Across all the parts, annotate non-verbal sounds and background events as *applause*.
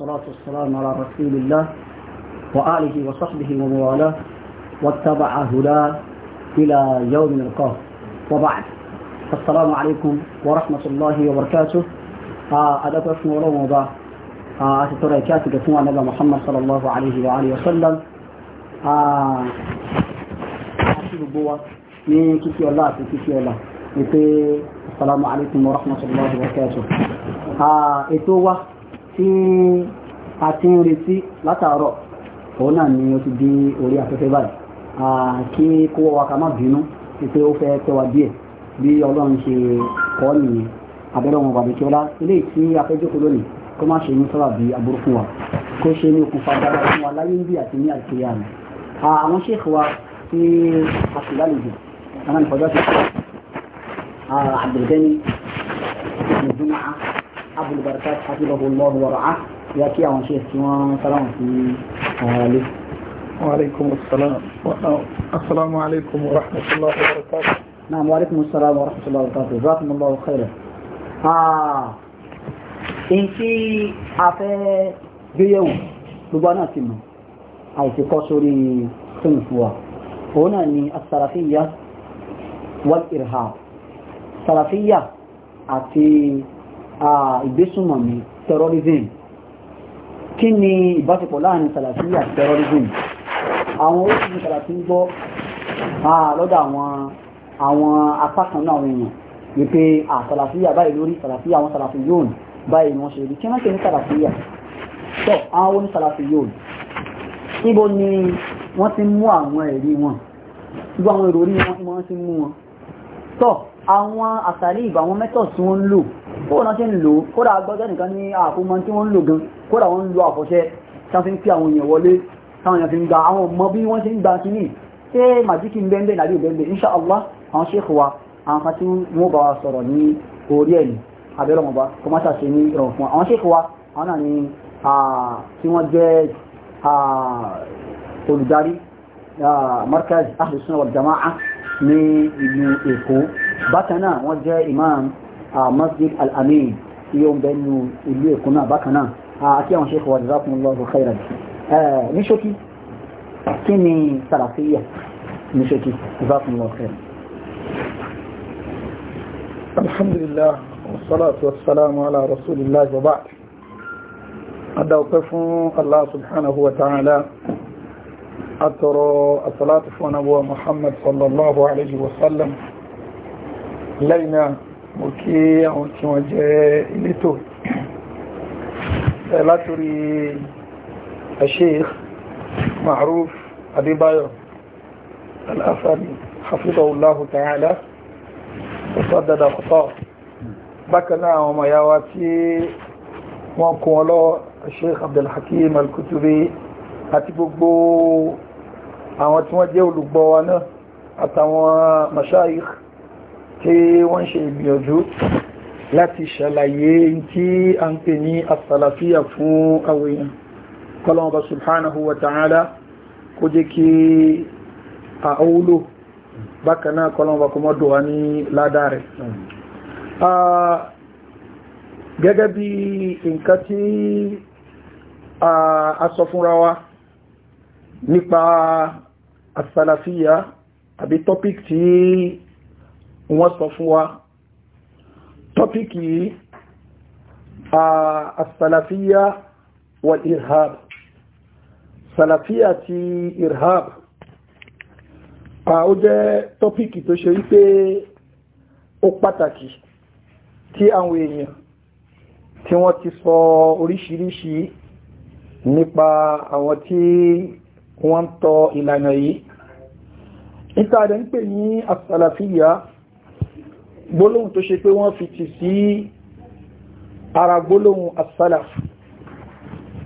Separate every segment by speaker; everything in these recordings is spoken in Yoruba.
Speaker 1: والصلاة والسلام على رسول الله وآله وصحبه وموالاه واتبع هداه إلى يوم نلقاه وبعد السلام عليكم ورحمة الله وبركاته أدب اسم ولوم أتترى كاتب اسمه نبي محمد صلى الله عليه وآله وسلم أتترى بوا من كيكي الله في كيكي الله السلام عليكم ورحمة الله وبركاته أتترى tí a ti ń retí látàárọ̀ òun náà ni ó ti di orí afẹ́fẹ́ báyìí kí kó wa ká má bínú pé ó fẹ́ tẹ́ wa díẹ̀ bí ọlọ́run ṣe kọ́ nìyẹn abẹ́rẹ́ wọn wà lókè ọlá eléyìí tí afẹ́jọ́kọ lónìí kó má ṣe ní sábà bí aburú fún wa kó ṣe ní okùnfà dáadáa fún wa láyé ń bí àti ní àìsíyá mi àwọn ṣèkì wa tí a sì lálejò àwọn ìfọjọ́ ti sọ àbẹ̀gẹ́ni ìdúnmọ́ أبو البركات حفظه الله ورعاه يأتي عن شيخ سلام في وعليكم السلام السلام عليكم ورحمة الله وبركاته نعم وعليكم السلام ورحمة الله وبركاته جزاكم الله خيرا آه إنتي أفي بيو لبانا تيمو أو تقصري سنفوا هنا السلفية والإرهاب السلفية أتي ìgbésùnmọ̀mí terrorism kí ni ìbáṣepọ̀ láàrin sàlàfíà terrorism àwọn oríṣìí sàlàfí ń gbọ́ lọ́dọ̀ àwọn àwọn apá kan náà àwọn èèyàn wípé àsàlàfíà báyìí lórí sàlàfíà àwọn sàlàfí yóò báyìí wọ́n ṣe rí kí wọ́n ṣe ní sàlàfíà tọ́ àwọn oní sàlàfí yóò níbo ni wọ́n ti mú àwọn ẹ̀rí wọn gbogbo àwọn èrò ìbà àwọn mẹ́tọ̀ tí wọ́n ń lò bóò ṣe ń lò kódà agbọ́jẹ́ nìkan ní àkómọ tí wọ́n ń lò gan kódà wọ́n ń lo àfọ̀ṣẹ tí ń fi àwọn èèyàn wọlé táwọn èèyàn fi ń gba àwọn ọmọ bí wọ́n ṣe ń gba kíní ṣé màjíkì ń bẹ́ẹ̀ nàbí ìbẹ́ẹ̀ insha Allah àwọn ṣe àwọn kan tí wọ́n bá wa sọ̀rọ̀ ní orí ẹ̀yìn masjid al-amin tí ó ń bẹ nínú ìlú èkó náà bákan náà àti àwọn sheikh wa jazakumullahu khairan ní ṣókí kí ni
Speaker 2: sàràfíyà ní ṣókí jazakumullahu khairan. alhamdulillah wasalaatu wasalaamu ala rasulillah wa ba'd adáwọ̀pẹ́ fún allah subhanahu wa ta'ala atọrọ asalatu fún anábọ̀ muhammad sallallahu alaihi wasallam lẹ́yìn náà mo kí àwọn tí wọ́n jẹ́ elétò látòrí Sheikh Ma'ruf Adébáyọ̀ Al-Asadi hafizahullahu ta'ala ọ̀sọ́dọ̀dọ̀ ọ̀tọ́ bákanáà àwọn ọmọ yáwá tí wọ́n kún ọlọ́ Sheikh Abdulhakim Al-Kutubi àti gbogbo àwọn tí wọ́n jẹ́ olùgbọ́ náà àtàwọn mashayikh tí wọ́n ṣe ìgbìyànjú láti ṣàlàyé tí a ń pè ní asàlàfíà fún àwọn èèyàn kọlọ̀ọ̀bà subhanahu wa ta'ala kó jẹ́ kí a wúlò bákanáà kọlọ̀ọ̀bà kuma dùwà ní ládàrẹ gẹ́gẹ́ bí nǹkan tí a sọ fúnra wa nípa asàlàfíà àbí topic tí wọ́n sọ fún wa tọ́píkì àsàlàfíyà wà irhab sàlàfíyà ti irhab ó jẹ́ tọ́píkì tó ṣe wípé ó pàtàkì tí àwọn èèyàn tí wọ́n ti sọ oríṣiríṣi nípa àwọn tí wọ́n ń tọ ìlànà yìí ìtàdẹ̀ ń pè ní àsàlàfíyà gbólóhùn tó ṣe pé wọ́n fi ti sí ara gbólóhùn as-salaf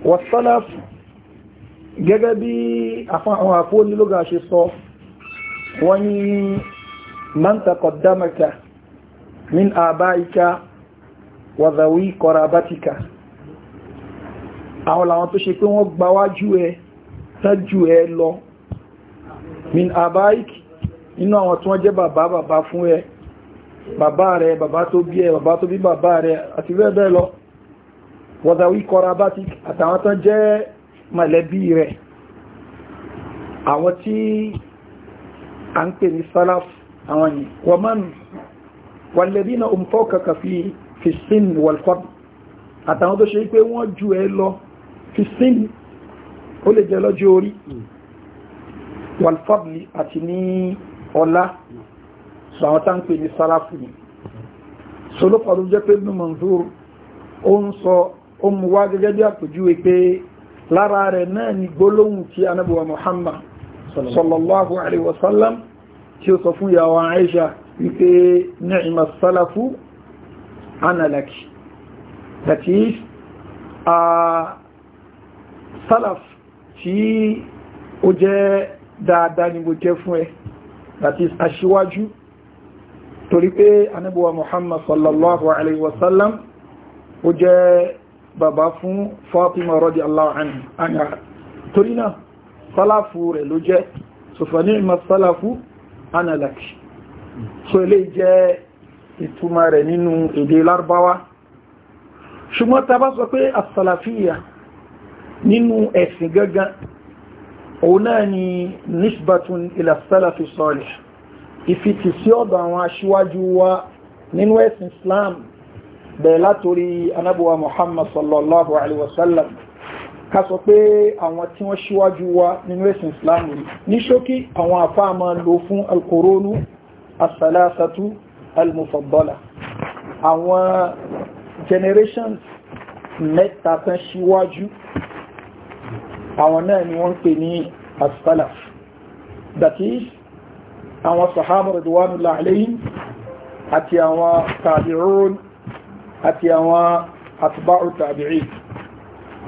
Speaker 2: was-salaf gẹ́gẹ́ bí àwọn àfónílógà ṣe sọ wọ́n ni man taqaddamaka min abaika wa dhawi qarabatika àwọn làwọn tó ṣe pé wọ́n gbáwájú ẹ tájú ẹ lọ min abaik inú àwọn tí wọ́n jẹ́ bàbá bàbá fún ẹ bàbá rẹ̀ bàbá tó bí ẹ bàbá tó bí bàbá rẹ̀ àti bẹ́ẹ̀bẹ́ẹ̀ lọ wọ́dáwí kọra bá ti àtàwọn tán jẹ́ mọ̀lẹ́bí rẹ̀ àwọn tí a ń pè ní salaf àwọn yìí wọ́n mọ́n walladhina hum fawqaka fi fi sin wal fadl àtàwọn tó ṣe pé wọ́n ju ẹ lọ fi ó lè jẹ́ lọ́jọ́ orí wal àti ní ọlá so àwọn tá ń pè ní sálàfù ni so ló pàdó jẹ́ pé Ibn Manzur ó ń sọ ó mú wá gẹ́gẹ́ bí àpèjúwe pé lára rẹ̀ náà ni gbólóhùn tí anábùwà Muhammad sallallahu alaihi wasallam tí dáadáa ni mo jẹ́ fún ẹ that is aṣíwájú torí pé anábúwa muhammad sallallahu alaihi wasallam ó jẹ́ bàbá fún fatima rọ́dí aláwọ̀ torí náà sálàfù rẹ̀ ló jẹ́ sọfàní ìmọ̀ sálàfù analaki so ilé jẹ́ ìtumà rẹ̀ nínú èdè lárúbáwá ṣùgbọ́n ta bá sọ pé asàlàfíyà nínú ẹ̀sìn gangan òun náà ni nisbatun ila salafi ìfitì sí ọ̀dọ̀ àwọn aṣíwájú wa nínú ẹ̀sìn Islam bẹ̀rẹ̀ látòrí anábọ̀wá Muhammad sallallahu alaihi wasallam ká sọ pé àwọn tí wọ́n ṣíwájú wa nínú ẹ̀sìn Islam rí ní ṣókí àwọn àfáà máa lò fún alkoronu asalasatu almufaddala àwọn generations mẹ́ta kan ṣíwájú àwọn náà ni wọ́n pè ní asalaf that is àwọn sahaba radwanullahi alayhim àti àwọn tabi'un àti àwọn atba'u tabi'in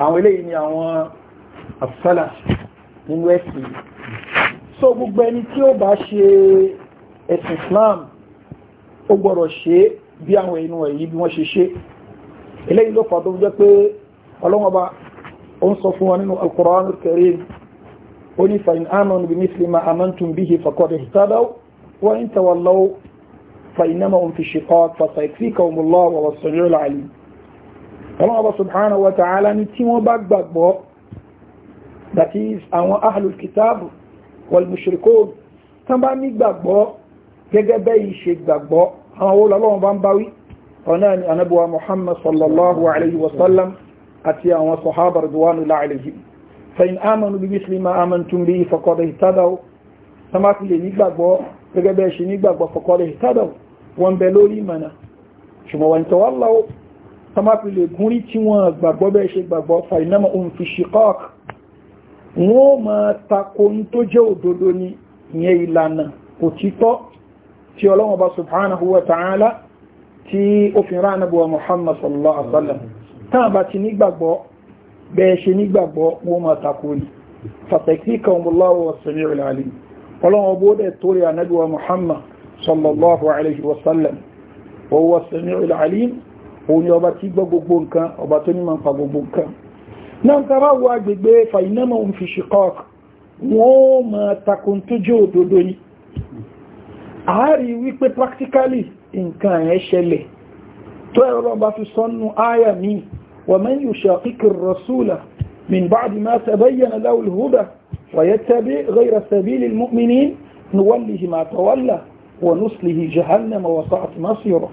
Speaker 2: àwọn eléyìí ni àwọn as-salaf nínú ẹ̀sìn so gbogbo ẹni tí ó bá ṣe ẹ̀sìn Islam ó gbọ́dọ̀ ṣe bí àwọn inú ẹ̀yí bí wọ́n ṣe ṣe eléyìí ló fà tó jẹ́ pé ọlọ́wọ́ba ó ní fa in amanu bi misli ma amantum bihi faqad ihtadaw wa in tawallaw fa innama hum fi shiqaq fa sayakfikahum Allah wa was-sami'ul 'alim ọlọ́run ọba subhanahu wa ta'ala ni tí wọ́n bá that is àwọn ahlul kitab wal mushrikun tán bá ní gbàgbọ́ gẹ́gẹ́ bẹ́ẹ̀ ṣe gbàgbọ́ àwọn owó lọ́lọ́run bá ń báwí ọ̀nà ni anabuwa muhammad sallallahu alaihi wasallam àti àwọn sahaba ridwanullahi alaihim fẹ̀yìn ámànù bí bíṣìlì máa ámàntún bí fọkọ̀dọ̀ ìtàdàwó tánbá fi lè nígbàgbọ́ gẹ́gẹ́ bẹ́ẹ̀ ṣe nígbàgbọ́ fọkọ̀dọ̀ ìtàdàwó wọ́n bẹ lórí ìmọ̀nà ṣùgbọ́n wọ́n tọ́wọ́láwó tánbá fi lè gúnrí tí wọ́n gbàgbọ́ bẹ́ẹ̀ ṣe gbàgbọ́ fàìnàmà òun fi ṣìkọ́ọ̀kì wọ́n máa tako ní tó jẹ́ òdodo ní ìyẹn ìlànà òtítọ́ tí ọlọ́wọ́n bá subhanahu wa ta'ala tí ó fi ránàbọ̀ muhammad sallallahu alaihi wasallam tánbá ti nígbàgbọ́ bẹ́ẹ̀ ṣe nígbàgbọ́ wọ́n máa takò ní fàtàkì kàmùláwọ̀ sami ìlàlì ọlọ́wọ́ bóde torí anábíwa muhammad sallallahu alaihi wasallam owó sami ìlàlì òun ni ọba tí gbọ́ gbogbo nǹkan ọba àárí wípé practically nǹkan ẹ̀ ṣẹlẹ̀ tó ẹ̀rọ bá fi sọ́nù áyà míì ومن يشاقق الرسول من بعد ما تبين له الهدى ويتبع غير سبيل المؤمنين نوله ما تولى ونصله جهنم وصعت مصيره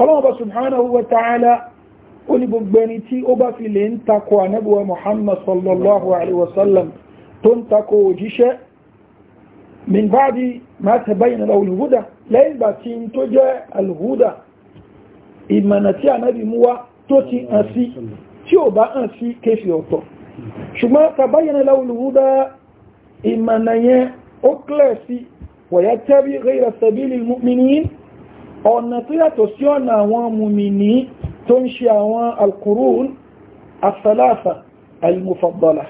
Speaker 2: الله سبحانه وتعالى قل ببنتي أبفي لين تقوى نبوة محمد صلى الله عليه وسلم تنتقو جشاء من بعد ما تبين له الهدى لين باتين تجاء الهدى إما نتيع نبي موى tó ti hàn sí tí ò bá hàn sí kéfì ọ̀tọ̀ ṣùgbọ́n tàbáyẹn láwùlúwúdá ìmànàyẹ ó kílẹ̀ sí wọ̀yá tẹ́bí gẹ́rẹ̀ sẹ̀bílì mùmìnì ọ̀nà tó yàtọ̀ sí ọ̀nà àwọn mùmìnì tó ń ṣe àwọn alkùrún asàlásà almufaddala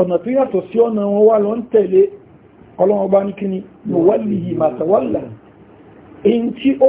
Speaker 2: ọ̀nà tó yàtọ̀ sí ọ̀nà wọn wà lọ ń tẹ̀lé ọlọ́wọ́ bá ní kíni wọ́lì yìí màtàwọ́là èyí tí ó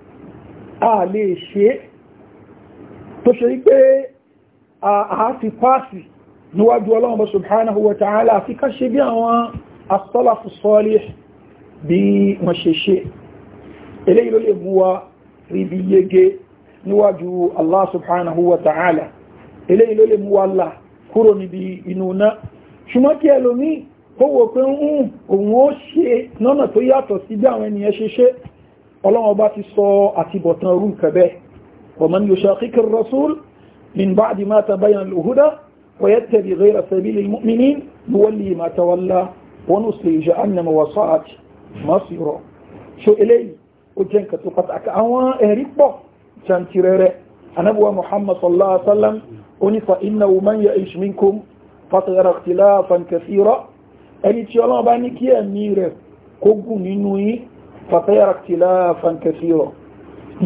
Speaker 2: a lè ṣe tó ṣe wípé a fi pàṣì níwájú ọlọ́ọ̀bọ̀ subhanahu wa ta'ala fi ká ṣe bí àwọn asọ́làfù sọ́lẹ̀ bí wọ́n ṣe ṣe eléyìí ló lè mú wa rí bí yege níwájú Allah subhanahu wa ta'ala eléyìí ló lè mú wa là kúrò níbi inú náà ṣùgbọ́n kí ẹlòmí kówó pé ń òun ó ṣe lọ́nà tó yàtọ̀ sí bí àwọn ènìyàn ṣe ṣe ọlọ́wọ́ bá ti sọ àtibọ̀tán orú kẹbẹ́ ومن يشاقق الرسول من بعد ما تبين الهدى ويتبع غير سبيل المؤمنين نولي ما تولى ونصلي جهنم وساءت مصيرا شو إلي وجنك تقطعك أوان إهريك بو تنتريري أنبوى محمد صلى الله عليه وسلم أني فإنه من يعيش منكم فطير اختلافا كثيرا أني تيالان باني كي أميرك kógùn nínú yí fàtẹ́yàrá tìlá fankasíọ̀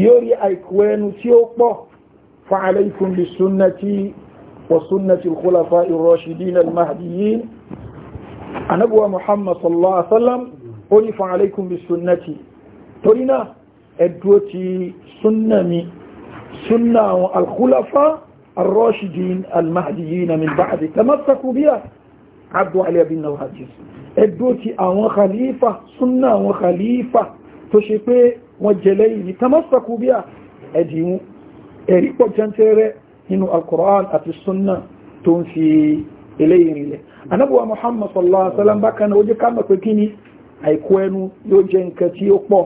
Speaker 2: yóò rí àìkú ẹnu tí ó pọ̀ fa'alaikun bí súnnàtí wa súnnàtí kúlàfà ìrọ̀ṣìdínà mahdiyin anabuwa muhammad sallallahu alaihi wasallam ó ní fa'alaikun bí súnnàtí torí náà ẹ̀dùó ti súnnàmi súnnà àwọn alkúlàfà الراشدين المهديين من بعد تمسكوا بها abdu ali bin nawhajis ẹdó ti àwọn khalifa súnà àwọn khalifa tó ṣe pé wọ́n jẹlẹ́ yìí tamassaku bí a ẹ̀dìmú ẹ̀rí pọ̀ jẹ́ntẹ́rẹ́ nínú alkùrán àti súnà tó ń fi eléyìí rinlẹ̀ anábùwa muhammad sallallahu alaihi wasallam bákan náà ó jẹ́ ká mọ̀ pé kí ni àìkú ẹnu yóò jẹ́ nǹkan tí ó pọ̀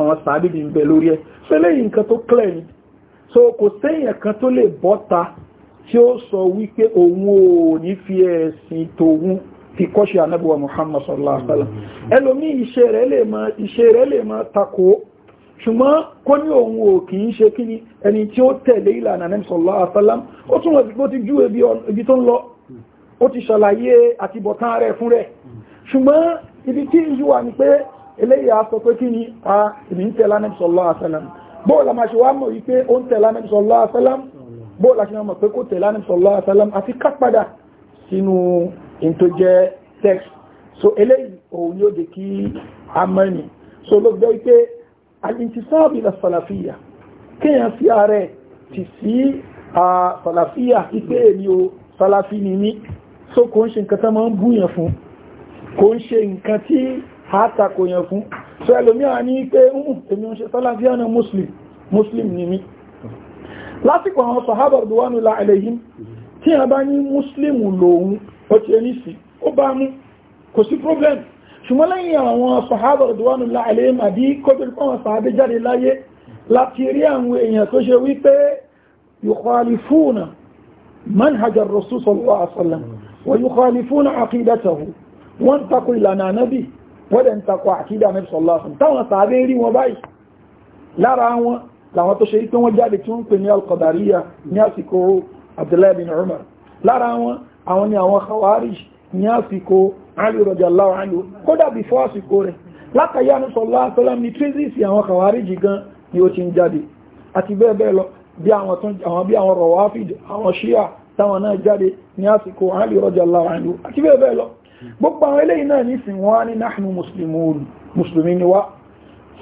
Speaker 2: àwọn sàábìbì ń bẹ lórí ẹ̀ so lẹ́yìn nǹkan tó clear ni so kò sẹ́yìn kan tó lè bọ́ta tí ó sọ wípé òun ò ní fi ẹ̀sìn tòun fi kọ́ṣe anábíwa Muhammad sallallahu alaihi wasallam ẹlòmí iṣẹ́ rẹ̀ lè máa takò ṣùgbọ́n kó ní òun ò kì í ṣe kíni ẹni tí ó tẹ̀lé ìlànà anábí sallallahu alaihi wasallam ó túnmọ̀ sí pé ó ti jú ibi tó ń lọ ó ti ṣàlàyé àtibọ̀tán rẹ̀ fún rẹ̀ ṣùgbọ́n ibi tí ìjú wà ní pé eléyìí a sọ pé kí ni a ní tẹ́lá nẹ́bí sallallahu alaihi wasallam la máa ṣe wá mọ̀ wípé ó ń tẹ̀lá nẹ́bí sallallahu alaihi wasallam bó la ṣe mọ̀ pé kó tẹ̀lá nẹ́bí sallallahu alaihi àti ká sínú ìntò text so eléyìí òun yóò dé kí so ló gbé wípé al-intisab ila salafiyya kéèyàn fi ààrẹ ti sí salafiyya ipé so kò ń ṣe nǹkan tó máa kò ń ṣe nǹkan tí àtakò yẹn fún so ẹlòmíà ní pé ń èmi ń ṣe sálàfí ọ̀nà muslim muslim ni mi lásìkò àwọn sahaba duwanu la ẹlẹ́yìn tí a bá ní muslim lòun ó ó bá mú wọ́n tako ìlànà ànábì wọ́n dẹ̀ ń takọ àkídà Ànábì sallallahu alaihi wasallam táwọn sàábé rí wọn báyìí lára wọn làwọn tó ṣe rí pé wọ́n jáde tí wọ́n pè ní al ní àsìkò Abdullahi Umar lára wọn àwọn ni àwọn Khawarij ní àsìkò Ali radiyallahu gbogbo àwọn eléyìí náà nísìn wọ́n ní nahnu mùsùlùmí ni wá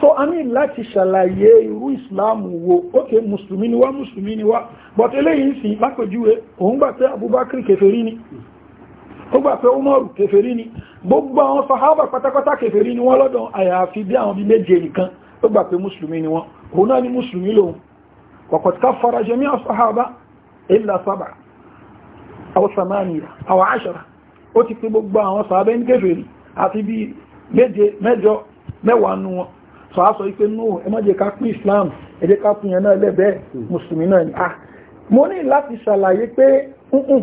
Speaker 2: so a ní láti ṣàlàyé irú ìsìláàmù wo ókè mùsùlùmí ni wá mùsùlùmí ni wá but eléyìí ń sìn lápèjúwe òun gbà pé Abubakar kèfèrí ni ó gbà pé Umaru kèfèrí ni gbogbo àwọn sahaba pátápátá kèfèrí ni wọ́n lọ́dọ̀ àyàfi bí àwọn bí méje nìkan ó gbà pé mùsùlùmí ni wọ́n òun náà ni mùsùlùmí lòun وقد كفر جميع الصحابة إلا سبعة أو ثمانية أو عشرة ó ti pín gbogbo àwọn sàábẹ́ ní kèfèrí àti bí méje mẹ́jọ mẹ́wàá nú wọn sọ á sọ wípé ẹ má jẹ́ ká pín Islam ẹ jẹ́ ká pín yẹn náà mùsùlùmí náà ni ah mo ní láti ṣàlàyé pé nùn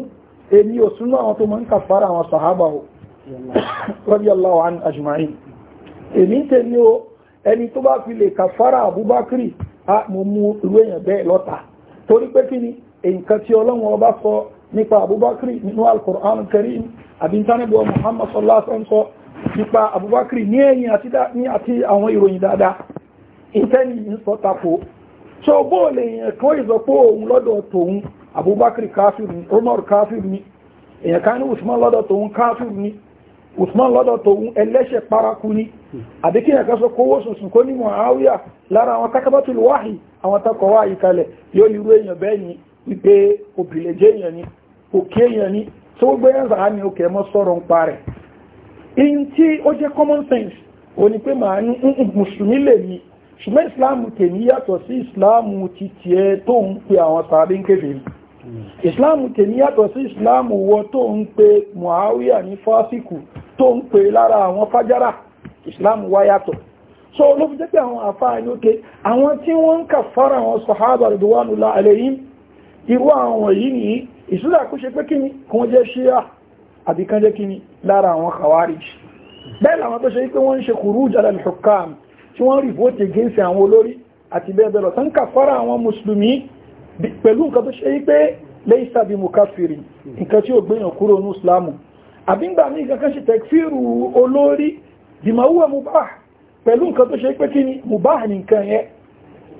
Speaker 2: èmi ò súnmọ́ àwọn tó máa ń kàfàrà àwọn sàhábà o *coughs* radiyallahu an ajma'in èmi ń tẹ̀lé o ẹni tó bá fi lè kàfàrà Abubakar ah, nípa abubakar nínú alkùránù karim àbíntánibọ̀ muhammad sallallahu alaihi wasallam nípa abubakar ní ẹ̀yìn àti àwọn ìròyìn dáadáa ìtẹ́ni ń sọ tako so bóòlè èèyàn kan ìzọpọ̀ òun lọ́dọ̀ tòun abubakar káfíìr ni umar káfíìr ni èèyàn kan ní usman lọ́dọ̀ tòun káfíìr ni usman lọ́dọ̀ tòun ẹlẹ́ṣẹ̀ paraku ni àbíkí ẹ̀ká sọ kówó sùsùn kó ní muawiya lára àwọn kákábátùlù wípé òpìlẹ̀jẹ́ èèyàn ni òkè èèyàn ni tí ó gbé ẹ̀zà ní òkè mọ́ sọ̀rọ̀ ń pa rẹ̀ in tí ó jẹ́ common sense o ni pé màá ní mùsùlùmí lè mi ṣùgbọ́n ìsìláàmù tèmi yàtọ̀ sí ìsìláàmù ti tiẹ̀ tó ń pe àwọn sàábí ń kéfèé ìsìláàmù tèmi yàtọ̀ sí ìsìláàmù wọ tó ń pe Muawiya ní fásikù tó ń pe lára àwọn fájárà ìsìláàmù wá yàtọ̀ so ló fi jẹ́ pé àwọn àfáà ní òkè àwọn tí wọ́n ń kà fara àwọn sàhábà rẹ̀ irú àwọn yìí ní ìsúlá kó ṣe pé kí ni kí wọ́n jẹ́ ṣíyà àbí kan jẹ́ kí ni lára àwọn khawarij bẹ́ẹ̀ làwọn tó ṣe pé wọ́n ń ṣe khuruj ala al tí wọ́n rí vote against àwọn olórí àti bẹ́ẹ̀ bẹ́ẹ̀ lọ tán kàfàrà àwọn mùsùlùmí pẹ̀lú nǹkan tó ṣe pé mukafiri nǹkan tí ó gbéyàn kúrò ní islamu àbí ń gbà ní nǹkan kan ṣe tẹ̀kfíru olórí bima huwa ni mubah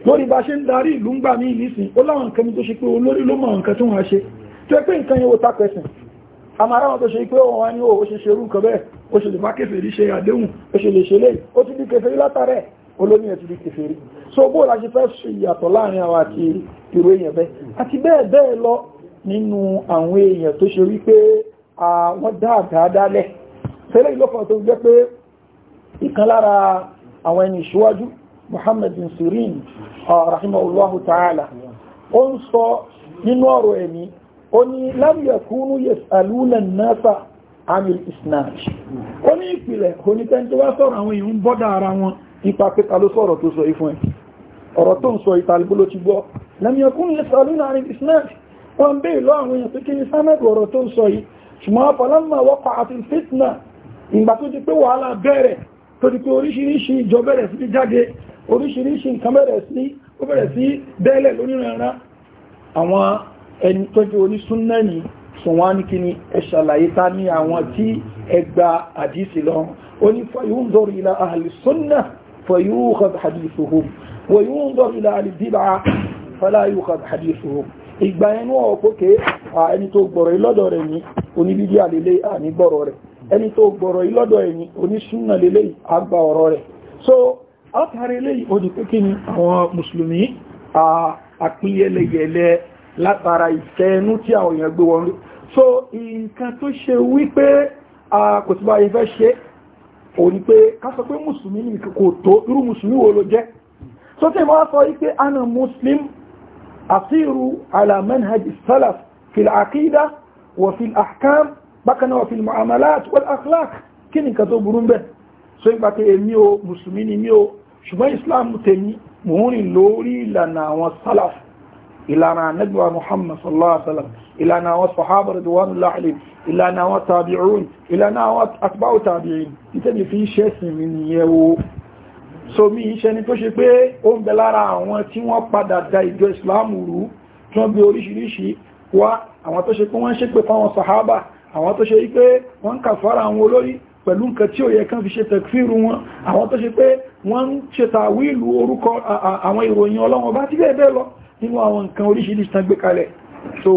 Speaker 2: lórí bá ṣe ń darí ìlú ń gbà ní ìlísìn ó láwọn nǹkan tó ṣe pé olórí ló mọ̀ nǹkan tó wọ́n ṣe tó ẹ pé nǹkan yẹn ó tapẹ̀sìn àmàrà wọn tó ṣe pé wọ́n wá ní ó ṣe ṣerú nǹkan bẹ́ẹ̀ ó ṣe lè má kèfèrí ṣe àdéhùn ó ṣe lè ṣe ó ti di kèfèrí látàrẹ olóní ẹ̀ ti di kèfèrí so bó la ṣe fẹ́ ṣe ìyàtọ̀ láàrin àwọn àti ìró èèyàn bẹ́ẹ̀ àti bẹ́ẹ̀ bẹ́ẹ̀ lọ nínú àwọn èèyàn tó ṣe wípé wọ́n dá àdáadáalẹ̀ tẹ́lẹ̀ ìlọ́fà tó jẹ́ pé ìkan lára àwọn ẹni ìṣíwájú Muhammad bin rahimahullahu الله تعالى ń sọ nínú ọ̀rọ̀ ẹ̀mí ó ní lam yakunu yas'aluna an-nasa amil isnad ó ní ìpìlẹ̀ onítẹ́ntí wá sọ̀rọ̀ àwọn èèyàn ń bọ́dà ara wọn ipa pẹ́ta ló sọ̀rọ̀ tó sọ ìfún ẹ̀ ọ̀rọ̀ tó ń sọ ìtàlùgbó ló ti gbọ́ lam yakunu yas'aluna amil isnad wọ́n bèèrè lọ àwọn èèyàn pé kí ní sánàdù ọ̀rọ̀ tó ń sọ yìí ṣùgbọ́n ọ̀pọ̀lọ́mà wọ́pàá àti fitna ìgbà tó ti pé wàhálà bẹ̀rẹ̀ tó ti pé oríṣiríṣi ìjọ bẹ̀rẹ̀ sí jáde oríṣiríṣi nǹkan bẹ̀rẹ̀ sí ó bẹ̀rẹ̀ sí dẹ́lẹ̀ lónìrànrá àwọn ẹni tó jẹ́ onísúnnà ni sùnwánikini ẹ̀ṣàlàyé ta ní àwọn tí ẹgbà àdísì lọ oní fayúndọ̀ ila ahli sunnah fayúkhad hadithuhum wa yúndọ̀ ila ahli bid'ah fala yúkhad hadithuhum ìgbà ẹnu ọ̀pọ̀kẹ́ ẹni tó gbọ̀rọ̀ ilọ́dọ̀ rẹ̀ ní oníbídí àlélé ànígbọ̀rọ̀ rẹ̀ ẹni tó gbọ̀rọ̀ ilọ́dọ̀ ẹni onísúnnà so átàrí eléyìí ó di pé kí ni àwọn mùsùlùmí àpínyẹlẹyẹlẹ látara ìfẹ́ ẹnu tí àwọn èèyàn gbé wọn rí so nǹkan tó ṣe wípé kò tí bá yẹ fẹ́ ṣe ò ní pé ká sọ pé mùsùlùmí ní kò tó irú mùsùlùmí wo ló jẹ́ so tí wọ́n sọ wípé ana muslim asiru ala manhaj salaf fil aqida wa fil ahkam bákan náà wa fil muamalat wal akhlaq kí ni tó burú bẹ́ẹ̀ so ìgbà pé èmi o mùsùlùmí ni mí o ṣùgbọ́n islam tèmi mò ń rìn lórí ìlànà àwọn salaf ìlànà anagba muhammad sallallahu alaihi wasallam ìlànà àwọn sahaba radwanullahi alaihim ìlànà àwọn tabi'un ìlànà àwọn atba'u tabi'in ìtẹ́mi fi ṣẹ́ sìn mi nìyẹn o so mi iṣẹ́ ni tó ṣe pé ó ń bẹ lára àwọn tí wọ́n padà da ìjọ islam rú tí wọ́n gbé oríṣiríṣi wá àwọn tó ṣe pé wọ́n ṣépè fáwọn sahaba àwọn tó ṣe wípé wọ́n kàfàrà àwọn olórí pẹ̀lú nǹkan tí ó yẹ kán fi ṣe tẹ̀kfíru wọn àwọn tó ṣe pé wọ́n ń ṣe tàwílù orúkọ àwọn ìròyìn ọlọ́wọ́n bá ti bẹ́ẹ̀ bẹ́ẹ̀ lọ nínú àwọn nǹkan oríṣiríṣi tán gbé kalẹ̀ so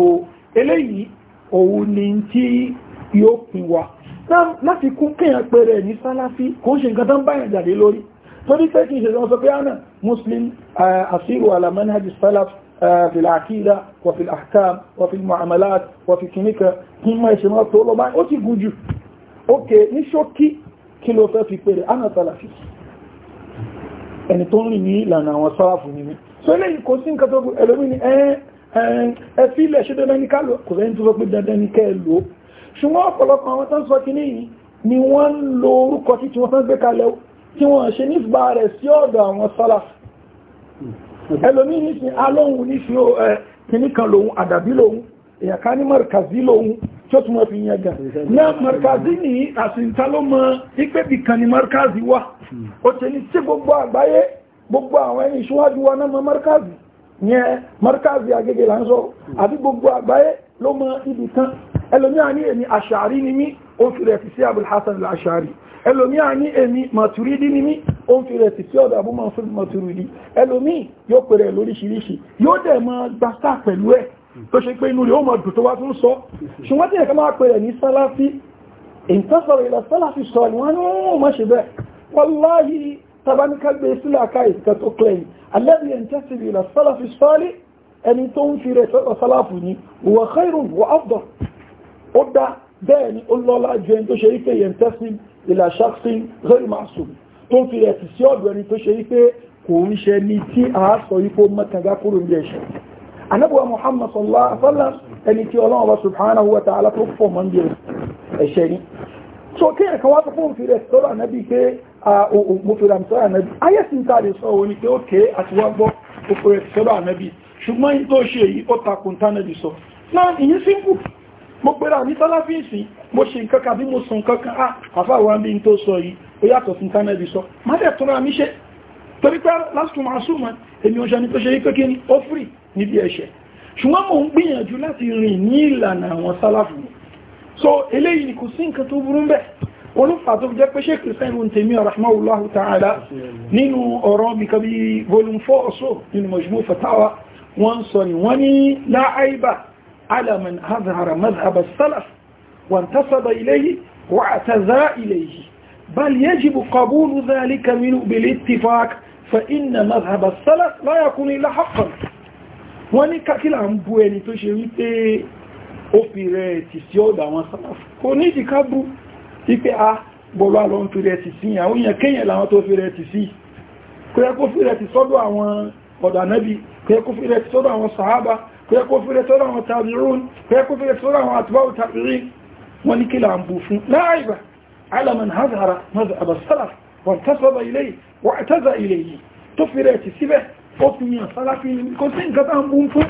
Speaker 2: eléyìí òun ni tí yóò pin wa láti kún kíyàn pẹ̀rẹ̀ ní sáláfí kò ń ṣe nǹkan tán báyàn jáde lórí torí pé ah, kí n ṣe sọ sọ pé ánà muslim asiru alamanhaji salaf في العقيدة وفي الأحكام وفي المعاملات وفي كنيكة هم ما يسمى الطول وما أتي جوجو Ok, ní ṣókí kí ló fẹ́ fi pèrè ana salafi ẹni tó ń rìn ní ìlànà àwọn sáràfù nínú so eléyìí kò sí nǹkan tó bú ẹlòmí ni ẹ fi ilẹ̀ ṣe dandan ní ká lò kò sẹ́yìn tó sọ pé dandan ní kẹ́ lò ṣùgbọ́n ọ̀pọ̀lọpọ̀ àwọn tó ń sọ kìíní yìí ni wọ́n ń lo orúkọ tí wọ́n tán gbé kalẹ̀ tí wọ́n ṣe nígbà rẹ̀ sí ọ̀dọ̀ àwọn sálàfù ẹlòmí ní sin alóhun ní sin kìíní lòun àdàbí lòun èyàká ní markazi lòun tí ó tún wọ́n fi yẹn gan náà markazi ní àṣìntà ló mọ ipébì kan ní markazi wà hmm. ó tẹ́ ní tí gbogbo àgbáyé gbogbo àwọn ẹni ìṣúwájú wa náà mọ markazi yẹn markazi agége là ń sọ hmm. àbí gbogbo àgbáyé ló mọ ibì kan ẹlòmíà ní èmi àṣàrí ni mí ó fi rẹ̀ fi sí Abul Hasan al-Ash'ari ẹlòmíà ní èmi Maturidi ni mí ó fi rẹ̀ sí ọ̀dọ̀ Abu Mansur Maturidi ẹlòmí yóò pèrè lóríṣiríṣi yóò dẹ̀ mọ́ gbásá pẹ̀lú ẹ̀ tó ṣe pé inú rẹ̀ ó mọ̀ dùn tó wá tún sọ ṣùgbọ́n tí ẹ̀kọ́ máa pẹ̀rẹ̀ ní sálàfí ìtọ́sọ̀rọ̀ ilẹ̀ sálàfí sọ ni wọ́n ó mọ̀ ṣe bẹ́ẹ̀ wọ́láhí tabaníkàgbé sílàkà kò ń ṣe ní tí a sọ yí kó kúrò ní ẹ̀ṣẹ̀ anábùwà muhammad sallallahu alaihi wa sallam ẹni tí ọlọ́run ọba subhanahu wa ta'ala tó fọ́ mọ́ bí ẹ̀ṣẹ̀ ni so kí ẹ̀ka wá fún òfin rẹ̀ sọ́rọ̀ ànábì pé mo fi ràn sọ́rọ̀ ànábì ayé sì ń tàbí sọ òun ni pé ó ké àti wá gbọ́ òfin rẹ̀ sọ́rọ̀ ànábì ṣùgbọ́n yìí tó ṣe yìí ó takùn tánàbì sọ náà ìyí sínkù mo pèrè àmì tọ́láfíìsì mo ṣe nǹkan kan bí mo sùn nǹkan kan bí n tó sọ yìí ó yàtọ̀ sí tánàbì sọ má dẹ̀ tún ra mi ṣe torí lasu lásìkò máa súnmọ́ èmi ò ṣàní tó ṣe wípé kí ni bi ẹ̀ṣẹ̀ ṣùgbọ́n mo ń gbìyànjú láti rìn ní ìlànà àwọn sálàfù so eléyìí ni kò sí so eleyi tó ko sin kan olùfà tó jẹ́ pé ṣe kìrìsìtẹ́nì mun tèmi rahimahullahu ta'ala nínú ọ̀rọ̀ mi kabi volume 4 so nínú majmu fatawa wọ́n sọ ni wọ́n ní la aiba ala man azhara madhhab as-salaf wa intasaba ilayhi wa atazaa ilayhi بل يجب قبول ذلك منه بالاتفاق فإن مذهب السلف لا يكون إلا حقا wọ́n ní kàkílà ń bú ẹni tó ṣe wípé ó fi rẹ̀ ti sí ọ̀dọ̀ àwọn sálàf kò ní ìdíká bú wípé a bọ̀rọ̀ àlọ́ ń fi rẹ̀ ti sí àwọn èèyàn kéèyàn láwọn tó fi rẹ̀ ti sí kò yẹ kó fi rẹ̀ ti sọ́dọ̀ àwọn ọ̀dọ̀ ànábì kò yẹ kó fi rẹ̀ ti sọ́dọ̀ àwọn sàhábà kò yẹ kó fi rẹ̀ sọ́dọ̀ àwọn tàbírún kò yẹ kó fi rẹ̀ sọ́dọ̀ àwọn àtúbáwò tàbírí wọ́n ní kílà ń bú fún láàrín àlàmàn hazara mazhab as-salaf وانتصب إليه واعتذى إليه تفرأت سبه فطنيا صلافين كنتين قطعهم بمفو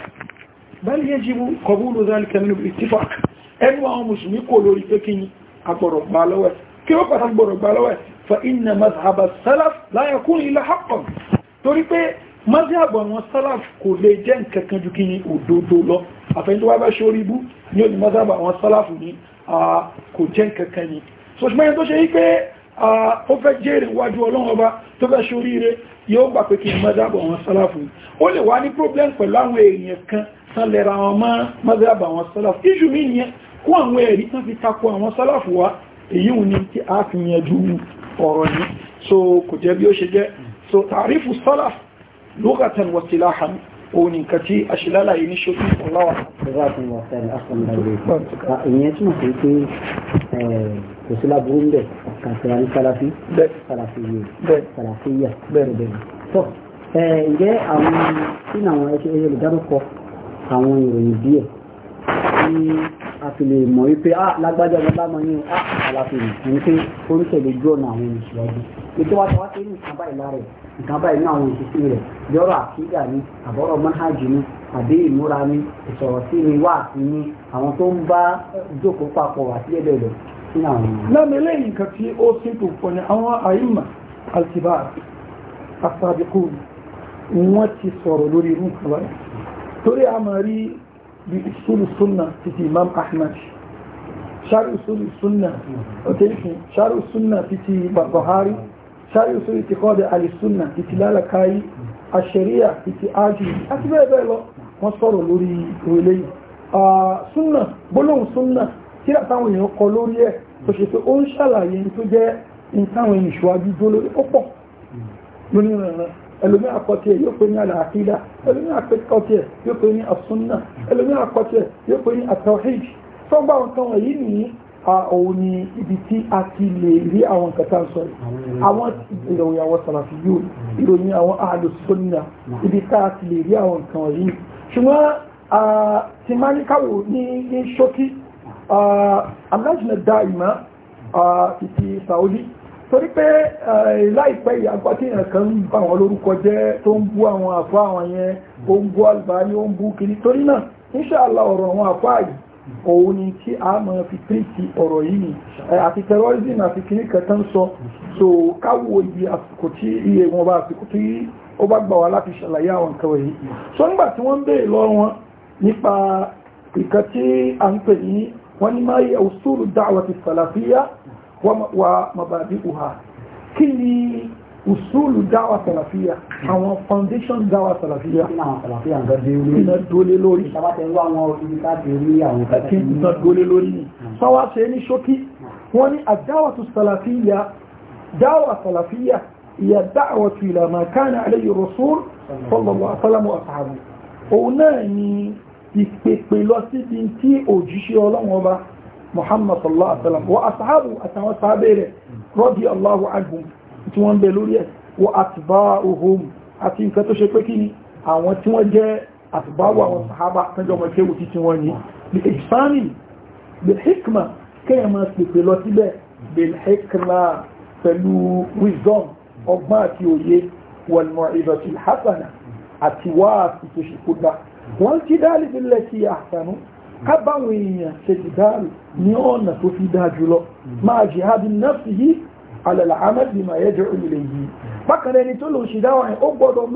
Speaker 2: بل يجب قبول ذلك من الاتفاق أنواع مسلمي قولوا لفكني أبرو بالوات كيف أتبرو بالوات فإن مذهب السلف لا يكون إلا حقا تريد مذهب àwọn salaf kò lè jẹ́ nkankan ju kí ni òdodo lọ السلف tó wá bá ṣe orí bú ní ó fẹ́ jèrè wájú ọlọ́ọba tó fẹ́ ṣoríire yóò gbà pé kí n mọ́dábà wọn sálàfù ó lè wá ní problem pẹ̀lú àwọn èèyàn kan tán lẹ́ra wọn mọ́ mọ́dábà wọn sálàfù iṣu mi yẹn kó àwọn ẹ̀rí tán fi tako àwọn sálàfù wa èyí ò ní kí a fi yanjú ọ̀rọ̀ ni so kò jẹ́ bí ó ṣe jẹ́ so tàrífù sálàfù lókàtàn wasilahan òun nǹkan tí aṣìlára yìí ní ṣókí ọláwà.
Speaker 1: ìyẹn túnmọ̀ sí pé kò sí láburú ń bẹ̀ kàtàrà ní sàlàfí sàlàfíyè sàlàfíyà bẹ́ẹ̀ bẹ́ẹ̀ tọ́ ǹjẹ́ àwọn sínú àwọn ẹṣẹ́ olùdárúkọ àwọn ìròyìn díẹ̀ tí a fi lè mọ̀ wípé á ah, lágbájá bàbá máa ní á àlàfíì ní pé ó ń tẹ̀lé ojú ọ̀nà àwọn ìṣíwájú ètò wa tọ́wá sí nǹkan báyìí lára rẹ̀ nǹkan báyìí ní àwọn ìṣesí rẹ̀ yọ̀rọ̀ àkídà ni àbọ̀rọ̀ manhajì ni àbí ìmúra ni ìsọ̀rọ̀ sí ni wáàsí ni àwọn tó ń bá jókòó papọ̀ àti ẹ̀dẹ̀ẹ̀dẹ̀
Speaker 3: láàmì
Speaker 2: lẹ́yìn nǹkan tí ó sínkù pọ̀ ní àwọn àyíma altibar asabiku wọ́n ti sọ̀rọ̀ lórí irú kaba torí a máa rí bí ìṣúlù súnà títí imam ahmad ṣáàrí ìṣúlù súnà ọ̀tẹ́lifin ṣáàrí súnà títí buhari ṣáàrí ìṣúlù ti kọ́dẹ̀ alìsúnà títí lálàkáyí àṣẹríà títí ájì àti bẹ́ẹ̀ bẹ́ẹ̀ lọ wọ́n sọ̀rọ̀ lórí ìwé lẹ́yìn tíra táwọn èèyàn kọ lórí ẹ̀ tó ṣe pé ó ń ṣàlàyé tó jẹ́ ìtàwọn èèyàn ìṣòwájú tó lórí ó pọ̀ lórí ìrànràn ẹlòmí àkọ́tí ẹ̀ yóò pé ní àlàáfíà ẹlòmí àkọ́tí ẹ̀ yóò pé ní àsúnnà ẹlòmí àkọ́tí ẹ̀ yóò pé ní àtàwíj sọ́gbà nǹkan wọ̀nyí ní àwọn a ti lè rí àwọn kẹta sọ̀rọ̀ àwọn ìròyìn àwọn sàlàfí yóò ibi tá a ti lè rí àwọn nǹkan wọ̀nyí ṣùgbọ́n ti máa ní káwò ní ṣókí alájìnà dáìmá ìtì Saudi torí pé uh, láìpẹ́ ìyàgbá tí èèyàn kan ń bá àwọn lórúkọ jẹ́ tó ń bú àwọn àfá àwọn yẹn ó ń bú Albani ó ń bú kiri torí náà inshallah ọ̀rọ̀ àwọn àfá yìí òun ni tí a mọ̀ fi tríkì ọ̀rọ̀ yìí ni àti terrorism àti kìíní kẹta ń sọ so káwò ibi àsìkò tí iye wọn bá àsìkò tí ó bá gbà wá láti ṣàlàyé àwọn nǹkan wọ̀nyí so nígbà tí wọ́n ń béèrè lọ́wọ́ wọn nípa ìkan tí a ń pè ní wọ́n ní máa yẹ usulu da'wati salafiyya wa mabadi'uha kí ni usulu da'wa salafiyya àwọn foundation da'wa salafiyya náà salafiyya nǹkan dé lórí iná dólé lórí sábàtẹ̀lú àwọn olùdíkàtì orí àwọn kàkí iná dólé lórí dawatu salafiyya da'wa salafiyya هي الدعوة إلى ما كان عليه الرسول صلى الله عليه وسلم وأصحابه ìpèpè lọ síbi tí òjíṣẹ́ ọlọ́run ọba muhammad sallallahu alaihi wasallam wa asahabu àtàwọn sábẹ́ rẹ̀ rọ́bì allahu anhum tí wọ́n ń bẹ lórí ẹ̀ wa atba'uhum àti nǹkan tó ṣe pé kí ni àwọn tí wọ́n jẹ́ atba'u àwọn sahaba tánjọ́ wisdom ọgbọ́n àti òye wal mu'izati al hasana àti wáàsì wọ́n ti dáàlì bí lẹ́kí àtànú kábàwọn èèyàn ṣe ti dáàlì ní ọ̀nà tó fi dáa jùlọ máa jihadi náfì yìí alẹ́lá amẹ́bí ma yẹ jẹ́ olùlẹ̀ yìí bákan ẹni tó lò ṣe dáwà ẹ̀ ó tó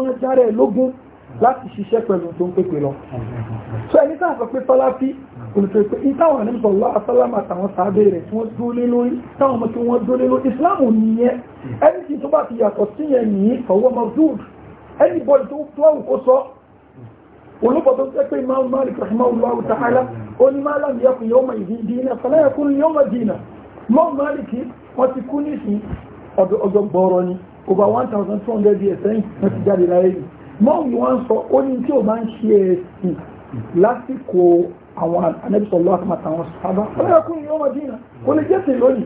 Speaker 2: so ẹni tá a sọ pé fọláfí olùpèpè ìtàwọn ẹni sọ lọ asálàmà àtàwọn sàábé rẹ̀ tí wọ́n dúró lé lórí táwọn ọmọ tí wọ́n dúró lé lórí ìsìláàmù tó bá sọ ونقض الأكبر إمام مالك رحمه الله تعالى وما لم يكن يوم دينا فلا يكون يوم دينا mọ́ máàlìkì wọ́n ti kú nísìn ọjọ́ gbọ́ọ̀rọ̀ ni over one thousand two hundred years sẹ́yìn wọ́n ti jáde láyé yìí mọ́ọ̀n yìí wọ́n sọ ó ní tí o máa ń ṣe ẹ̀sìn lásìkò àwọn anábìsọ̀ lọ́wọ́ àtàwọn sábà ọlọ́yà kún ní ọmọdé náà kò lè jẹ́sìn lónìí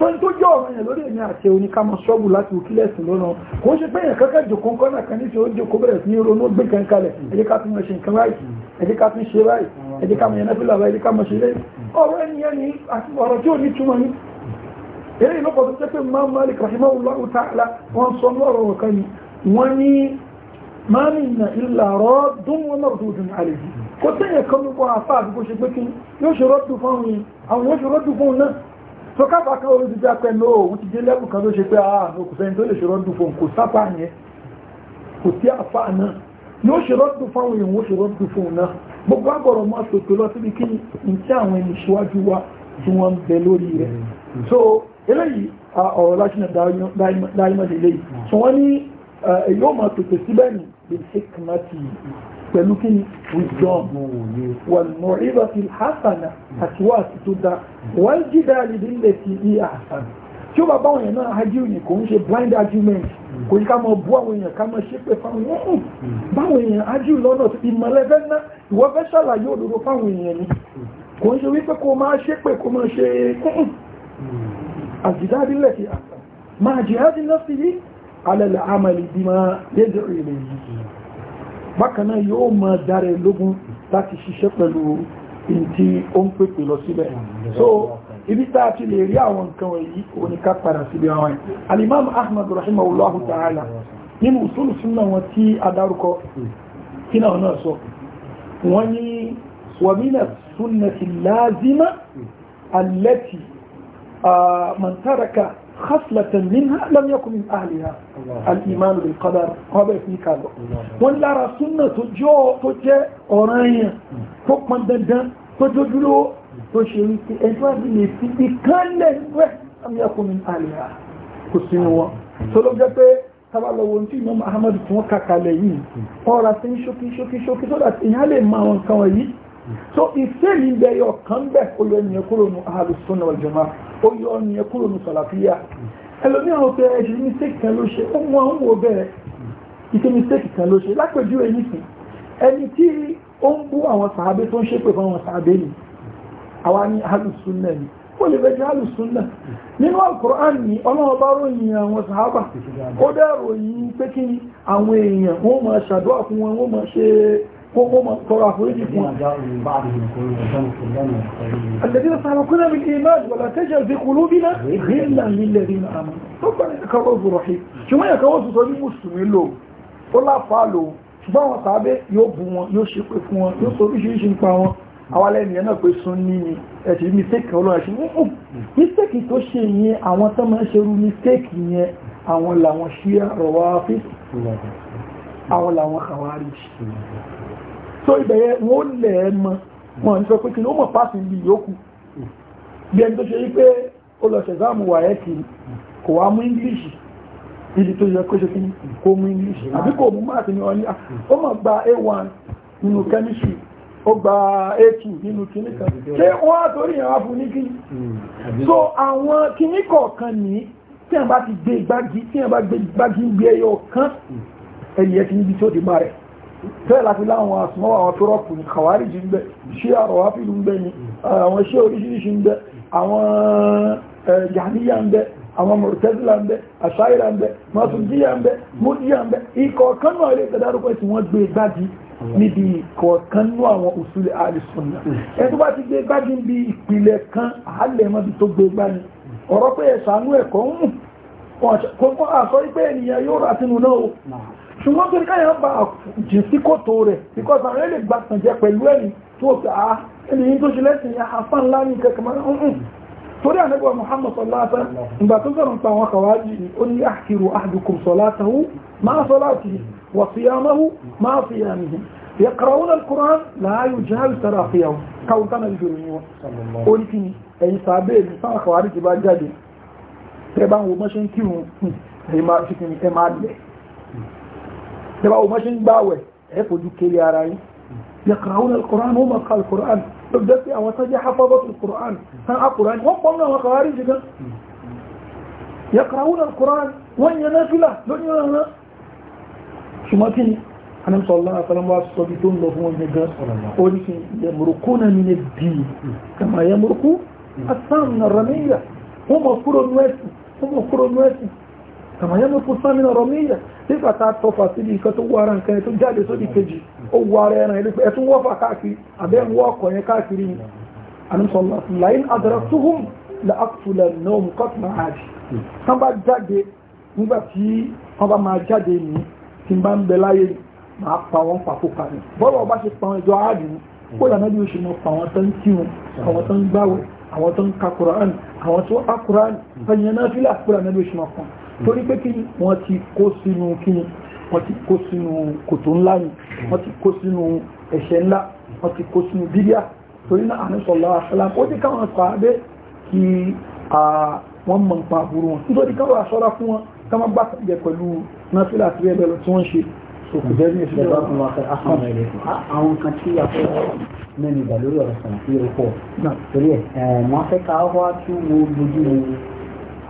Speaker 2: so n tó jọ ọ̀rọ̀ yẹn lórí èmi àti òní ká máa ṣọ́ọ̀bù láti òkílẹ̀ sí lọ́nà kò ń ṣe pé èèyàn kankan jòkó ń kọ́nà kan níṣẹ́ ó jòkó bẹ̀rẹ̀ sí ní ronú gbé kan kalẹ̀ ká tún ṣe nǹkan báyìí ẹ ká tún ṣe báyìí ẹ ká mọ̀ yẹn náà fìlà báyìí ẹ ká mọ̀ ṣe lẹ́yìn ọ̀rọ̀ ẹniyẹn ni àti ọ̀rọ̀ tí ò ní túmọ̀ ní so káfà kan orí dídá pẹ̀lú òun ti dé lẹ́bù kan tó ṣe pé àánú ah, kò sẹ́ni tó lè ṣe rọ́dùn fún kò sápá yẹn kò sí àfá náà yóò ṣe rọ́dùn fáwọn èèyàn wa tí wọ́n ń bẹ lórí mm-hmm. so eléyìí ọ̀rọ̀ láṣínà dáìmọ̀ lélẹ́yìí so wọ́n ní èyí eh, ó máa tòkè síbẹ̀ ní pẹ̀lú kí ni wisdom wàlmọ̀ríbà fi hasana àti wá àti tó dá wọ́n jídá àlìdí ilẹ̀ ti ní àhásánà tí ó bá bá wọn yẹn náà ájú yìí kò ń ṣe blind argument kò yí ká mọ bú àwọn èèyàn ká mọ ṣépè fáwọn èèyàn báwọn èèyàn ájú lọ́nà ìmọ̀lẹ́fẹ́ ná ìwọ fẹ́ ṣàlàyé òdodo fáwọn èèyàn ni kò ń ṣe wípé kó máa ṣépè kó máa ṣe àjídádílẹ̀ ti àṣà máa jihadi lọ́sí yìí alẹ́lẹ̀ amàlì bí máa yẹ́jọ́ ìrìn yìí bákanáà yóò máa dára lógún láti ṣiṣẹ́ pẹ̀lú ìntí ó ń pèpè lọ síbẹ̀ so ibi tá a ti lè rí àwọn nǹkan wọ̀nyí oníká padà síbi àwọn ẹ̀ alimam ahmad rahimahullahu ta'ala nínú usulu sunna wọn tí a dárúkọ kí náà náà sọ wọ́n ní wàmínà sunnati lazima allati ah, man taraka خصلة منها لم يكن من أهلها الإيمان بالقدر هذا في كذا ولا رسولنا تجو تجي أورانيا تقمن دندن تجدلو تشريك إجواد ليسي بكل لم يكن من أهلها كسنوا سلوك جاتي tàbá lọ wo tí Imam Ahmad tí wọ́n kàkàlẹ̀ yìí ọ̀rọ̀ àti ṣókí ṣókí ṣókí sọ́dọ̀ àti ìyálẹ̀ máa wọn so ìsẹ́ẹ̀lì ń bẹ yọ kan bẹ́ẹ̀ ó yọ ẹnìyẹn kúrò ní ahlu sunna wal yọ ẹnìyẹn kúrò ní sàlàfíà ẹlòmíràn pé ẹṣin mistake kan ló ṣe ó mú wò bẹ́ẹ̀ ìṣe mistake kan ló ṣe lápèjúwe nìsín ẹni tí ó ń bú àwọn sàábé tó ń àwọn sàábé ni àwa ni ó lè nínú ọlọ́wọ́ bá ròyìn àwọn ó dá ròyìn pé kí àwọn èèyàn máa ṣàdúrà fún kókó ma tọrọ àforíjì fún الذين سبقونا بالإيمان ولا تجعل في قلوبنا غلا للذين آمنوا ربنا إنك رؤوف رحيم ṣùgbọ́n yẹ kọwọ́ tuntun ní mùsùlùmí lò ó láfàá lò ṣùgbọ́n àwọn tàbí yóò bú ènìyàn náà pé sún ní ni ẹ̀sì mistake ọlọ́run ẹ̀sì wọ́n mistake tó ṣe yẹn àwọn tó máa ń ṣerú mistake yẹn àwọn làwọn ṣíà rọ̀wá fíìsì àwọn làwọn kàwárí so ibẹ̀ yẹn wọ́n lẹ̀ ẹ́ mọ́ wọn ní sọ pé kí ni ó mọ̀ pàṣẹ ibi yòókù bí ẹni tó ṣe yí pé ó lọ ṣẹ̀dáàmù wà ẹ́ kiri kò wá mú english ibi tó yẹ kó ṣe kí kó mú english àbí kò mú máàtì ní ọní ah, ó mọ̀ gba a1 nínú chemistry ó gba a2 nínú kíní kan ṣé wọ́n á torí ìyàwó fún ní kíní so àwọn kíní kọ̀ọ̀kan ní tí wọ́n bá ti gbé gbági tí wọ́n bá gbé gbági gbé ẹyọ kan ẹni ti níbi tó di bá rẹ̀ fẹ́ láti láwọn àsùnmọ́ àwọn tó rọ́pù ní kàwáríjì ń bẹ ṣé àrọ̀wáfíìlú ń bẹ ni àwọn ṣé oríṣiríṣi ń bẹ àwọn jàníyà ń bẹ àwọn mọ̀rùtẹ́sílà ń bẹ àṣáìrà ń bẹ mọ́túndíyà ń bẹ múdíyà ń bẹ ìkọ̀ọ̀kan náà ilé ìtẹ̀dárúkọ tí wọ́n gbé gbági níbi ìkọ̀ọ̀kan náà àwọn òṣùlé àlìsùnà kan àálẹ̀ mọ́bi tó gbé gbági ọ̀rọ̀ pé ẹ̀ṣánú ẹ̀kọ́ ń mú kọ́kọ́ àsọ pé ènìyàn yóò rà sínú ṣùgbọ́n tó káyà bá jìn sí kòtò rẹ̀ because àwọn ẹlẹ́ gba tànjẹ pẹ̀lú ẹ̀rí tó o ká ah, ẹni yìí tó ṣe lẹ́sìn ah, afá ńlá ní kẹkẹmọ ọ̀hún torí ànẹ́gbà Muhammad sọláta ìgbà tó sọ̀rọ̀ pa àwọn kàwájì ó ní àkìrò àdùkù sọláta hù máa sọláti wà sí yamáhù máa fi yàmìhì yaqra'una al-Qur'an la yujhalu tarafiyahu káwọn tánà ìjọ ní wọn ó ẹ̀yìn sàbẹ̀ ní sáwọn kàwájì bá jáde tẹ́ bá ń wo mọ́ṣẹ́ ń kírun ẹ̀yìn máa fi kíni ẹ máa lẹ̀ tẹ́bà o mọ́ṣí ń gbáwẹ̀ ẹ fojú kéré ara yín yaqra'una al-Qur'an wọ́n máa ka al-Qur'an ló jẹ́ pé àwọn tó jẹ́ hafadatu al-Qur'an tán á Qur'an wọ́n pọ̀ náà wọn kàwárí jù gan yaqra'una al-Qur'an wọ́n yẹn náà fìlà lónìí wọn náà ṣùgbọ́n kí ni anam sallallahu alaihi wasallam wa sọ bí tó ń lọ fún ọmọ gan oríṣi yamurukuna kama yamuruku asáàmù nàràmíyà wọ́n mọ̀ kúrò nú ẹ̀sìn wọ́n mọ̀ kúrò nú tàmàyánú kú sáàmì ọ̀rọ̀ mílẹ̀ nígbà tá a tọfà sí ibi ìkan tó wọ ara nǹkan ẹ̀ tó jáde sódì kejì ó wọ ara ẹran ẹ̀ lẹ́pẹ́ ẹ̀tún wọ́fà káàkiri àbẹ́ ń wọ́ ọkọ̀ yẹn káàkiri ni adara túhùn la àkùtùlẹ̀ náà mú kọ́tù máa hàjì tán bá jáde nígbà tí wọ́n bá máa jáde ní tí bá ń bẹ láyé pa wọ́n pàkópa ni bọ́ọ̀lù ọba ṣe pa wọn ìjọ áàdì ni kó lànà bí oṣù náà pa wọn tán kírun àwọn tán gbáwẹ̀ àwọn tán ka kùránì àwọn tó á kùránì tán yẹn náà fílà kó lànà bí oṣù náà pa wọn torí pé kí wọ́n ti kó sínú kíni wọ́n ti kó sínú kòtò ńlá ni wọ́n ti kó sínú ẹ̀ṣẹ̀ ńlá wọ́n ti kó sínú bídíà torí náà àní sallallahu alaihi wasallam ó ti káwọn sàábé kí wọ́n mọ̀ nípa àbúrò wọn nítorí káwọn aṣọ́ra fún wọn ká gbà jẹ pẹ̀lú násílà àti ẹ̀bẹ̀ lọ tí wọ́n ṣe àwọn kan tí a fẹ́
Speaker 1: mẹ́nu ìgbà lórí ọ̀rọ̀ sàn sí orúkọ torí ẹ̀ wọ́n fẹ́ ká wá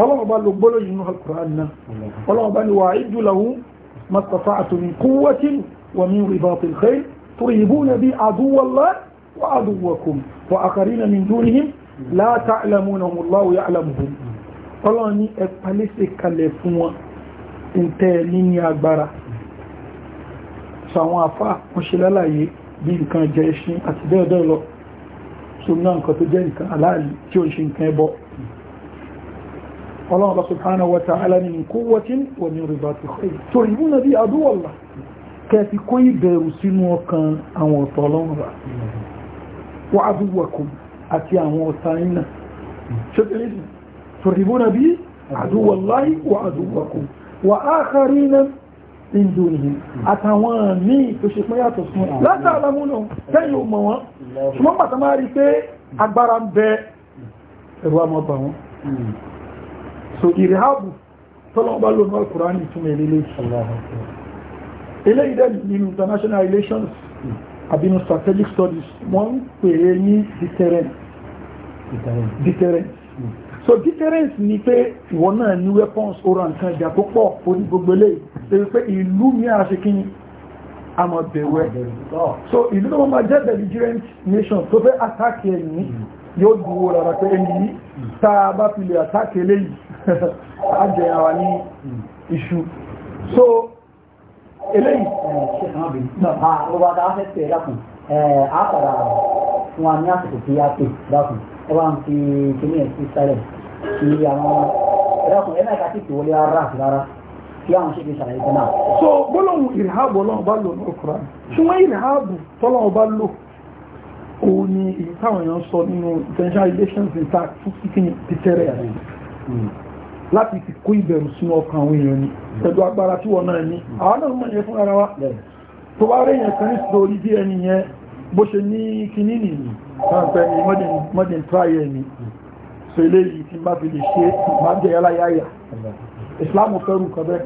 Speaker 2: ọlọ́wọ́ bá lo gbọ́lọ̀ yìí nínú alkùrán náà ọlọ́wọ́ bá ní wà áìdù lahu mustapha àtòmí kúwọ́tín wà mí rìbá tìlkẹ́ tùrìbù na bí àdúwọ́lá wà àdúwọ́kùn wà àkàrí na mi dúnihim látà ní ẹ palẹ́sẹ̀ kalẹ̀ tó jẹ́ nǹkan aláàlì tí ó ń Allah subhanahu wa ta'ala min quwwatin wa min ribati khayr turhibuna bi adu Allah kẹfì kó ìbẹ̀rù sínú ọkàn àwọn ọ̀tọ̀ ọlọ́run rà wa aduwakum àti àwọn ọ̀tá iná ṣẹ́tẹ̀lẹ́sì turhibuna bi adu wallahi wa aduwakum wa akharina min dunihim àtàwọn míì tó ṣe pín yàtọ̀ fún látàlámúnà tẹ́yìn ò mọ̀ wọn ṣùgbọ́n pàtàkì máa rí pé agbára ń bẹ ẹ̀rọ àmọ́bà wọn hmm so ìrìhábù tọ́lọ́ọ̀bá ló náà kùránì ìtumọ̀ ilé ilé ìdẹ́ nínú international relations àbínú strategic studies wọ́n ń pè é ní deterrence deterrence hmm. so deterrence ni pé ìwọ náà ní weapons oran kan ìjà tó pọ̀ orí gbogbo lè ṣe pé ìlú mi àṣekín àmọ́ bẹ̀rù so ìlú tó wọ́n máa jẹ́ belligerent nation tó fẹ́ attack ẹ̀yìn hmm. yóò dúró rárá pé ẹni hmm. tá a bá fi lè attack eléyìí ajẹ́ àwà ní iṣu so
Speaker 1: eléyìí ṣe kan bí náà ọba dá fẹ́ pè dákùn àpàdà fún wa ní àsìkò tí a pè dákùn ọba ń fi kíní ẹ̀ sí sẹ́lẹ̀ kí àwọn ẹ̀dákùn ẹ̀mẹ́ ìka títí wọlé ara rárá kí àwọn ṣe fi ṣàlàyé fún náà. so
Speaker 2: gbólóhùn ìrìhàbù ọlọ́run bá lò ní òkúra ṣùgbọ́n ìrìhàbù tọ́lọ́run bá lò òun ni ìyí táwọn èèyàn sọ nínú intentional relations intact fún kíkíni láti fi kó ìbẹ̀rù sínú ọkàn àwọn èèyàn ni pẹ̀lú agbára tí wọ́n náà ní àwọn náà mọ̀ yẹn fún ara wa tó bá rẹ̀yìn kan ní sọ orí bí ẹni yẹn bó so eléyìí tí bá fi lè Islam fẹ́rù kan bẹ́ẹ̀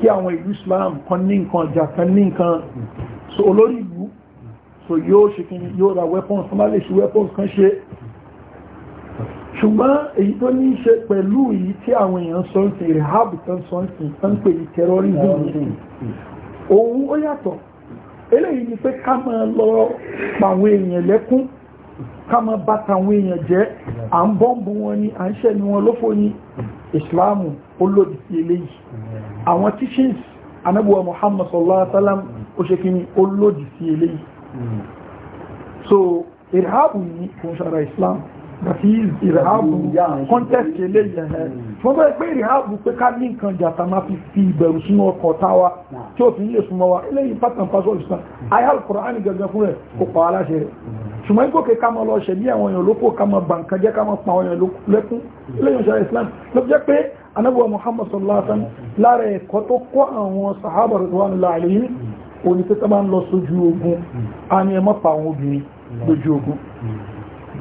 Speaker 2: kí àwọn ìlú Islam kan ní nǹkan ọjà kan ní nǹkan so olórí ìlú so yóò ṣe kí yóò ra weapons kan lè ṣe weapons kan ṣe ṣùgbọ́n èyí tó ní ṣe pẹ̀lú èyí tí àwọn èèyàn sọ ń sin rehab tán sọ ń sin tán pè ní terrorism òun ó yàtọ̀ eléyìí ni pé ká máa lọ pàwọn èèyàn lẹ́kún ká máa bá tàwọn èèyàn jẹ́ à ń bọ́m̀bù wọn ni à ń ṣẹ́ ni wọn lófò ní ìsìláàmù ó lòdì sí eléyìí àwọn teachings anábùwà Muhammad sallallahu alaihi wasallam ó ṣe kí ni ó lòdì sí eléyìí so irhabu ni kò ń ṣara ìsìláàmù fi ìrìhábù kọ́ntẹ́sì eléyìí ẹ̀hẹ́ wọ́n bẹ́ẹ̀ pé ìrìhábù pé ká ní nǹkan jàtà máa fi fi ìbẹ̀rù sínú ọkọ̀ táwa tí ó fi ń lè súnmọ́ wa eléyìí pátán pásọ̀ ìsàn ayáàlù Kùránì gẹ̀gẹ̀ fún rẹ̀ kò pa wá láṣẹ rẹ̀ ṣùgbọ́n ní kòkè ká máa lọ ṣẹ̀ ní àwọn èèyàn lóko ká máa bàǹkan jẹ́ ká máa pa àwọn èèyàn lẹ́kún hmm. eléyìí ṣe Islam ló jẹ́ pé anábọ̀ Muhammad sallallahu alaihi wasallam lára ẹ̀kọ́ tó kọ́ àwọn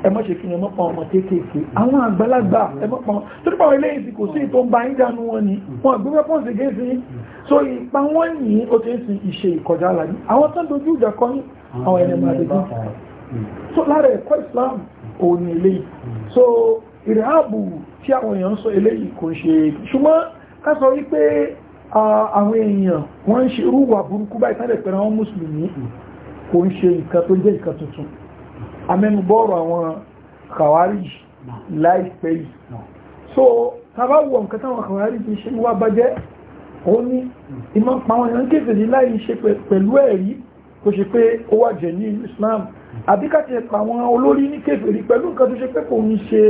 Speaker 2: ẹ má ṣe kí ẹ má pa ọmọ kéékèèké àwọn àgbàlagbà ẹ má pa ọmọ tó dípọ̀ ilé ìsìn kò sí ètò ọba ìdánu wọn ni wọn àgbé weapons against yín so ipa wọn yìí ó ti ń sin ìṣe ìkọjá àlàyé àwọn tó ń dojú ìjà kọ ní àwọn ẹni máa dojú so lára ẹ̀kọ́ Islam òun ni eléyìí so ìrẹ̀ ààbò tí àwọn èèyàn ń sọ eléyìí kò ń ṣe ṣùgbọ́n ká sọ wípé àwọn èèyàn wọ́n ń ṣe irú wà burúkú báyìí sáré amẹ́nubọ́ọ̀rọ̀ àwọn kàwárí láìpẹ́ yìí so tàbá wọ nǹkan táwọn kàwárí ti ṣe wá bá jẹ́ ó ní ìmọ̀ pàwọn èèyàn kéfè ní láì ṣe pẹ̀lú ẹ̀rí tó ṣe pé ó wà jẹ́ ní Islam mm. àbí ká ti pa àwọn olórí ní kéfè rí pẹ̀lú nǹkan tó ṣe pé kò ń ṣe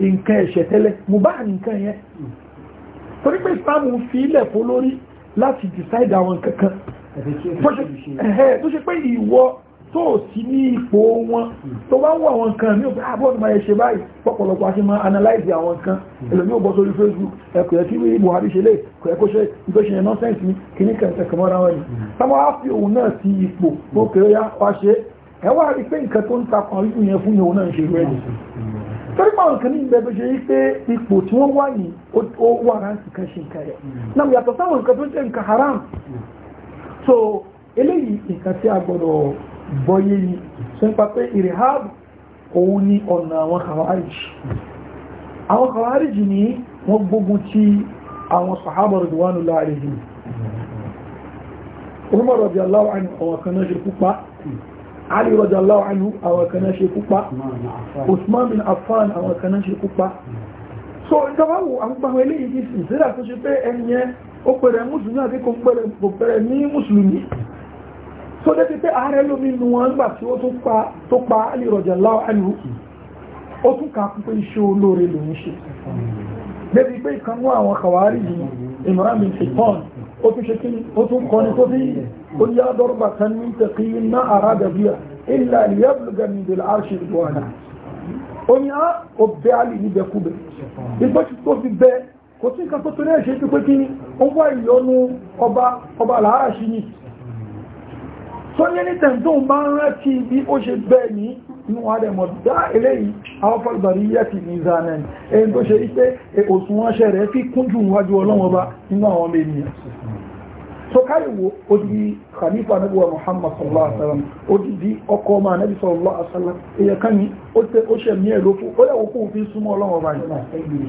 Speaker 2: nǹkan ẹ̀ṣẹ̀ tẹ́lẹ̀ mo bá nǹkan yẹn mm. torí pé Islam fi ilẹ̀ fún lórí láti decide àwọn kankan tó ṣe pé ìwọ tó sí ní ipò wọn tó bá ń wọ àwọn nǹkan ní òpin àbọ̀ nígbà ẹ̀ṣẹ̀ báyìí pọ̀pọ̀lọpọ̀ àti máa analyze àwọn nǹkan ẹlòmí ò bọ́ sórí Facebook ẹ̀kọ́ yẹ kí wí Buhari ṣe lè kọ̀ ẹ̀kọ́ ṣe ìgbé ṣe nonsense ní kíní kẹ̀kẹ́ kọmọ́ra wọn ni mm-hmm. táwọn á fi òun náà sí ipò tó kéré yá wá ṣe ẹ wá rí pé nǹkan tó ń takọ̀ rí yẹn fún yẹn òun náà ń ṣe rú ẹ̀yìn
Speaker 3: mm-hmm.
Speaker 2: torí pa nǹkan ní ìgbẹ́ tó ṣe yí pé ipò tí wọ́n wà ní ó wà rántí kan ṣe nǹkan rẹ̀ mm-hmm. náà yàtọ̀ sáwọn nǹkan tó jẹ́ nǹkan haram so eléyìí nǹkan tí a gbọ́dọ̀ gbọ́yé ni sọ nípa pé irihab òun ni ọ̀nà àwọn kàwáríjì àwọn kàwáríjì ni wọ́n gbógun ti àwọn sàhábà radwanullahi alaihim Umar radiyallahu anhu àwọn kan náà ṣe pupa Ali radiyallahu anhu àwọn kan náà ṣe pupa Usman bin Affan àwọn kan náà ṣe pupa so tó débi pé ààrẹ lómi nu wọn nígbà tí ó tó pa Ali radiyallahu anhu ó tún kà pé iṣẹ́ olóore lòún ṣe débi pé ìkanú àwọn kàwárí yìí Imran bin Hittan ó tún ṣe kíni ó tún kọ́ni tó bí ó yá dọ́rọ̀bà kan ní tẹ̀kí iná àrádà bíyà ilẹ̀ àlìyàbùlùgà ní ìdèlè àṣì ìdùwàdà ó ní á ó bẹ́ àlì ní ah, bẹ́kúbẹ̀ ìgbẹ́ tí tó fi bẹ́ kò tí nǹkan tó tó ní ẹ̀ṣẹ́ pípé kíni ó wá ìyọnu ọba ọba làárà sí ni tó ní ní tẹ̀ntún bá ń rántí bí ó ṣe bẹ́ẹ̀ ní inú àdẹ̀mọ̀ dá eléyìí àwọn fọ́lùbàrí yẹ́tì ní zanen èyí tó ṣe ipé òsùn wọn rẹ̀ fi kún jù wájú ọlọ́wọ́ bá so khalifa nabi wa muhammad sallallahu alaihi wasallam ó di di ọkọ ọmọ anabi sallallahu alaihi wasallam èyàn kan ní ó ṣe mí ẹ̀ lókù ó lẹ́wọ́ kó fi súnmọ́ ọlọ́wọ́ bá yìí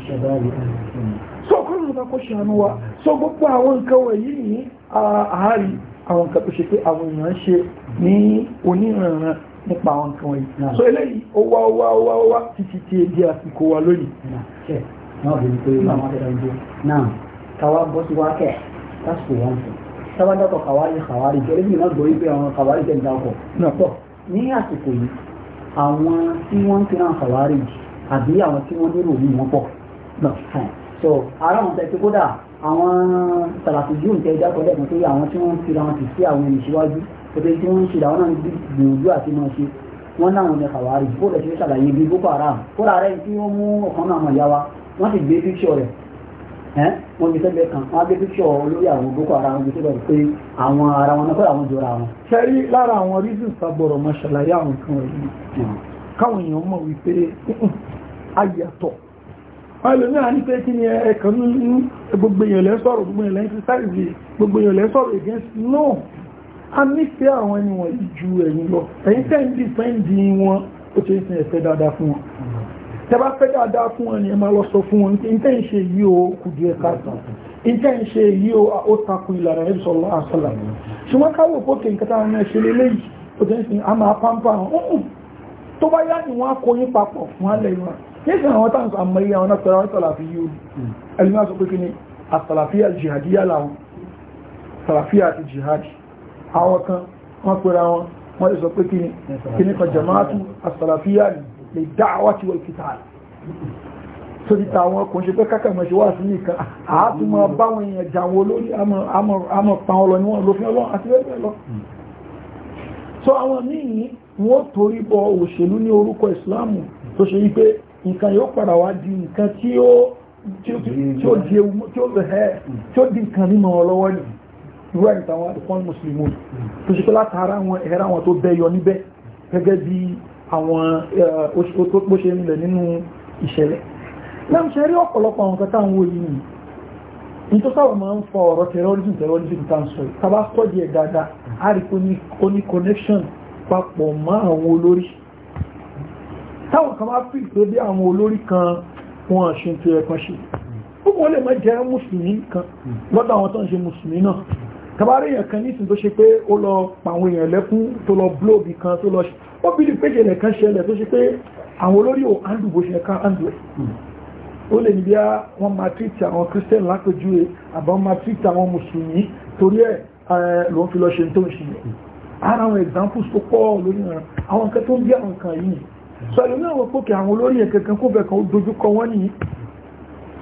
Speaker 2: so kọ́nà kó ṣe gbogbo àwọn nǹkan wọ̀nyí ní àárín àwọn nǹkan tó ṣe pé àwọn èèyàn ṣe ní oníranran nípa àwọn nǹkan wọ̀nyí so eléyìí ó wá ó wá ó wá ó wá títí tí di àsìkò wa lónìí.
Speaker 1: náà káwá bọ́ sí wákẹ́ lásìkò wọn fún sábàdàpọ̀ kàwárí kàwárí jẹ́ ebi náà gbọ́ wípé àwọn kàwárí jẹ́ ìdáwọ̀ pọ̀ ní àsìkò yìí àwọn tí wọ́n ń kíran kàwárí àbí àwọn tí wọ́n nírò ní wọn pọ̀ so ara wọn tẹ̀ pé kódà àwọn sàràfìjú nǹkan ẹja kọjá kan pé àwọn tí wọ́n ń fira wọn kì sí àwọn ẹni síwájú pẹ̀lú tí wọ́n ń ṣe làwọn náà ń gbìyànjú àti máa ṣe wọ́n náwọn ní kàwárí bó lè ṣe ṣàlàyé bí boko haram kóra rẹ̀ tí wọ́n mú ọ̀kan náà mọ̀ yá wa wọ́n sì gbé píṣọ̀ rẹ̀ ẹ́ wọ́n fi sẹ́gbẹ̀ẹ́ kan wọ́n á gbé píṣọ̀ olórí àwọn boko haram fi sẹ́gbẹ̀ẹ́ pé àwọn
Speaker 2: ara wọn náà kọ́ àwọn jọra wọn. sẹ́rí lára àwọn reason sábọ̀rọ̀ máa ṣàlàyé àwọn kan wọ̀nyí hmm. káwọn èèyàn mọ̀ wípé ayàtọ̀ pẹ̀lú náà ní pé kí ni ẹ̀kan nínú gbogbo èèyàn lẹ́sọ̀rọ̀ gbogbo èèyàn lẹ́sọ̀rọ̀ gbogbo èèyàn lẹ́sọ̀rọ̀ against no a nífẹ̀ẹ́ àwọn ẹni wọ̀nyí ju ẹ̀yin lọ ẹ̀yin tẹ́ ń dìpẹ́ǹdì wọn ó ṣe ń sin ẹ̀fẹ́ dáadáa fún wọn tẹ́bá fẹ́ dáadáa fún wọn ni ẹ máa lọ sọ fún wọn ní tẹ́ ń ṣe yí o kù ju ẹ̀ka tán ní tẹ́ ń ṣe yí o ó takò ìlànà ẹ̀ sọ̀rọ̀ àṣọlá ṣùgbọ́n káwọ́ òkè nǹkan táwọn ẹ̀ ṣe lélẹ́yìí ó ṣe ń sin a máa pampa tó bá yá ni wọ́n á kó yín papọ̀ fún alẹ́ wọn kéèsì àwọn táǹkà àmàrí àwọn náà sàlàfí yóò ẹlùmí sọ pé kí ni àsàlàfíà jihadiyà láwọn sàlàfíà àti jihadi àwọn kan wọ́n pèrè àwọn wọ́n lè sọ pé kí ni kí ni kan jama'atu àsàlàfíà lè dáwà tí wọ́n kìtà so ti tàwọn kò ṣe pé kákà mọ̀ ṣe wà sí ni wọ́n lófin ọlọ́ àti bẹ́ẹ̀ lọ so àwọn míì wọ́n torí bọ òṣèlú ní orúkọ nǹkan yóò padà wá di nǹkan tí ó tí ó di ewu tí ó rẹ̀ tí ó di nǹkan mímọ̀ ọlọ́wọ́ ní ìwé ẹ̀yìn tàwọn ìpọ́n mùsùlùmí tó ṣe pé látara àwọn ẹ̀rẹ́ àwọn tó bẹ́yọ níbẹ̀ gẹ́gẹ́ bí àwọn bó ṣe rinlẹ̀ nínú ìṣẹ̀lẹ̀ lẹ́nu ṣe rí ọ̀pọ̀lọpọ̀ àwọn kan táwọn òyìn yìí ní tó sáwọn máa ń fọ ọ̀rọ̀ terrorism terrorism tá ń sọ yìí tá bá sọ́ di ẹ̀ dáadáa á rí pé ó ní connection papọ̀ mọ́ àwọn olórí táwọn kan bá fi pé bí àwọn olórí kan wọn ṣe tó ẹ̀kan ṣe púpọ̀ lè má jẹ́ mùsùlùmí kan lọ́dọ̀ àwọn tó ń ṣe mùsùlùmí náà tàbárí èèyàn kan nísìn tó ṣe pé ó lọ pàwọn èèyàn lẹ́kún tó lọ blóòbì kan tó lọ ṣe ó bí lè péjẹ lẹ̀kan ṣẹlẹ̀ tó ṣe pé àwọn olórí ò áńdù bó ṣe ká áńdù ẹ̀ ó lè ní bí máa tírìtì àwọn christian lápèjúwe àbá wọ́n máa tírìtì àwọn mùsùlùmí torí ẹ̀ ló fi lọ ṣe tó ń ṣe ara àwọn examples tó pọ̀ lórí àwọn nǹkan tó ń bí àwọn nǹkan yìí so ẹlò náà wọ́n pókè àwọn olórí ẹ̀kẹ̀kan kó bẹ̀kan ó dojúkọ wọ́n nìyí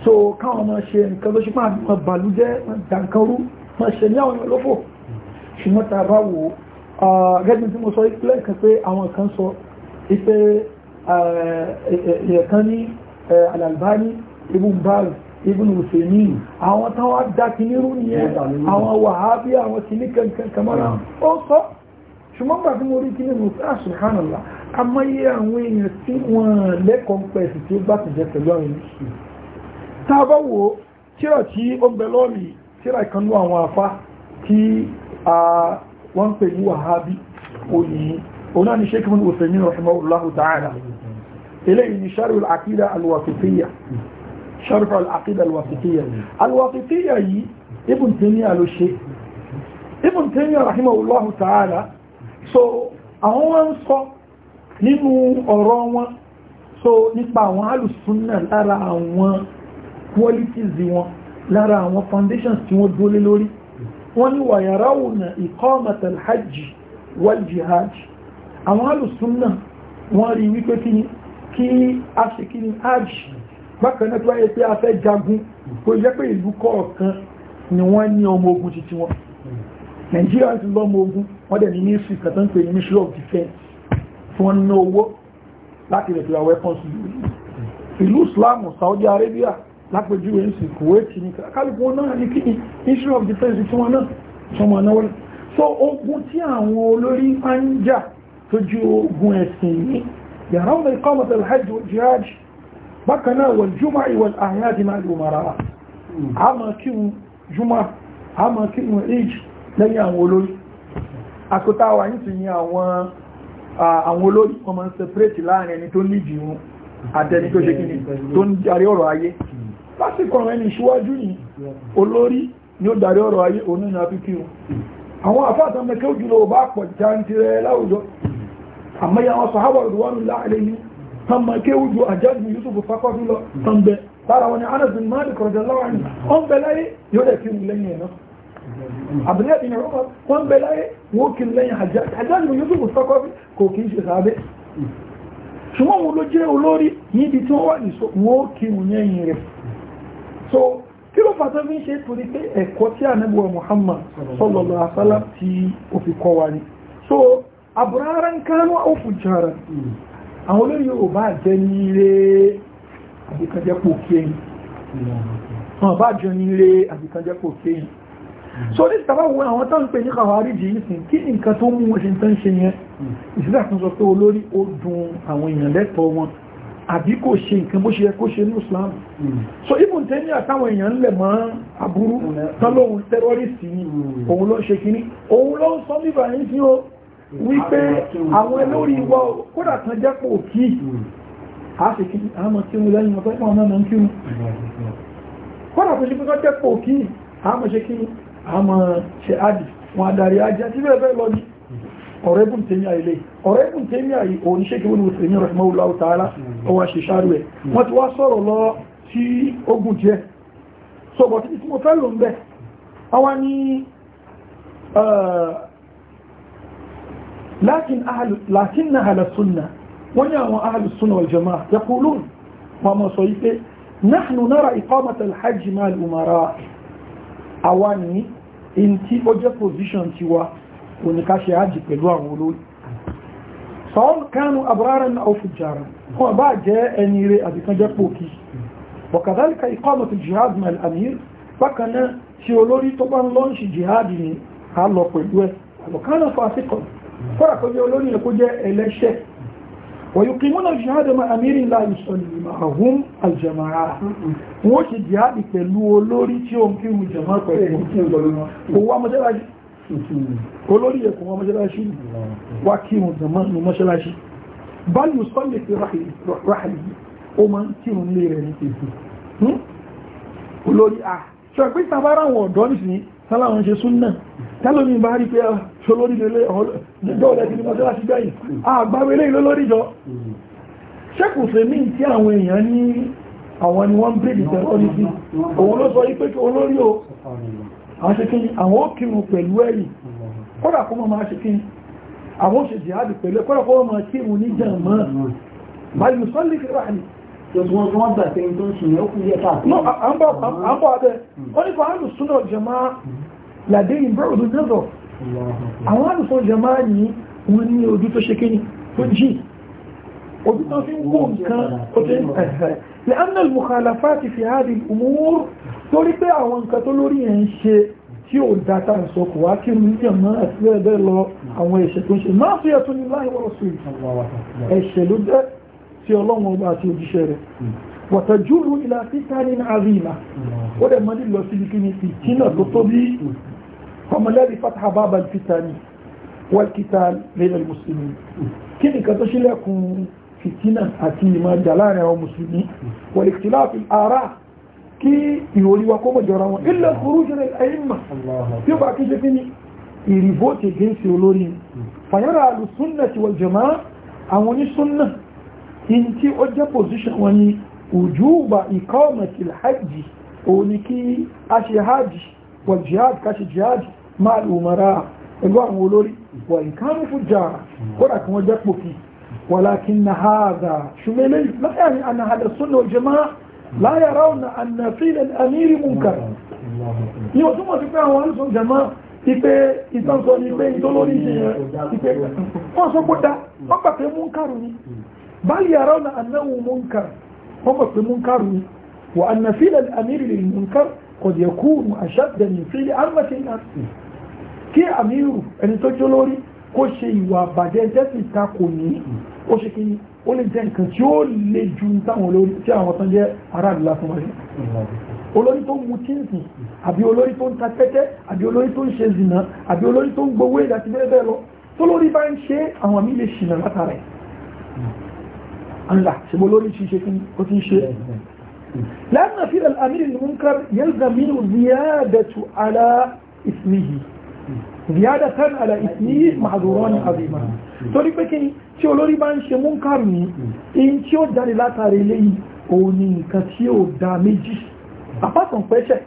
Speaker 2: so káwọn ọmọ ṣe nǹkan ló ṣe máa bí wọn bàlújẹ́ dànkanrú wọn ṣe ní àwọn ìlọ́pọ̀ ṣùgbọ́n ta bá wò ó gẹ́gẹ́ tí mo sọ lẹ́ẹ̀kan pé àwọn kan sọ ipe ẹ̀ẹ̀kan ní Al-Albani ibùn báàlù ibùn òsèmí àwọn táwọn dákinírú nìyẹn àwọn wàhábí àwọn kìnnìkan kan kamara ó sọ ṣùgbọ́n gbà tí mo rí kí ní mo sá subhanallah amáyé àwọn èèyàn tí wọ́n lẹ́kọ̀ọ́ ń pẹ̀sì tí ó bá ti jẹ pẹ̀lú àwọn ènìyàn tá a bá wo tíra tí ó ń bẹ lọ́ọ̀lì tíra ìkanú àwọn afá tí wọ́n ń pè ní wàhábí òní òun náà ni sheikh ibn usaimin rahimahullahu ta'ala eléyìí ni sharh al so àwọn wọn ń sọ nínú ọ̀rọ̀ wọn so nípa àwọn alùsùnà lára àwọn qualities wọn lára àwọn foundations tí wọ́n dúró lé lórí wọ́n ní wàyàrá ònà ìkọ́mọ̀tà hajji wal jihad àwọn alùsùnà wọ́n rí wípé kí kí a ṣe kí ni hajj bákanáà tó wáyé pé a fẹ́ jagun kò jẹ́ pé ìlú kọ̀ọ̀kan ni wọ́n ní ọmọ ogun títí wọn nàìjíríà ti lọ́mọ ogun wọ́n dẹ̀ ní ministry kan pè ní ministry of defense fún wọn ní owó láti rẹ̀ fi ra weapons ìlú islam saudi arabia lápẹjúwe ń sì kuwait ní kálùkù náà ní kíni ministry of defense tí wọ́n náà tí wọ́n náà wọ́n so ogun tí àwọn olórí máa ń jà tó ju ogun ẹ̀sìn ní yàrá ọ̀nà ìkọ́mọ̀ tẹ̀lẹ̀ hajj jihad bákan náà wọ̀n jùmọ̀ ìwọ̀n àyájí máa lò mara a máa kírun jùmọ̀ a máa kírun age lẹ́yìn àwọn olórí àkótá wa yìí ti ní àwọn olóyìn wọn máa ń láàrin ẹni tó níjì wọn àtẹni tó ṣe tó ń darí ọ̀rọ̀ ayé lásìkò ẹni ìṣíwájú yìí olórí ni ó darí ọ̀rọ̀ ayé òun ní afíkí wọn àwọn àfáàtà mẹ́kẹ́ òjúlọ ò pọ̀ jantirẹ láwùjọ àmọ́yà àwọn tán mẹ́kẹ́ Yusuf tán bẹ lára wọn ni bin abdullahi bin umar wọ́n bẹ láyé wọ́n kì í lẹ́yìn hajjaj hajjaj bin yusuf sọ́kọ́fí kò kì í ṣe sàbẹ̀ ṣùgbọ́n wọn ló jẹ́ olórí níbi tí wọ́n wà ní so wọ́n kì í yẹ̀yìn rẹ̀ so kí ló fàtọ́ fi ń ṣe torí pé ẹ̀kọ́ tí ànábùwà muhammad sallallahu alaihi wasallam tí ó fi kọ́ wa ni so abúrárán kánú ó fi jara àwọn olórí yóò bá jẹ́ nílé àbíkanjẹ́pò kéyìn wọn bá jẹ́ nílé àbíkanjẹ́pò kéyìn so ní ìtàbá wo àwọn tó ń pè ní kàwáríjì yìí sìn kí nǹkan tó mú ṣe tán ṣe yẹn ìṣẹ́lẹ̀ kan sọ pé olórí ó dùn àwọn èèyàn lẹ́tọ̀ọ́ wọn àbí kò ṣe nǹkan bó ṣe yẹ kó ṣe ní Islam so ibùn tẹ́ ní àtàwọn èèyàn ń lẹ̀ mọ́ aburú tán lóhun tẹ́rọ́rìsì ni òun ló ń ṣe kínní òun ló ń sọ nígbà yín sí o wípé àwọn olórí wa kódà kan jẹ́ pò kí a ṣe kí àmọ́ tí wọ́n lẹ́yìn ọ̀tọ́ ìpọ̀ ọmọ mọ́ kí wọn kódà kan jẹ́ pò kí àmọ́ ṣe kí àmọ́ ṣe ájì wọn adarí ájì àti bẹ́ẹ̀ bẹ́ẹ̀ lọ ní ọ̀rẹ́bùn tèmi àìlè ọ̀rẹ́bùn tèmi àì oníṣẹ́kì wọn wọ́n tèmi rẹ̀ mọ́wúlá ọ̀tàálá ọwà ṣe ṣáàrù ẹ̀ wọ́n ti wá sọ̀rọ̀ lọ sí ogun jẹ́ sọ̀bọ̀ tí mo fẹ́ lò ń bẹ́ àwa eh, ní lákin na halasunna wọ́n àwa ní in tí ó jẹ́ position ti wa oníkáṣe ájì pẹ̀lú àwọn olórí sọ́ọ́n kánú àbúrárẹ̀ náà ó fi jàrà wọ́n jẹ́ ẹni rẹ̀ àbìkan jẹ́ pòkí bọ̀kàdálíkà ikọ́mọ̀ jihad mel amir bákanáà tí olórí tó bá ń lọ́nṣì jihad ní a lọ pẹ̀lú ẹ̀ àbọ̀kánà ويقيمون الجهاد مع أمير لا يصلي معهم الجماعة wọ́n ṣe jihadi pẹ̀lú olórí tí ó ń kí ìrùn jama'a pẹ̀lú owó amọ́ṣẹ́láṣí olórí ẹ̀kùn amọ́ṣẹ́láṣí wá kí ìrùn jama'a ní mọ́ṣẹ́láṣí bá ní sọ́lẹ̀ fi ráhàlì ó máa ń kí ìrùn lè rẹ̀ ní hmm? olórí à ah, ṣọ̀pítà bára wọn ọ̀dọ́ nìsìn sáláwọn ṣe súnnà tẹ́lómi bá rí pé ah, ṣolórí lélẹ̀ ọ̀lẹ́dọ́ọ̀lẹ́ ti ní mọ́sálásí gbáyìí àgbáwẹ́lẹ́ hmm. ah, ìlú lórí jọ hmm. ṣẹ́kù fèmí tí àwọn èèyàn ní àwọn ni wọ́n bèèrè tẹ́lọ́lìsí òun ló sọ wípé kí olórí o àṣekín àwọn ó kírun pẹ̀lú ẹ̀yìn kọ́dà kó mọ́ máa ṣekín àwọn ó ṣe jihadi pẹ̀lú kọ́dà kó mọ́ kírun ní jàmọ́ hmm wọ́n wọ́n gbà pé tó ń sùn yẹn ó kú yẹ káàkiri. no à ń bọ̀ à ń bọ̀ abẹ́ hmm. wọ́n ní kò àánú súnà jẹ̀má làdé ìbúrò òdú nẹ́bọ̀ àwọn àlùfọ́ jẹ̀má ní wọ́n ní ojú tó ṣe kíni tó hmm. jì ojú tó fi ń wó nǹkan ó ti ń ẹ̀fẹ̀ lẹ́nà mùkàlàfà ti fi hádìí umúr torí pé àwọn nǹkan tó lórí ẹ̀ ń ṣe tí ó dáta ń wá kí ní ní láìwọ̀ sí ọlọ́run ọba àti òjíṣẹ́ rẹ̀ wọ̀tẹ̀júrù ilà títàrin àríìmà ó dẹ̀ mọ́lì lọ sí ibi ìtìnà tó tóbi ọmọlẹ́rìí fatah bàbá títàrin wọ́kítà lẹ́lẹ̀ mùsùlùmí kí ni kan tó ṣílẹ̀kùn fìtínà àti ìmọ̀ ìjà láàrin àwọn mùsùlùmí wọ̀lẹ̀kìtìláàfì ara kí ìròrí wa kó mọ̀ jọra wọn ilẹ̀ kúrú jẹ́rẹ̀ àìmà tí ó bá kí ṣe kí ni ìrìvótì gẹ́ẹ̀sì olórin fàyára alùsúnnà ti wọ̀l jẹ̀má àwọn onísúnnà in tí ó jẹ́ position wọn ni ojúbà ìkọ́ọ̀mẹ̀tì hajji òun ni a ṣe hajji wà jihad ká ṣe jihad máa lò mara pẹ̀lú àwọn olórí wà ìkánu fún jà kódà kí wọ́n jẹ́ pòkì wàlákin na haza ṣùgbẹ́lẹ́ láyàrin anahàlẹ̀ sọ́nà òjèmá láyàrá ọ̀nà ànàfíìlẹ̀ amírí munkar ni ó túnmọ̀ sí pé àwọn alùsùn jẹ̀má ipe ìtànsọ ni pé ìtọ́lórí ìṣẹ̀yẹ ipe wọ́n bal yarawna annahu munkar wọ́n mọ̀ pé munkar ni wa anna fil al-amir lil munkar qad yakunu ashadda min fil amati nas kí amiru ẹni tó jó lórí kó ṣe ìwà àbàjẹ́ tẹ́sí takò ní ó ṣe kí ó lè jẹ́ nǹkan tí ó lè ju táwọn olórí tí àwọn tán jẹ́ aráàlú lásán wáyé olórí tó ń mu tíǹsì àbí olórí tó ń ta tẹ́tẹ́ àbí olórí tó ń ṣe zìnà àbí olórí tó ń gbowó èdè àti bẹ́ẹ̀ bẹ́ẹ̀ lọ tó lórí bá ń ṣe àwọn àmì lè Allah ṣe mo lórí ṣíṣe kí ó ti ṣe لأن في الأمير المنكر يلزم منه زيادة على اسمه زيادة على اسمه محظوران عظيما torí pé kí tí olórí bá ń ṣe munkar ní in tí ó jáde látàrí léyìn òun ni nǹkan tí ó dá méjì apákan pẹ́ṣẹ̀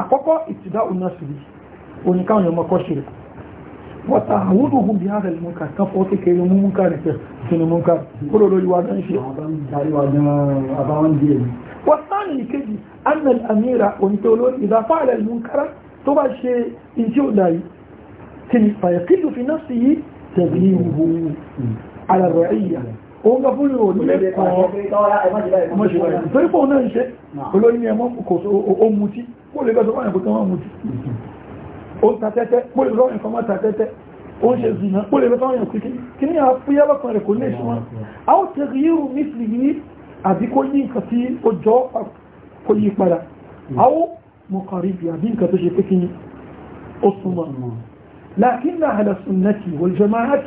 Speaker 2: àkọ́kọ́ ìtìdá òun náà sì rí oníkáwọn ọmọkọ́ ṣe rẹ̀ وتعوضهم بهذا المنكر كفوتي كي منكر شنو منكر كل لو يوادن شيء والثاني كذي أن الأميرة ونتولون إذا فعل المنكر طبعا شيء إنتو لاي فيقل في نفسه تبليغه على الرعية òun gbà fún ìròyìn lẹ́kọ̀ọ́ mọ́ṣẹ̀lẹ̀ ó ń ta tẹ́tẹ́ ó lè lọ́wọ́ nǹkan máa ta tẹ́tẹ́ ó ń ṣe zìnà ó lè lọ́wọ́ àwọn èèyàn kékeré kí ní àfúyẹ́ lọ́kàn rẹ̀ kò ní ìṣúná a ó tẹ̀rí irú mísìlì yìí àbí kó yí nǹkan tí ó jọ kó yí padà a ó mọ̀ kàrí bí àbí nǹkan tó ṣe pé kí ni ó súnmọ́ لكن أهل السنة والجماعة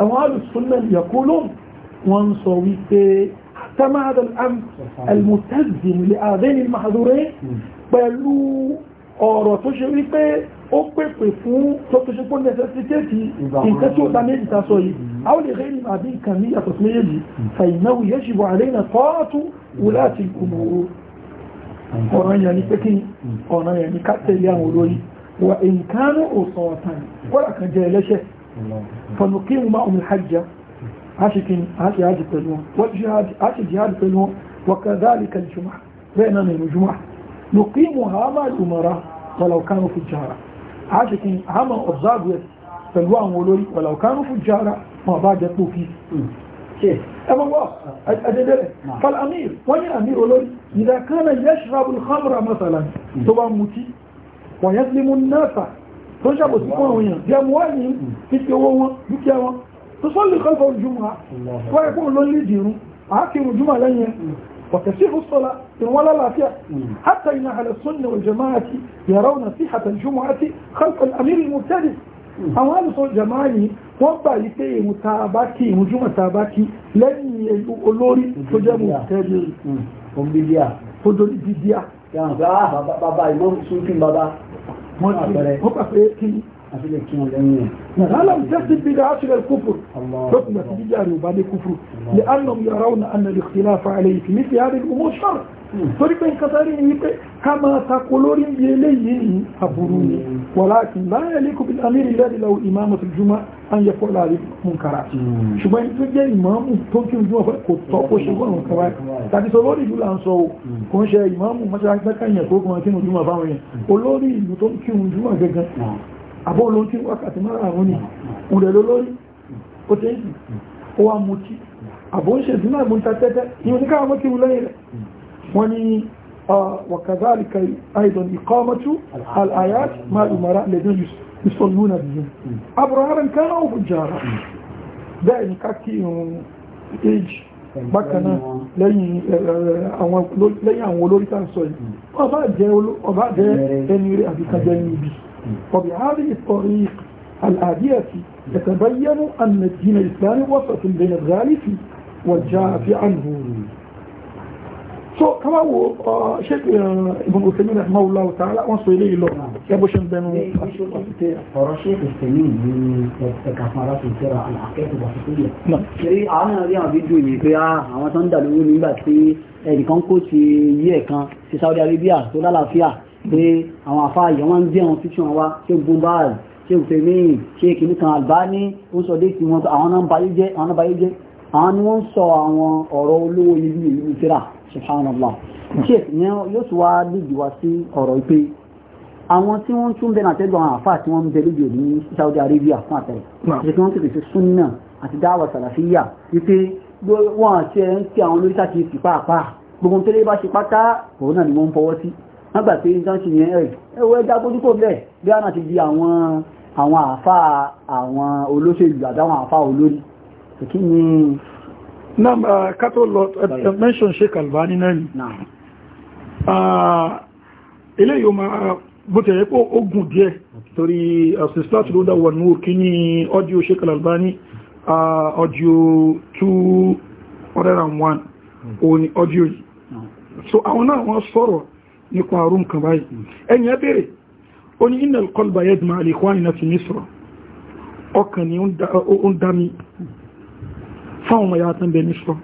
Speaker 2: أو أهل السنة يقولون وانصوا تم هذا الأمر المتزم لهذين المحظورين pẹ̀lú ọ̀rọ̀ tó ṣe wípé ó pèpè fún tó tó ṣe pọ́ nẹ́sẹ̀sìtéèkì nǹkan tí ó ta méjì ta sọ yìí a ó lè rí ìrìn àbí nǹkan ní yàtọ̀ sí méjèèjì fàìnáwó yẹ́ ṣìbò àrẹ́nà tọ́ọ̀tù wò láti kùmọ̀ ọ̀ràn yẹn ni pé kí hmm. ọ̀ràn yẹn ni ká àwọn olórí wà nǹkan ò sọ kan jẹ́ ẹlẹ́ṣẹ̀ fọ̀nùkí mu hàmà lùmọ̀ra wàlàkánù a ṣe kí a mọ̀ observe rẹ̀ pẹ̀lú àwọn olórí pẹ̀lú ọ̀kánú fún jára wọn bá jẹ́ pòfí ẹgbọ́gbọ́ ẹdẹ́dẹ́rẹ̀ falamir wọ́n ní àmì olórí ìdákanà yashrabu al-khamra masalan hmm. tó bá mutí wọ́n yẹ́ sí mú náà tó ń ṣàbòsí fún àwọn èèyàn jẹ́ mọ́ ní títí owó وكثير الصلاة إن ولا لا فيها حتى إن أهل السنة والجماعة يرون صحة الجمعة خلف الأمير المبتدس أمام صلى الجماعة وقع لكي متاباكي مجمع تاباكي لن يقولوني فجاء مبتدس هم بديا فضل بديا يعني بابا بابا إمام سوكين بابا مجمع هم أفريكي àfilẹ̀ kí wọn lẹ́yìn ẹ̀. nàlá tẹ́sí bí dáa sílẹ̀ kúfù lọ́kùnrin àti jíjà rẹ̀ ò bá dé kúfù lè anam yàrá òun àna lè kìlá fa àlẹ́ yìí kìí fi àdé ọmọ sọ̀rọ̀ torí pé nǹkan sáré ni pé ká máa takò lórí bí eléyìí aburú ni wàláàkì láyé lè kóbi amírí lẹ́dí lọ́wọ́ ìmáàmù tó jùmọ́ à ń yẹ fọ́ láàrin munkara hmm. ṣùgbọ́n tó jẹ́ ìmáàmù tó kí ojú ọ̀fẹ́ kò tọ́ kó ṣe gbọ́n nǹkan wáyé hmm. tàbí sọ lórí ìlú là ń sọ o hmm. kò ń ṣe ìmáàmù mọ́ṣáláṣí mẹ́kànnì ẹ̀kọ́ kan kí ojú ọ̀fẹ́ àwọn yẹn olórí ìlú tó kí ojú ọ̀fẹ́ gan àbọ́ olóhun tí wákàtí mara àwọn ni òun rẹ̀ lólórí ó tẹ́ ìsìn ó wá mú tí àbọ́ ń ṣe ìdúnà ìmúta tẹ́tẹ́ ní oníkàwọ́ mọ́ kí wù lẹ́yìn rẹ̀ wọ́n ni وكذلك أيضا إقامة الآيات مع الأمراء الذين يصلون بهم أبرارا وبهذه الطريق الآدية يتبين أن الدين الإسلامي وسط بين الغالف والجاف عنه so kama wo sheikh ibn uthaymeen rahimahullah ta'ala wọ́n sọ ilé ìlọ ya bó ṣe ń bẹnu ọ̀rọ̀ sheikh uthaymeen ní ẹ̀ka fún aláṣẹ ìṣẹ́ra àkẹ́kọ̀ọ́ bá fún ilẹ̀
Speaker 1: ṣeré àwọn náà rí àwọn fídíò yìí pé ah, àwọn tó ń dà lówó nígbà tí ẹnìkan kó ti yí ẹ̀kan sí Saudi Arabia tó lálàáfíà pé àwọn àfáà yẹn wọ́n ń gbé àwọn fíṣàn wa ṣé gumbaz ṣé òfèmíì ṣé kìíní kan Albani ó sọ dé tiwọn àwọn náà bayé jẹ́ àwọn náà bayé jẹ́ àwọn ni wọ́n ń sọ àwọn ọ̀rọ̀ olówó ìlú ìlú tíra subhanallah ṣe ní yóò tún wá lùdì wá sí ọ̀rọ̀ ìpè àwọn tí wọ́n tún bẹ náà tẹ́lú àwọn àfáà tí wọ́n ń bẹ lójú òní Saudi Arabia fún àtẹ̀rẹ̀ ṣe kí wọ́n tètè ṣe súnnà àti dáwà sàlàfíyà wípé wọ́n àti ẹ̀ ń tí àwọn olóríṣà ti fi pàápàá gbogbo tẹ́lẹ̀ bá ṣe pátá òun náà ni wọ́n ń fọwọ́ sí wọ́n gbà pé nǹkan ṣe yẹn ẹ̀rì ẹwọ́ ẹja bójú kò bẹ́ẹ̀ bí a náà ti di àwọn àwọn àfá àwọn olóṣèlú àtàwọn àfá olórí kí ni
Speaker 2: náà kátó lọ mention Sheikh Albani náà ilé yóò máa bótẹ̀ yẹ́ pé ó gùn díẹ̀ torí asislat ló dáwà ní òkè ní ọdíò Sheikh Albani ọdíò 201 òní ọdíò yìí so àwọn náà wọ́n sọ̀rọ̀ nípa àrùn kan báyìí ẹni abẹ́rẹ̀ ó ní iná kọlbà yẹ́dùn máa lè kọ́ àìyàn fi mí ọkàn ni ó ń dá mi fáwọn ọmọ ya tán bẹ ní sọ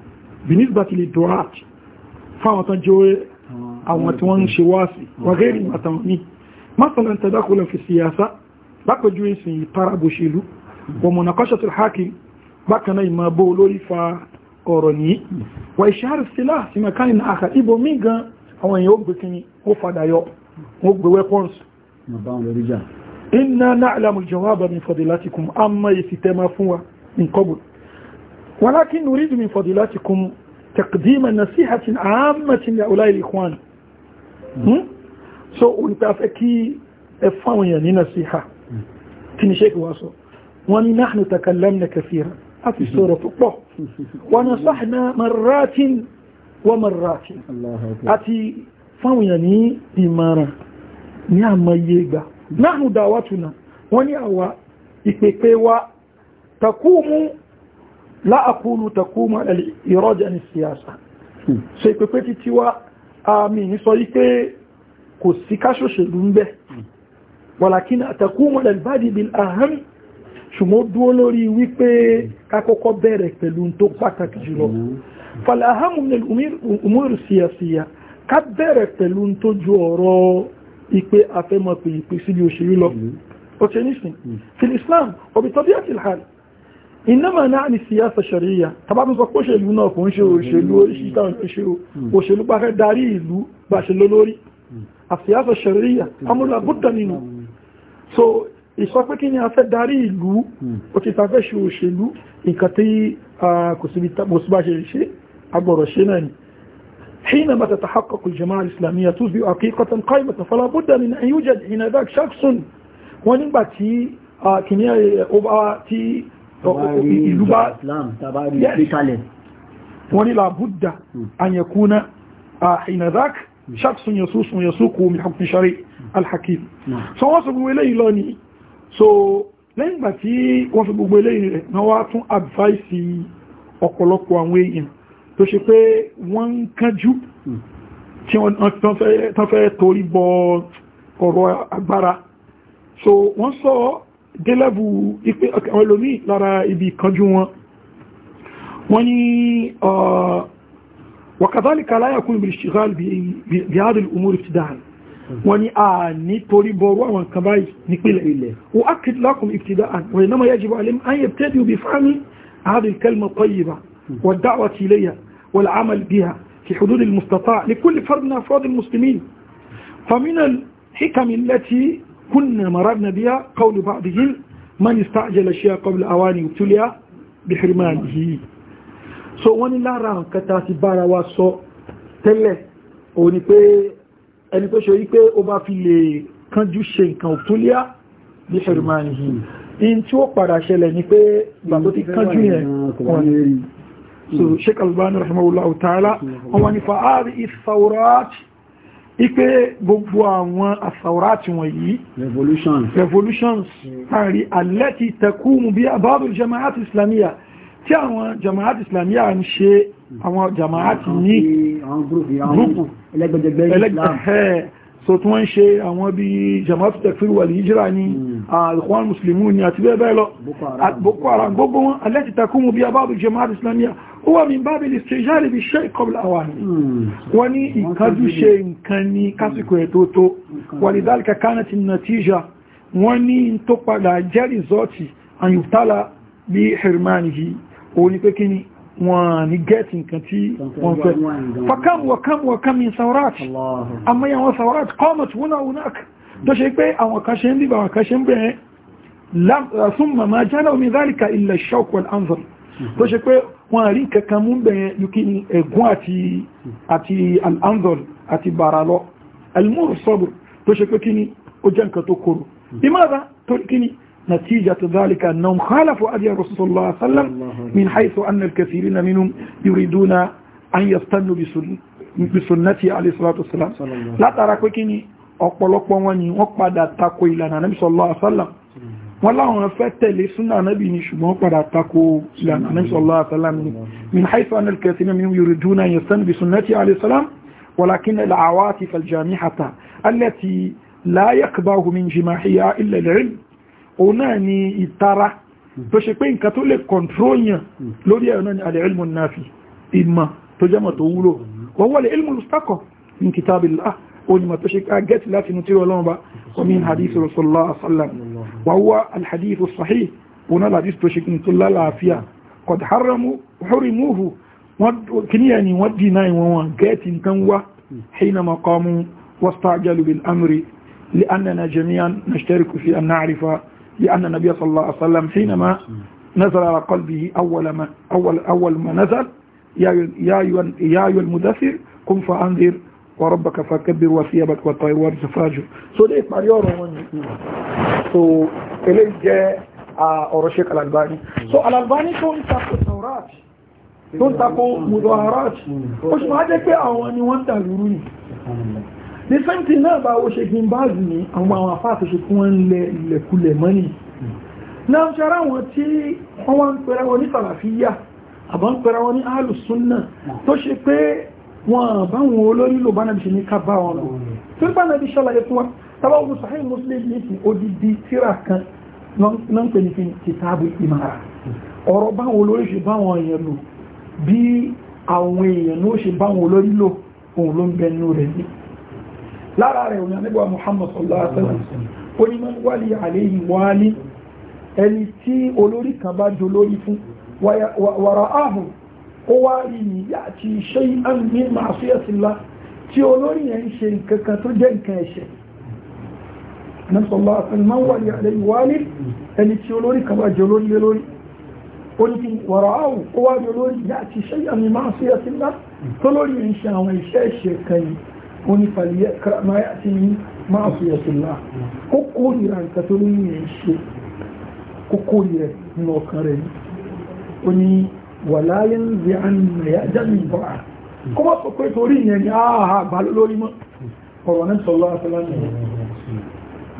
Speaker 2: benin bàtí lè dọ́ àti fáwọn tán jẹ́ àwọn tí wọ́n ń ṣe wáàsì wàgẹ́rì àtàwọn ní masalan tadakulan fi siyasa lápẹjú ìsìn ìtara bòṣèlú wọ́n mọ̀nà àwọn èèyàn ó gbé kíní ó fàdà yọ wọ́n gbé weapons inna na'lamu al-jawaba min fadilatikum amma yasitama fuwa min ولكن نريد من فضيلتكم تقديم نصيحة عامة لأولاء الإخوان so ونتافكي الفاوية لنصيحة تنشيك واسو ونحن تكلمنا كثيرا في سورة الله ونصحنا مرات wọ́n mọ̀ ráàkì àti fáwọn èèyàn ní ìmọ̀ràn ní àmọye ìgbà náà dáwà túnà wọ́n ní àwa ìpèpè wa takúmù láàkúlù takúmù ìrọ́jà ní siyasa hmm. so ìpèpè títí wa àmì ní sọ wípé kò sí káṣòṣèlú ń bẹ́ hmm. wàlàkí náà takúmù lẹ́lbádìí bil aham ṣùgbọ́n lórí wípé kákọ́kọ́ bẹ̀rẹ̀ pẹ̀lú tó pàtàkì jùlọ hmm fàlàhàmù nílùú umúrù síyàsíyà ká bẹ̀rẹ̀ pẹ̀lú tó ju ọ̀rọ̀ ìpè afẹ́mọ̀pè ìpè síbi òṣèlú lọ ọ̀tẹ́ mm-hmm. nísìn mm-hmm. fil islam ọ̀bí tọ́bí àti ìlhàrí ìnáma náà ni síyàsà ṣàríyà tàbátún sọ pọ́ṣèlú náà kò ń ṣe mm-hmm. òṣèlú òṣèlú pàfẹ́ darí ìlú gbàṣẹ lólórí àfíyàsà ṣàríyà amúlà so ìsọpẹ́ kí ni a fẹ́ darí ìlú ó ti tàfẹ́ ṣe òṣèlú nǹkan ah, kò sí bá ṣe agbọ̀rọ̀ ṣe حينما تتحقق الجماعة الإسلامية تثبت حقيقة قائمة فلا بد من أن يوجد هنا ذاك شخص ونبع تي كنيا أبعى تي يبعى ولا بد أن يكون حين ذاك شخص يسوس ويسوق من حكم شرعي الحكيم سواصل إليه لوني so lẹ́yìn gbà tí wọ́n fi gbogbo eléyìí rẹ̀ náà tún advice ọ̀pọ̀lọpọ̀ àwọn èèyàn tó ṣe pé wọ́n ń kánjú tí wọ́n fẹ́ torí bọ ọ̀rọ̀ agbára so wọ́n sọ délẹ́bù ipé ọlọ́mí lára ibi kánjú wọn wọ́n ni uh, wakadhalika la yakun bil ishtighal bi hadhihi al umur ibtida'an wọ́n ni a ní torí bọ̀rú àwọn kan báyìí nípìlẹ̀ ilẹ̀ wa akid lakum ibtida'an wa inma yajibu alim an yabtadi'u bi fahmi hadhihi al kalima tayyiba والدعوة إليها والعمل بها في حدود المستطاع لكل فرد من أفراد المسلمين فمن الحكم التي كنا مررنا بها قول بعضهم من استعجل الشيء قبل أواني ابتلي بحرمانه so wọ́n ní lára nǹkan ta ti bára wa sọ tẹ́lẹ̀ o ni pé ẹni tó ṣe wípé ó bá fi lè kánjú ṣe nǹkan òtúlíà bí ṣẹ̀rùmáà nìyí in tí ó padà ṣẹlẹ̀ ni pé bàbá tó ti kánjú yẹn so hmm. sheik albani rahimahullahu ta'ala wọ́n wá ní fa'ari ìsàwòrátì ipe gbogbo àwọn àsàwòrátì wọ̀nyí revolutions tàrí alẹ́tì tẹkùmù bí abáàbù jama'at islamiyya tí àwọn jama'at islamiyya ń ṣe àwọn jama'at ní gúrùpù ẹlẹ́gbẹ̀jẹ̀gbẹ̀ so tí wọ́n ṣe àwọn bí jama'at takfir wal hijra ní hmm. ah, al-ikhwan muslimun àti bẹ́ẹ̀ bẹ́ẹ̀ lọ boko haram gbogbo wọn alẹ́tì tẹkùmù bí abáàbù jama'at islamiyya wọ́n mi bá bèèrè ṣe yáre bí ṣe ìkọbìlà wà ní wọ́n ní ìkájú ṣe nǹkan ní kásìkò ẹ̀ tó tó wọ́n ni dálíkà kánà ti nàtíjà wọ́n ní tó padà jẹ́ rìsọ́ọ̀tì àyùtálà bí hermani yìí o ní pé kí ni wọ́n ní gẹ́ẹ̀tì nǹkan tí wọ́n fẹ́ fakam wakam ثم ما جاء من ذلك إلا الشوك والأنظر tó ṣe pé wọ́n rí kankan mú bẹ̀yẹn yukin ẹ̀gún àti al'anzor àti bàrà lọ al-mursal tó ṣe pé kí ni ó jẹ́ nǹkan tó kóró ìmára tó kí ni نتيجة ذلك أنهم خالفوا أدي الرسول صلى الله عليه وسلم من حيث أن الكثيرين منهم يريدون أن يستنوا بسنته عليه الصلاة والسلام لا ترى كويكيني أقبل أقبل وني وقبل تقوي لنا نبي صلى الله عليه وسلم wọ́n láwọn fẹ́ tẹ̀lé súnà anábì ni ṣùgbọ́n padà takò ìlànà anábì sallallahu alaihi wasallam ni min haifu anil kathira min yuriduna yastanbi sunnati alayhi salam walakin al-awatif al-jamihata allati la yakbahu min jimahiha illa al-ilm òun náà ni ìtara tó ṣe pé nǹkan tó lè kọ̀ntrólyàn lórí ẹ̀rọ náà ni al-ilmu an-nafi ìmọ̀ tó jẹ́mọ̀ tó wúlò wọ́n wọ́n lè min hadith rasulullah sallallahu alaihi wasallam وهو الحديث الصحيح هنا لا يستشكين كل العافية قد حرموا حرموه كني يعني ودنا ووانكات تنوى حينما قاموا واستعجلوا بالأمر لأننا جميعا نشترك في أن نعرف لأن النبي صلى الله عليه وسلم حينما نزل على قلبه أول ما, أول أول ما نزل يا يا أيها المدثر قم فأنذر وربك فكبر وثيابك وطير ورز فاجر so lè parí ọ̀rọ̀ wọn ní ìwà so ilé jẹ́ ọ̀rọ̀ sheik al-albani so al-albani tó ń takò taurat tó ń takò mudaharat ó ṣe máa jẹ́ pé àwọn ni wọ́n dàlúrú ni ní sẹ́ntì náà bá ó ṣe gbin báàzì ní àwọn àwọn afá àti ṣekú wọn lẹ ilẹ̀kulẹ̀ mọ́ni náà ń ṣara wọn tí wọ́n wá ń pẹ̀rẹ̀ wọn ní sàlàfíyà àbọ̀ wọn báwọn olórí lò bá nàbí ṣe ní ká bá wọn lò tó bá nàbí ṣàlàyé fún wa tàbá ogun sahih muslim ní ti odidi tíra kan náà ń pè ní fi kìtàbù ìmàrà ọ̀rọ̀ báwọn olórí ṣe báwọn èèyàn lò bí àwọn èèyàn ló ṣe báwọn olórí lò òun ló ń bẹ nínú rẹ̀ ní lára rẹ̀ òun àníbà muhammad sallallahu alaihi wasallam ó ní man wali alayhi wali ẹni tí olórí kan bá jọ lórí fún wàrà áhùn ó wá rí ìyá àti iṣẹ́ àmì màásíyàsílá tí olórí yẹn ń ṣe nǹkan kan tó jẹ́ nǹkan ẹ̀ṣẹ̀ nasọ̀lá àfẹ́lmá wà ní àlẹ́ ìwálé ẹni tí olórí kan bá jẹ olórí lé lórí ó ní wàrà áwù ó wá àti iṣẹ́ àmì máa yà sí màásíyàsílá wọ̀lá yẹn ń bí àánú rẹ̀ ajẹ́lì ìbọ̀ra kó mọ́ sọ pé torí ìyẹn ni àhà ah, àgbà lórí mọ́ ọ̀rọ̀ náà sọ̀lọ́ àtàlá nìyẹn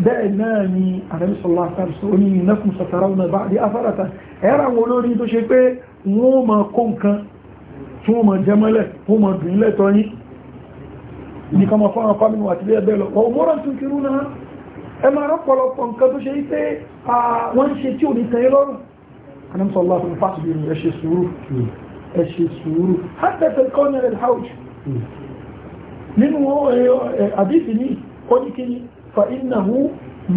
Speaker 2: bẹ́ẹ̀ náà ni àrẹ́bí sọ̀lọ́ àtàlá sọ ní nẹ́kùn sọ̀tàrà ọ̀nà bá àdí afárata ẹ̀rà àwọn olórí tó ṣe pé wọ́n mọ kó nǹkan tí wọ́n mọ anamsọ́lá fún fásitì ẹ ṣe sùúrù hmm. ẹ ṣe sùúrù hátẹ́fẹ́ kọ́nẹ̀rẹ̀ hajj nínú àdífì ní oníkíní fa innahu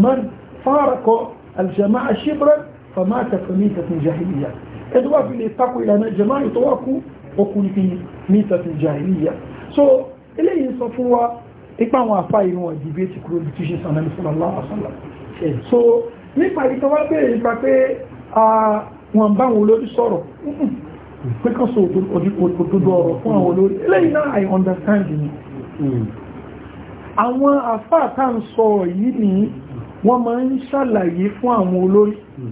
Speaker 2: man fárakọ aljama'a shibran fa máa tẹ̀fẹ̀ ní tẹ̀fẹ̀ jahiliya ẹni wá fi lè takò ìlànà jama'a ìtọ́wọ́kú okùnrin ní tẹ̀fẹ̀ jahiliya so eléyìí sọ fún wa ipa àwọn afá inú ọ̀dìbí ti kúrò bí tíṣe sànà ní sọ́lá so nípa ìtọ́wọ́ bẹ̀rẹ̀ nípa pé wọn bá wọn olórí sọ̀rọ̀ pé kan so òdodo ọ̀rọ̀ fún àwọn olórí eléyìí náà i understand ni mm. àwọn àfáà tá ń sọ yìí ni wọ́n máa ń ṣàlàyé fún àwọn olórí mm.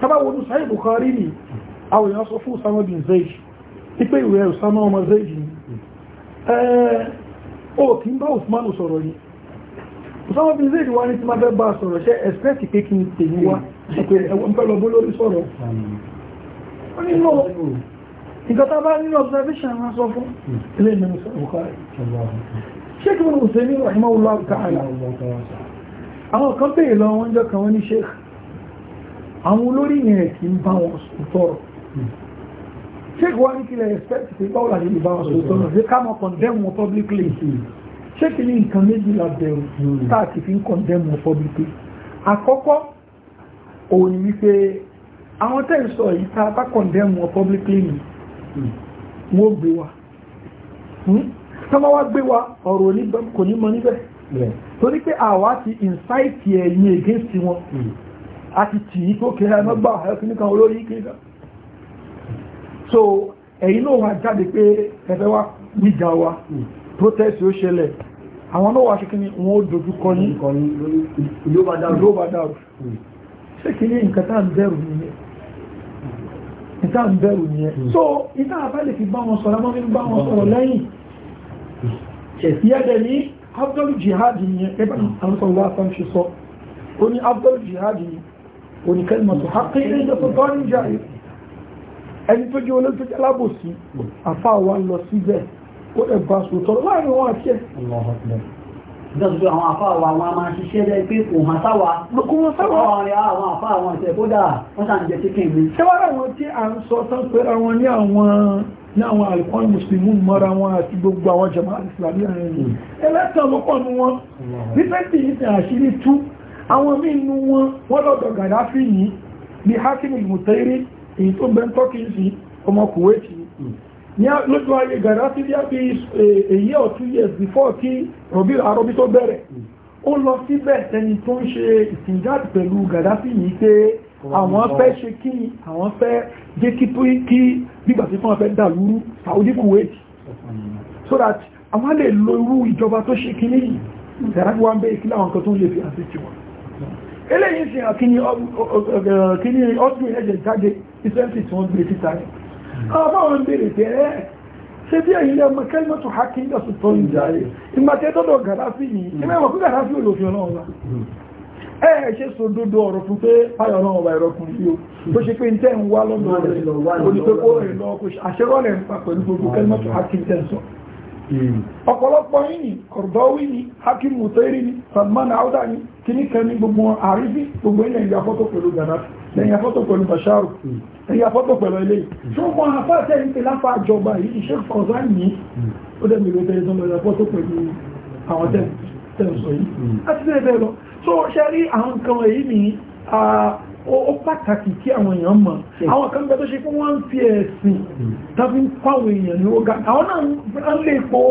Speaker 2: tábàwọn ní Sahih Bukhari ni àwọn èèyàn sọ fún Usama bin Zayd ipé ìwé Usama ọmọ Zayd ni ó kí ń bá Usman sọ̀rọ̀ ni Usama bin Zayd wá ní tí máa fẹ́ bá sọ̀rọ̀ ṣe expect pé kí n tèmi wá mm pé ẹwọ́n pẹ́ lọ bó lórí sọ̀rọ̀ ó ní lọ nǹkan tá bá nínú observation máa sọ fún ilé ìmọ̀ ìsọ̀rọ̀kọ́rẹ̀ sheikh ibn hussein rahimahullah ta'ala àwọn kan bèèrè lọ wọ́n jọ kan wọ́n ní sheikh àwọn olórí yẹn kì ń bá wọn sọ̀rọ̀ sheikh wa ní kílẹ̀ expect pé báwọn àti ìbá wọn sọ̀rọ̀ ṣe ká mọ̀ condemn wọn publicly sheikh ní nǹkan méjìlá bẹ̀rù táà ti fi ń condemn wọn publicly àkọ́kọ́ òun ni wípé àwọn tẹ́sọ̀ ìta bá condemn wọn publicly ni hmm. wọ́n gbé wa hmm? tọ́mọ́ wá gbé wa ọ̀rọ̀ kò ní mọ níbẹ̀ torí pé àwa ti incite ẹ̀yìn against wọn hmm. a ti tì í tó kéré ẹmọ́gbà ẹkùnkan olórí kéré so ẹ̀yìn náà wà jáde pé ẹ̀fẹ́ wá níjà wa protest ó ṣẹlẹ̀ àwọn náà wà ṣe kí ni wọ́n dojú kọ ní ìlú bá dárò ṣé kí ní nǹkan tá à ń bẹ̀rù nìyẹn ìta ń bẹ̀rù nìyẹn hmm. so ìta àbálẹ̀ fi bá wọn sọ̀rọ̀ mọ́fí bá wọn sọ̀rọ̀ lẹ́yìn hmm. ìyẹ́dẹ̀ ní abdul jihad nìyẹn ẹgbẹ́ àwọn sọ̀rọ̀ wá sọ́n ṣe sọ ìjọsùn
Speaker 1: pé àwọn àfáà wa wọn a máa ṣiṣẹ́ lẹ́ pé kò hàn sáwà lókúnwọ́n sáwà àwọn
Speaker 2: àfáà wọn ṣe kódà wọ́n sàn jẹ chicken mi. ṣé wọ́n rẹ̀ wọ́n tí à ń sọ tán pé àwọn ní àwọn ní àwọn alukọ́ni mùsùlùmí mọ́ra wọn àti gbogbo àwọn jama ìsìlámì àárín ẹlẹ́tàn lọ́pọ̀ ní wọn rífẹ́ǹtì hmm. ní àṣírí tú àwọn míì nu wọn wọ́n lọ́dọ̀ gàdáfì yìí ní hakim mutairi èyí tó bẹ́ ń tọ́kì sí ọmọ lójú ayé gàrá sí bí a fi èyí or two years before kí rọ̀bí àrọ́bí tó bẹ̀rẹ̀ ó lọ síbẹ̀ ẹni tó ń ṣe ìsìnjáde pẹ̀lú gàrá sí yìí pé àwọn fẹ́ ṣe kí àwọn fẹ́ jẹ́ kí gbígbà sí fún ọ̀fẹ́ dàlúrú Saudi Kuwait so that àwọn lè lo irú ìjọba tó ṣe kíní yìí tẹ̀rájú wá ń bẹ́ ìkílá àwọn kan tó ń lè fi àti tí wọn eléyìí sí àkíní ọdún ẹ̀jẹ̀ jáde ìsẹ́ǹtì tí wọ́n gbé ọba wọn bèèrè pé ẹ́ ṣé bí ẹ̀yin lẹ́mọ kẹ́lìmọ́ tó ha kí ń dọ̀sùn tó ń jáde ìgbà tẹ́ tọ́dọ̀ ṣe sọ ọ̀rọ̀ fún pé báyọ̀ ọlọ́run wa ìrọ̀kùn yìí o tó ṣe pé ń tẹ́ ń wá lọ́dọ̀ rẹ̀ olùpẹ́kọ́ rẹ̀ lọ́kọ̀ àṣẹ́rọ̀ rẹ̀ ń pa gbogbo tẹ́ ń sọ Hmm. ọ̀pọ̀lọpọ̀ yìí ni kọ̀rọ̀dọ́wì ni hakim mutairi ni salman auda ni kìníkan ní gbogbo àrífí gbogbo ilẹ̀ ìyàfọ́tò pẹ̀lú gaddafi lẹ́yìnfọ́tò pẹ̀lú Basharu lẹ́yìnfọ́tò pẹ̀lú ilé hmm. ṣùgbọ́n àfáàtẹ́ ìpè láfà àjọba yìí ṣe kọ̀ọ̀sá ní ó dẹ̀mí ló tẹ́lẹ̀ tọ́lọ ìyàfọ́tò pẹ̀lú àwọn tẹ́lẹ̀ sọ yìí hmm ó pàtàkì kí àwọn èèyàn mọ̀ àwọn kan bẹ tó ṣe fún wọ́n fi ẹ̀sìn hmm. tàbí pàwọn èèyàn ní ó ga àwọn náà ń lè pọ̀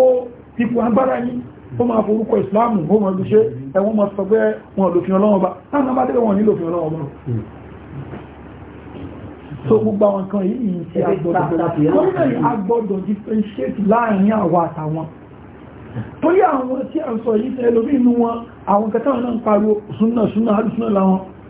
Speaker 2: ipò agbára yìí ó máa forúkọ ìsìláàmù ó máa gbíṣẹ́ ẹ̀wọ́n máa sọ pé wọn lòfin ọlọ́wọ́ hmm. so gbogbo àwọn kan yìí ti agbọ́dọ̀ differentiate láàrin àwọn àtàwọn torí àwọn tí a sọ yìí tẹ́lómi inú wọn àwọn kẹta náà ń pariwo súnà súnà àdúsúnà láwọn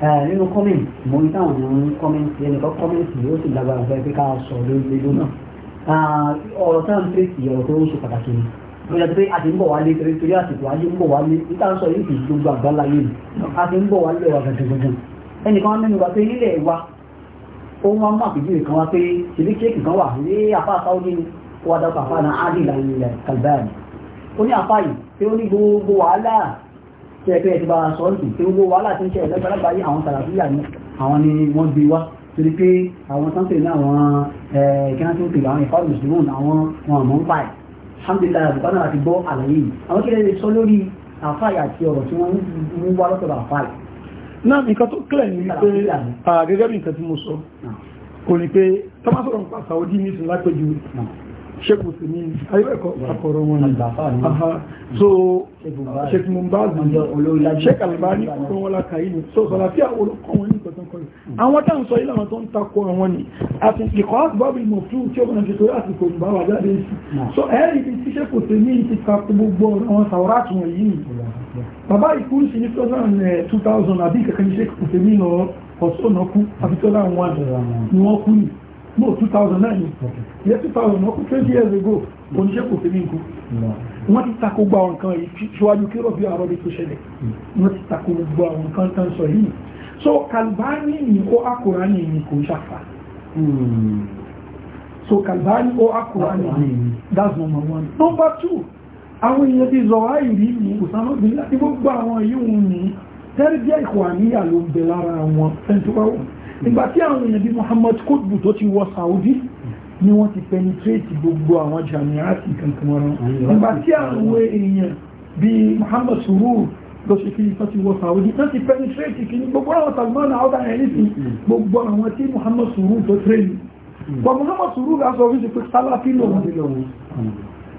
Speaker 1: nínú comment mo ní táwọn èèyàn ń comment ẹnìkan comment yóò sì lágbára fẹ́ pé ká sọ lórí lédò náà ọ̀rọ̀ táwọn ń pèsè ọ̀rọ̀ tó ń ṣe pàtàkì ni mo yàtọ̀ pé a ti ń bọ̀ wálé torí àsìkò ayé ń bọ̀ wálé níta ń sọ yìí kì í gbogbo àgbáńlá yé mi a ti ń bọ̀ wálé wa gàdàgàdà ẹnìkan mẹ́nu wa pé nílẹ̀ wa ó wọ́n mú àpèjúwe kan wá pé ṣèlú kéèkì kan wà ní apá sáwọ́dí ni ó wá dákọ̀ apá náà á dì láyé ni ó ní apá yìí pé ó ní gbogbo wàhálà tí ẹgbẹ́ ìjọba sọ́ọ̀tù tí ó ló wà láti ń ṣe ẹ̀lẹ́gbẹ̀lẹ́gbà yí àwọn sàràfíà ní àwọn ni wọ́n gbé wá torí pé àwọn tán pè ní àwọn ẹ̀ẹ́kẹ́rántí àwọn ìfọ́ mùsùlùmí àwọn wọn àmọ́ ń pa ẹ̀ alhamdulillah àbùkọ́ náà ti gbọ́ àlàyé yìí àwọn kí lè sọ lórí àfáì àti
Speaker 2: ọ̀rọ̀ tí wọ́n mú wá lọ́sọ̀rọ̀ àfáì. náà nǹkan tó sheik musulmi ayébẹ̀kọ́ akọ̀rọ̀ wọn ni so sheik mumbazi sheik albani ọ̀rọ̀ wọn la kàyí ni so sọ̀làfíà olùkọ́ wọn ní ìtọ̀tàn kọ́ àwọn tá ń sọ ilé àwọn tó ń takọ àwọn ni àti ìkọ́ àtìbábì mọ̀tún tí ó bọ̀nà ti torí àti kò bá wà jáde sí so ẹ̀rì ti tí sheik musulmi ti takọ gbogbo àwọn sàwárátì eh, wọn yìí bàbá ìkú sí ní 2000 àbí kẹkẹ ní sheik musulmi lọ ọ̀sọ́nà kú àbítọ́lá wọn no 2009 Yes, 2009. wọ́n kú years ago oníṣẹ́ kò fi ní ikú wọ́n ti takò gba àwọn nǹkan yìí ṣíwájú kí rọ̀bí àrọ́bí tó ṣẹlẹ̀ hmm. wọ́n ti takò gba àwọn nǹkan tán sọ yìí so Kalbani ni ó akùrá ní
Speaker 3: hmm.
Speaker 2: so Kalbani ó akùrá ní that's number one number two àwọn èèyàn ti zọ àìrí ní òsánlóbìnrin láti gbogbo àwọn yìí wù ní tẹ́rìbíà ìkọ̀ àníyà ló ń bẹ lára wọn fẹ́ntúwáwọ̀ nígbà tí àwọn èèyàn bí Muhammad kódù tó ti wọ Saudi ni wọ́n ti penetrate gbogbo àwọn jamiati kankan wọn nígbà tí àwọn èèyàn bí Muhammad suru lọ ṣe kí nípa ti wọ Saudi náà ti penetrate kí ní gbogbo àwọn Salman àwọn ẹ̀yìn sí gbogbo àwọn tí Muhammad suru tó tẹ́lẹ̀ but Muhammad suru Surur lásọ wíṣe pé Salafi lòun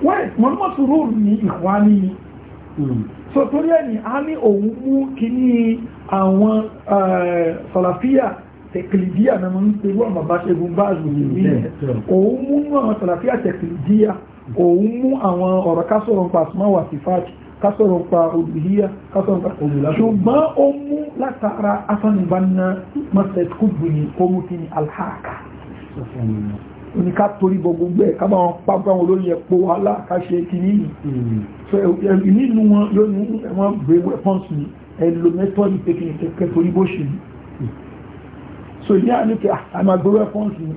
Speaker 2: wait Muhammad suru ni ìwání ni so torí ẹni a ní òun mú kí ní àwọn eh, Salafiyya tẹ̀kìlìdíà náà mọ́ ń pe wọ́n bàbá ṣẹ́gun báàzù yìí òun mú àwọn tàlàfíà tẹ̀kìlìdíà òun mú àwọn ọ̀rọ̀ kásọ̀rọ̀ nípa àsùnmáwà sífàtì kásọ̀rọ̀ pa olùhíyà kásọ̀rọ̀ pa olùlá ṣùgbọ́n ó mú látara asánibánná mọ́sẹ̀t kúgbù ní omu ni alhaka oníká torí gbogbo ẹ̀ kábà wọn pápá wọn lórí ẹ̀pọ̀ wàhálà káṣe kìíní nínú wọn yóò ní ẹ̀wọ̀n gbé weapons ni ẹ̀lò mẹ́tọ́dì pé kí ni kẹ́kẹ́ ṣe yìí so ní àníkẹ́ àmàgbéwẹ́ fọ́ǹsì ni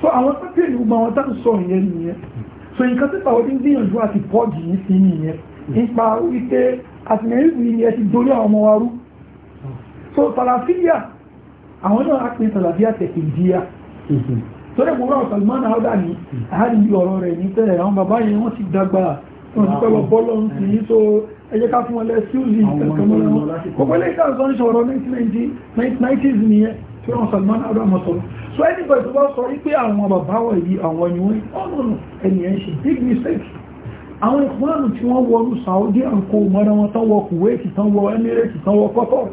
Speaker 2: so àwọn pẹ́pẹ́ ní gbogbo àwọn tá ń sọ ìyẹn nìyẹn so nǹkan tí pàwọ́ tí ń gbìyànjú àti pọ́ọ̀jì yìí sí nìyẹn nípa wípé àtìlẹ́yìn ìlú ẹ ti dorí àwọn ọmọ wa rú so tàlàfíà àwọn náà á pín tàlàfíà tẹ̀kìndíà tó rẹ̀ gbogbo àwọn Salman àádá ní àárín ọ̀rọ̀ rẹ̀ ní tẹ́lẹ̀ àwọn bàbá yẹn wọ́n ti dàgbà wọ́n ti pẹ́wọ̀ bọ́lọ̀ ń sí so ẹ jẹ́ ká fún ọlẹ́ sí òzì ìtẹ̀kọ̀mọ́lẹ́wọ́n gbogbo ilé ìtàzọ́ ń ṣọ̀rọ̀ 1990s nìyẹn tí wọ́n Salman abraham sọ̀rọ̀ so anybody tó bá sọ wípé àwọn bàbá wọ̀ yìí àwọn ni wọ́n ọ̀nà ẹni ẹ̀ ń ṣe big mistake àwọn ìkùnránù tí wọ́n wọ́n Saudi àǹkó mọ́ra wọn tán wọ Kuwait tán wọ Emirates tán wọ Qatar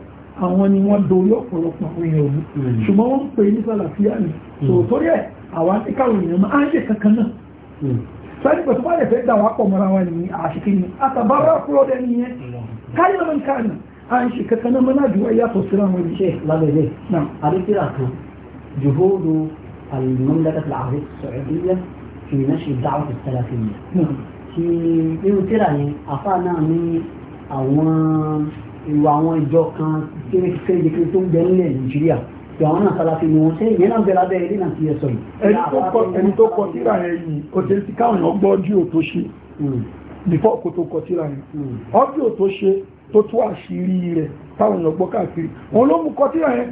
Speaker 2: àwọn ni wọ́n dorí ọ̀pọ̀lọpọ̀ àwọn èèyàn òun mm. ṣùgbọ́n wọ́n ń pè ní sàlàfíà ni mm. sòtórí ẹ̀ àwọn akẹ́kọ̀ọ́ èèyàn máa ń ṣe kankan náà sani pẹ̀tùmọ́ rẹ̀ fẹ́ dà wá pọ̀ mọ́ra wọn ni àṣìkí ni àtàbárà kúrò dẹ́ni yẹn mm. káyọ̀ ló ń kà náà a ń ṣe kankan náà mọ́nà jùlọ yàtọ̀ síra wọn. ṣe lábẹ́lẹ̀ àdókèrà kan
Speaker 1: jùhóòdù المملكة العربية السعودية في نشر الدعوة السلفية. في irú tíra yẹn àfa náà ní àwọn ìwà àwọn ìjọ kan kékeré tó ń bẹ nílẹ̀ nàìjíríà tí àwọn náà sálàfin
Speaker 2: ni wọ́n ṣe ìyẹn náà bẹ̀rẹ̀ abẹ́rẹ́ ní nàìjíríà yẹn sọ yìí. ẹni tó kọ tó tú àṣírí rẹ̀ táwọn èèyàn gbọ́ káàkiri wọn ló mú kọtíra yẹn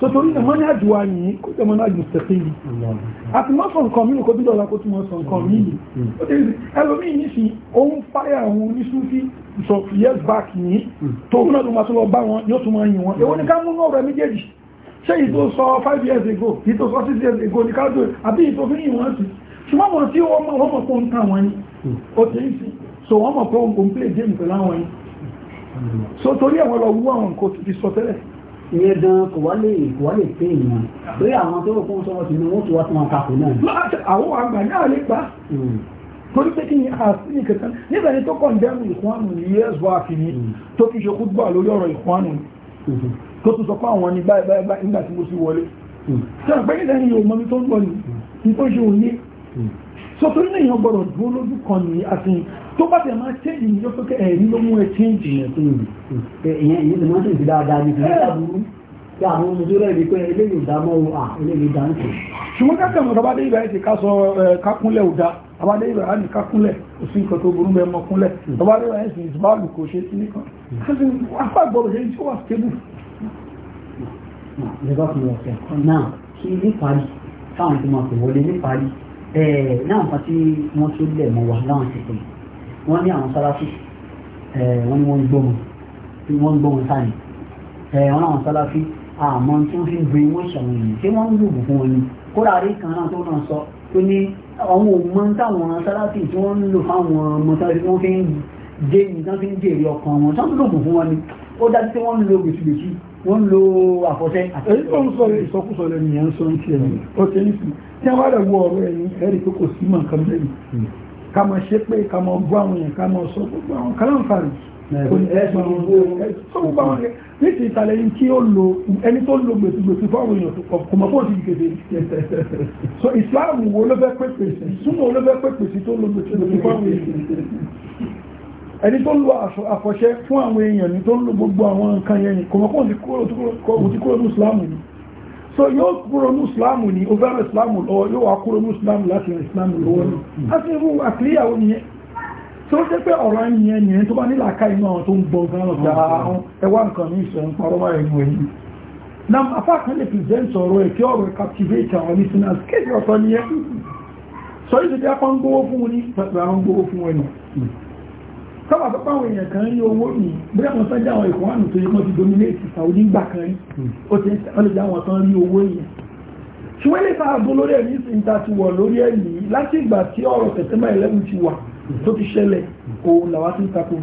Speaker 2: sotori ní mọ́ní àjùwà yìí kó jẹ́ mọ́ní àjù sẹ́kìlì àti má sọ nǹkan mìíràn kó tún dọ̀la kó tún mọ́ sọ nǹkan ẹlòmíì ní sí òun fáyà àwọn oníṣúfí sọ years back yìí tó náà tó máa tó lọ bá wọn yóò tún máa yìn wọn èwo ní ká mú náà méjèèjì ṣé yìí tó sọ five years ago yìí tó sọ six years ago ní káàdó àbí yìí tó fi yìn wọn sí ṣùgbọ́n wọn tí wọ́n mọ̀ pé ó ń tàn wọn ni ó ti ń sìn so wọ́n mọ̀ pé ó ń so torí àwọn lọ wú àwọn nǹkan tó ti sọ tẹ́lẹ̀ ìyẹn gan kò wá lè kò wá lè pé èèyàn lórí àwọn tó rò fún sọ́wọ́ sí ni wọ́n ti wá tí wọ́n takò náà. àwọn àgbà náà lè gbà hmm. torí pé kí ni àti ní kẹta nígbà ní tó kàn dẹ́rù ìkwánù ní us wá fi ní hmm. tó fi ṣe kúgbà lórí ọ̀rọ̀ ìkwánù hmm. tó tún sọ pé àwọn ní báyìí báyìí báyìí nígbà so torí náà èèyàn gbọ́dọ̀ dúró lójú kan ní àfihàn tó bá tẹ̀ máa ṣe ìyìn yóò pé ẹ̀rí ló mú ẹ ṣe ń jì yẹn.
Speaker 1: ìyẹn ìyẹn ló ń ṣe dáadáa ní ìlú àbúrú tí àwọn ọmọ tó rẹ̀ rí pé eléyìí ò dá mọ́ o
Speaker 2: à eléyìí dá ń tò. ṣùgbọ́n kákan mọ̀ tọ́ba déyìí báyìí ti ká sọ kákúnlẹ̀ ò dá tọ́ba déyìí báyìí á ní kákúnlẹ̀ kò sí nǹkan tó burú bẹ́ẹ̀ mọ́kúnlẹ̀ tọ́ba déyìí báyìí sì ìsúbàlù kò ṣe sí nìkan. apá ìgbọ́dọ̀ ṣe iṣẹ́ wà stable.
Speaker 1: nígbà tí wọ́n fẹ́ náà nǹkan tí wọ́n tún lẹ̀ mọ́ wa láwọn àsìkò yìí wọ́n ní àwọn sáláfì wọ́n ní wọ́n ń gbọ́mọ tí wọ́n ń gbọ́mọ sáyẹn wọ́n láwọn sáláfì àmọ́ tí wọ́n fi ń gbé wọ́n ṣàwọn èèyàn tí wọ́n ń lùbù fún wọn ni kódà rí kan náà tó náà sọ tó ní àwọn òmọ táwọn sáláfì tí wọ́n ń lò fáwọn ọmọ tí wọ́n fi ń jẹ́ nǹkan fi ń jèrè ọkàn wọn tí wọ́n lùbù fún
Speaker 2: wọn ni ó dájú pé wọ́n ń lo gbèsùgbèsù wọ́n ń lo àfọ̀ṣẹ́. èyí tó ń sọ ìsọkúsọ rẹ nìyẹn ń sọ ní tiẹ̀ ní ó ti ní sùn tí a wá rẹ̀ wọ ọ̀rọ̀ ẹ̀yìn ẹ̀rí pé kò sí mọ̀ nǹkan bẹ́ẹ̀ hmm. ká mọ̀ ṣe pé ká mọ̀ bú àwọn yẹn ká mọ̀ sọ gbogbo àwọn kálánfààní ní ti ìtàlẹ̀ yìí kí ó lo ẹni tó lo gbèsùgbèsù fáwọn èèyàn kò mọ̀ fóòtù ìgbèsè *laughs* so ìsìláàmù wo ẹni tó lọ aṣọ àfọ̀ṣẹ́ fún àwọn èèyàn ní tó ń lo gbogbo àwọn nǹkan yẹn kọmọkọ́ ti kúrò ní islamu ni so yóò kúrò ní islamu ni ó islamu lọ yóò wá kúrò ní islamu láti rẹ̀ islamu lọ́wọ́ ni a ti rú àkíyàwó nìyẹn so ó jẹ́ pé ọ̀rọ̀ yẹn nìyẹn tó bá nílà ká inú àwọn tó ń gan ẹwà nǹkan ní sábà tó pàwọn èèyàn kan rí owó ní bí àwọn sọ́jà àwọn tó yẹ ti dominate Saudi gbà kan rí ó ti ń jẹ́ àwọn kan rí owó yẹn ṣùgbọ́n lè sáà lórí ẹ̀mí ti wọ̀ lórí ẹ̀mí láti ìgbà tí ọ̀rọ̀ September 11 ti wà tó ti ṣẹlẹ̀ òun làwá si ń takò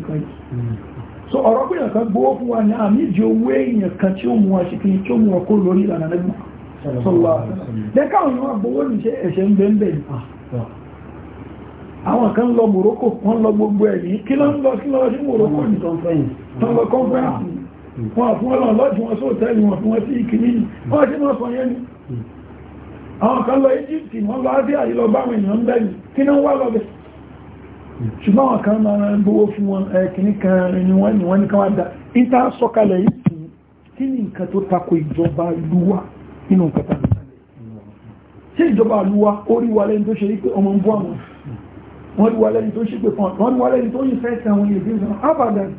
Speaker 2: so ọ̀rọ̀ pé èèyàn kan fún wa ní àmì owó èèyàn kan tí ó mú wa ṣe kí ó mú wa kó lórí ìlànà àwọn kan lọ Morocco wọ́n lọ gbogbo ẹ̀rí kí lọ ń lọ sí lọ sí Morocco ní tán kọ́nfẹ́ǹsì wọn fún ọlọ́ lọ́jú wọn só tẹ́lì wọn fún wọn sí ìkìní wọ́n tí wọ́n sọ yẹn ni àwọn kan lọ Egypt wọ́n lọ Asia yìí lọ báwọn èèyàn bẹ́ẹ̀ ni kí náà wà lọ bẹ̀ ṣùgbọ́n àwọn kan máa ń gbówó fún wọn ẹ̀kìní kan ni wọ́n ni wọ́n ní kan wá dá ìta sọ̀kalẹ̀ yìí kí ni nǹkan tó tako ìjọba lúwa nínú nǹkan tàbí ṣé ìjọba lúwa ó wọ́n rí wà lẹ́ni tó ṣípè fún wọ́n rí wà lẹ́ni tó yìí fẹ́ẹ̀sì àwọn ilé ìgbésàn abadan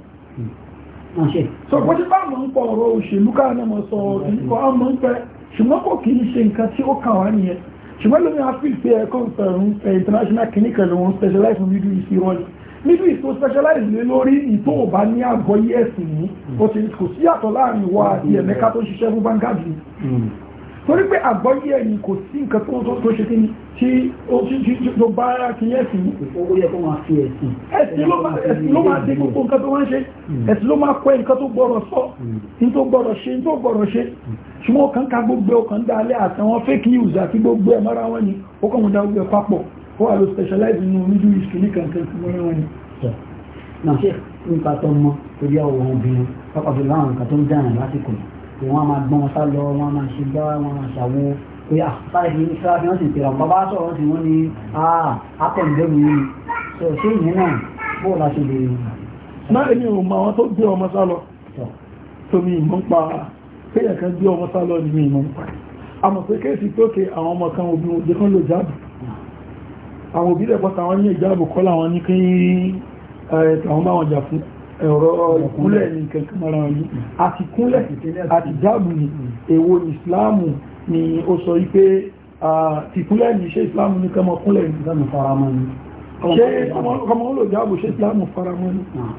Speaker 2: so bó ṣe bá mọ̀ ń pọ̀ ọ̀rọ̀ òṣèlú káàmọ̀ sọ ìkọ̀ àmọ́ ń pẹ́ ṣùgbọ́n kò kìí ṣe nǹkan tí ó kàn wá nìyẹn ṣùgbọ́n lómi àfi ìfẹ́ ẹ̀kọ́ ìfẹ̀rún international clinical wọn specialize in middle east rọ́ọ̀lì middle east tó specialize lé lórí ìtò ọba ní àgọ́ yẹ́sìn ní hmm. ó ti kò sí àtọ̀ láàrin wa àti ẹ̀mẹ́ká tó ṣiṣẹ́ fún bangadi hmm torí pé àgbọ́yé ẹ̀yìn kò sí nǹkan tó tó ṣe kí ní tí ó bá ara kí ẹ̀sìn ẹ̀sìn ló máa dé gbogbo nǹkan tó wá ń ṣe hmm. ẹ̀sìn ló máa kọ́ nǹkan tó gbọ́rọ̀ sọ hmm. ní tó gbọ́rọ̀ ṣe ní tó gbọ́rọ̀ ṣe hmm. ṣùgbọ́n kan ká gbogbo ọkàn dálẹ́ àtàwọn fake news àti gbogbo ẹ̀ mọ́ra wọn ni ó kọ́ mọ́ dá gbogbo ẹ̀ papọ̀ ó wà ló specialize nínú middle east ní kankan tí mọ́ra wọn ni. náà ṣe nípa tó mọ́ torí àwọn obìnrin
Speaker 1: pápá wọn máa gbọ́n wọn sá lọ wọn máa ṣe gbá wọn máa ṣàwo pé àpáyé ní sáà fi wọ́n sì tèrè ọ̀pá bá sọ̀rọ̀ sí wọ́n ní àpẹ̀lẹ́rù ah, yìí
Speaker 2: sọ sí ìyẹn náà bó la ṣe lè rìn. náà èmi ò mọ àwọn tó gbé ọmọ sá lọ tómi ìmọ̀ ń pa kéèyàn kan gbé ọmọ sá lọ ní ìmọ̀ ń pa àmọ̀ pé kéèsì tó ké àwọn ọmọ kan òbí òjò kan lò jáàbù ah. àwọn òbí rẹ̀ pọ̀ta ẹ̀rọ ìkúnlẹ̀ ní kẹkẹmọ́ra ní àti kúnlẹ̀ àti jáàbù ní èwo ìsìláàmù ni ó sọ wípé tìkúnlẹ̀ ní ṣe ìsìláàmù ní kẹmọ kúnlẹ̀ ní ìsìláàmù faramọ́ ní ṣe ọmọ olò jáàbù ṣe ìsìláàmù faramọ́ ní ah.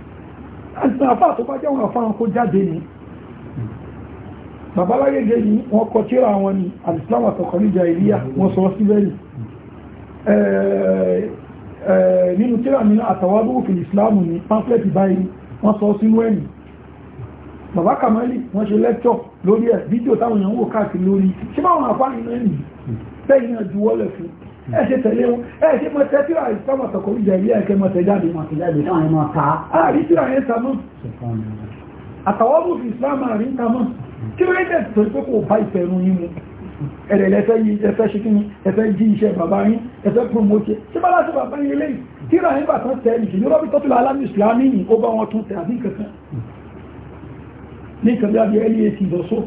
Speaker 2: àti àfáà tó bá jẹ́ wọn àfáà kó jáde ní babaláyége ni wọ́n tíra wọn ni alìsìláàmù àtọ̀kọ̀ ní jàìríyà wọ́n sọ síbẹ̀ ní ìsìláàmù ní pamphlet báyìí wọ́n sọ sínú ẹ̀mí bàbá kàmálì wọ́n ṣe lẹ́tọ̀ lórí ẹ̀ fídíò táwọn èèyàn wò káàkiri lórí ṣé báwọn àpá nínú ẹ̀mí bẹ́ẹ̀ yàn ju wọ́lẹ̀ fún ẹ ṣe tẹ̀lé wọn ẹ ṣe mọ tẹ́ tíra ìsámọ̀ tọkọ ìjà ilé ẹ̀kẹ́ mọ tẹ́ mọ tẹ́ jáde táwọn ẹ̀mọ ta àrí tíra yẹn ta mọ́ àtàwọn mú ẹ̀rẹ̀ lẹ́fẹ́ yìí ẹfẹ́ ṣe kí ni ẹfẹ́ jí iṣẹ́ bàbá yín ẹfẹ́ promote ṣe bá láti bàbá yín lẹ́yìn tí ra nígbà tán tẹ ìṣe yóò rọ́bì tọ́tù láàlámì ìsìlámì yìí ó bá wọn tún tẹ àbí nǹkan kan ní nǹkan bí abẹ́ ẹlẹ́yẹ e ti lọ só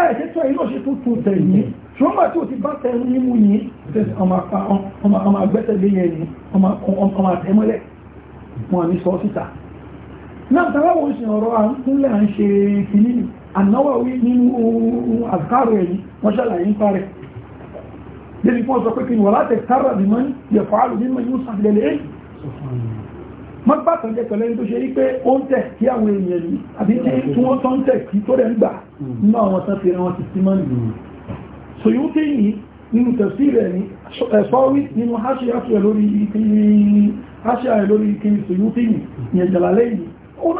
Speaker 2: ẹ ṣe tọ́ ìlú ṣe tún tún tẹ yìí ṣùgbọ́n bá tí o ti bá tẹ ní mú yìí ọmọ agbẹ́sẹ̀ lé yẹn ni ọmọ àtẹ́mọ́lẹ̀ wọn ní sọ síta náà tàbá wo ṣe ọ̀rọ̀ à ń kúnlẹ̀ à ń ṣe kìnnìyàn ànáwàwí nínú àzkárò ẹ̀yìn wọ́n ṣàlàyé ń parẹ̀ débi fún ọ̀sọ̀ pé kí ni wọ́n láti kára bí mọ́n yẹ fàálù nínú yóò sàbílẹ̀lẹ̀ èyí mọ́gbàtàn jẹ́ pẹ̀lẹ́ tó ṣe rí pé ó ń tẹ̀ kí àwọn èèyàn ní àbí tí wọ́n tán tẹ̀ kí tó rẹ̀ ń gbà hmm. nínú àwọn tán fèrè wọn ti sí mọ́ nìyí so yóò tẹ́ yìí nínú tẹ̀sí rẹ̀ ní ẹ̀sọ́rí nínú ni so yóò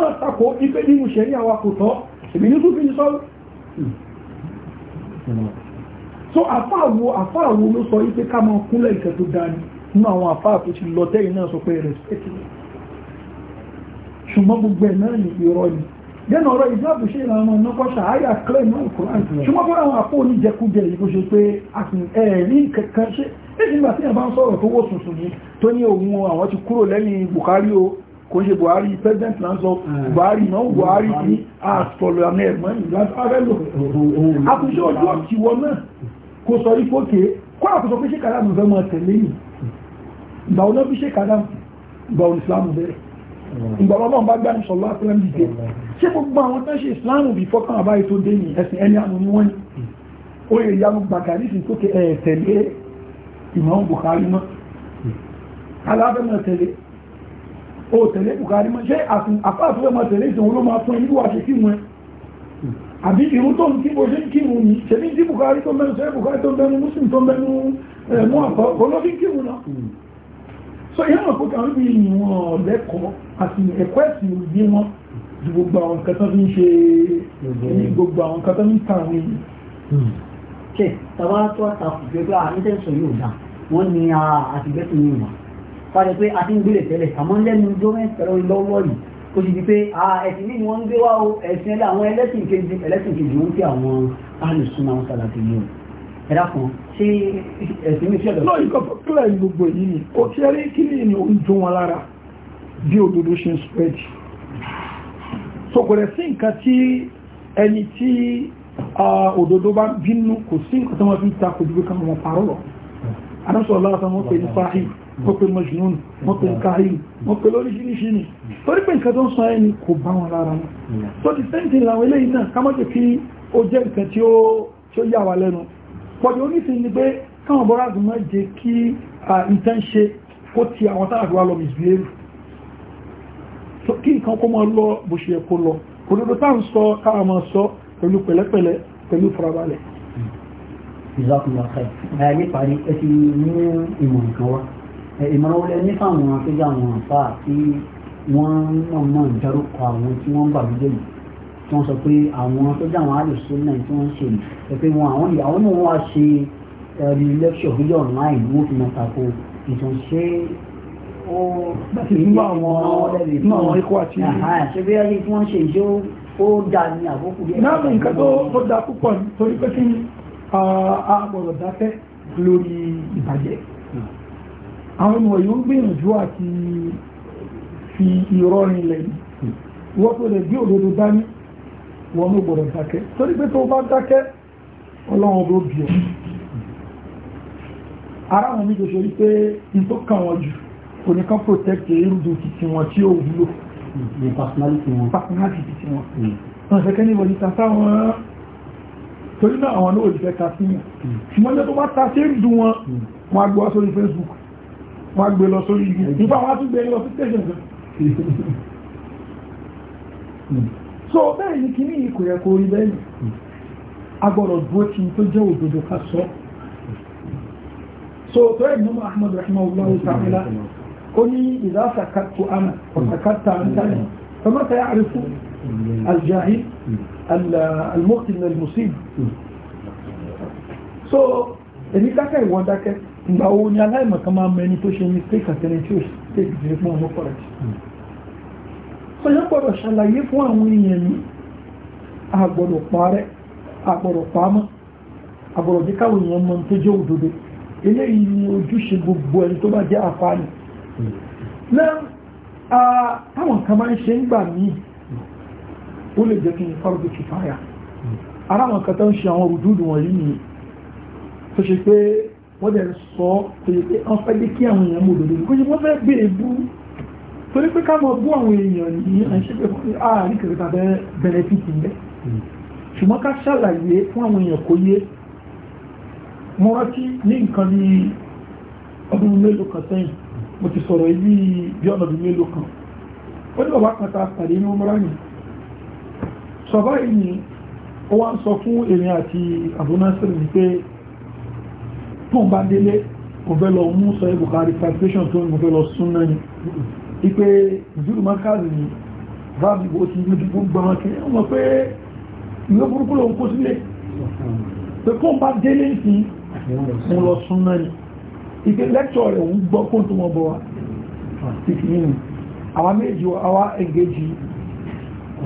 Speaker 2: tẹ́ èmi ní sùn fi ní sọ́rọ̀ so àfáàwo àfáàwo ló sọ yí pé ká máa kúnlẹ̀ ìkẹ́ tó dání nínú àwọn àfáà tó ti lọ tẹ́yìn náà sọ pé respect ṣùgbọ́n gbogbo ẹ̀ náà ní irọ́ ni dẹ́nà ọ̀rọ̀ ìjáàbù ṣe ìlànà ọ̀nàkọ́ṣà àyà claim náà kò láti ṣùgbọ́n fún àwọn àpò oníjẹkújẹ yìí kó ṣe pé ẹ̀rí kankan ṣe èyí nígbà tí ẹ̀ bá ń sọ̀rọ̀ tó wò tuntun ni tó ní òun àwọn ti kúrò lẹ́yìn Buhari o kò ṣe buhari president lanzọ ah. buhari náà buhari ní àtọ̀lọ̀ àmì ẹ̀gbọ́n ìlànàfẹ́lò àkùnṣe ojú ọ̀tíwọ́ náà kò sọ rí fókè kó àkùsọ pé ṣe kàdámù fẹ́ mọ́ tẹ̀lé yìí ìgbà ọ̀nà bí ṣe kàdámù ìgbà ọ̀nà ìsìlámù bẹ̀rẹ̀ ìgbà ọ̀nà bá gbá ní sọ̀lá pẹ́lẹ́ dìde ṣé gbogbo àwọn tán ṣe ìsìlámù bí fọ́kàn àbáyé tó dé ní ẹ̀sìn ẹni àmú ní wọ́n ó lè yanu gbàgàrí sí tó kẹ ẹ̀ tẹ̀lé o tẹ̀lé bukari mọ́ ṣé àfáàfẹ́ máa tẹ̀lé ìtàn olóma fún ìlú àti kí wọn àbí irun tó ń kí bó ṣe ń kí wọn ni ṣèbí tí bukari tó mẹ́nu ṣe bukari tó mẹ́nu muslim tó mẹ́nu mú àpá olófin kí wọn náà hmm. so ìyá wọn kókè àwọn ìbí wọn lẹ́kọ̀ọ́ àti ẹ̀kọ́ ẹ̀sìn òbí wọn ju gbogbo àwọn nǹkan tó fi ń ṣe hmm. gbogbo àwọn nǹkan tó fi ń ta àwọn èèyàn. ṣe
Speaker 1: tàbá tó ah, ah, àtàkùn àmì fàdé pé a ti ń gbélé tẹ́lẹ̀ àmọ́ lẹ́nu jọ́mẹ́ pẹ̀lú ìlọ́wọ́ yìí kò sì di pé ẹ̀sìn ní wọ́n ń gbé wá o ẹ̀sìn ẹ̀dá àwọn ẹlẹ́sìn kejì ẹlẹ́sìn kejì wọ́n fi àwọn alùsùn àwọn sàlàtì yìí o ẹ̀dá kan
Speaker 2: ṣé ẹ̀sìn mi ṣẹ̀dọ̀. lọ́ọ̀ ikọ̀ kílẹ̀ gbogbo yìí ni ó ti rí kí ni ìní ń dún wọn lára bí òdodo ṣe ń spread so kò rẹ̀ sí nǹkan tí ẹni tí òdodo bá bínú kò sí nǹkan tí wọ́n fi ta kò ju pé káwọn parọ́ lọ adásọ̀ọ́lá wọ́n pe mọ̀jùnún wọ́n pe káyí lóríṣìíríṣìí ni torí pé nǹkan tó ń sọ ẹni kò bá wọn lára wọn so the same thing làwọn eléyìí náà ká mọ́jẹ̀ kí ó jẹ́ nǹkan tí ó yà wá lẹ́nu pọ̀jù oníṣìí ni pé káwọn bọ́rá dùn mọ́ jẹ́ kí nǹkan ṣe kó ti àwọn táàdù wa lọ misbehave kí nǹkan kó mọ́ lọ bó ṣe kó lọ òdodo tá à ń sọ káwọn máa sọ pẹ̀lú pẹ̀lẹ́pẹ̀lẹ́ pẹ̀lú farabalẹ̀.
Speaker 1: ìzọkùnrin ọ̀sẹ̀
Speaker 2: ẹ̀ níparí ẹ ti mú ìmọ̀ nǹkan wá ìmọ̀ràn wọlé ní
Speaker 1: fáwọn akéjà àwọn àfa tí wọ́n náà náà dárúkọ àwọn tí wọ́n ń bàbújẹ́ yìí tí wọ́n sọ pé àwọn akéjà àwọn alùsùn náà tí wọ́n ń ṣe yìí ẹ pé wọn àwọn ìyàwó náà wọ́n wá ṣe ẹ̀rí lẹ́kṣọ̀ fídíò online wọ́n fi máa tako ìtàn ṣé ó nígbà wọn nígbà wọn ikú àti ṣé bí ẹni tí wọ́n ṣe bí ẹni. náà nǹkan
Speaker 2: tó da púpọ̀ torí pé àwọn ọmọ yóò gbìyànjú àti fi ìrọrin lẹ́yìn wọ́n tó lè bí òdodo dání wọn ló gbọ́dọ̀ dákẹ́ torí pé tó bá dákẹ́ ọlọ́run ló bí ọ ara wọn mi gbèsè wípé n tó kàn wọn jù kò ní kán protect irúdù títí wọn tí ó wúlò personality wọn wọn fẹ́ kẹ́ni wọlé tàtà wọn torí náà àwọn náà hmm. Facebook wọ́n gbé lọ sórí igi ìfà wọ́n tún gbé lọ sí station kan *laughs* so bẹ́ẹ̀ ni kìíní yìí kò yẹ kó rí bẹ́ẹ̀ a gbọ́dọ̀ dúró tí tó jẹ́ òdodo ká
Speaker 3: sọ so
Speaker 2: tó ẹ̀ nínú ahmed rahimahullahu ta'ala ó ní idha sakattu ana wa sakatta anta fama saya'rifu al-jahil al-muqti min al-musib hmm. so èmi kákẹ́ ìwọ́n dákẹ́ ìgbà wo ni aláìmọ̀kan máa mẹni tó ṣe mistake àtẹni tí ó tètè jẹ́ fún ọmọ correct ọ̀yọ́ gbọ́dọ̀ ṣàlàyé fún àwọn èèyàn ní àgbọ̀dọ̀ parẹ́ àgbọ̀dọ̀ pamọ́ àgbọ̀dọ̀ jẹ́ káwọn èèyàn mọ̀ tó jẹ́ òdodo eléyìí ni ojúṣe gbogbo ẹni tó bá jẹ́ àfáàní náà táwọn kan máa ń ṣe ń gbà míì ó lè jẹ́ kí n fárúgbé kìfáyà ara àwọn kan tó ń ṣe àwọn òdúdù wọ̀nyí nìyí tó ṣe pé wọ́n dẹ̀ sọ pèlè pé wọ́n fẹ́ dé kí àwọn èèyàn mú òdòdó kó ṣe wọ́n fẹ́ bèèrè bú torí pé ká mọ̀ bú àwọn èèyàn ní àṣẹ ah, pé fún ààrín kẹrẹta bẹnẹfìtì ń bẹ ṣùgbọ́n ká ṣàlàyé fún àwọn èèyàn kó yé mo rántí ní nǹkan ní ọdún mélòó kan sẹ́yìn mo ti sọ̀rọ̀ ibi bí ọ̀nà ọdún mélòó kan ó ní bàbá kan ta pàdé ní ọmọ ráyìn sọ báyìí ni ó wá ń sọ fún èmi àti àbúnásírì ni pé tó ń bá délé kò fẹ́ lọ mú sọ ibùkárí translation tó ń fẹ́ lọ súnná ni ipe zulu makazi ni rábì bó ti ní gbogbo gbọ́n kí wọ́n mọ̀ pé ìwé burúkú lòun kó sílẹ̀ pé kó ń bá délé sí mo lọ súnná ni ipe lẹ́kṣọ̀ rẹ̀ ń gbọ́ kó tó mọ̀ bọ̀ wá àwọn méjì àwa engage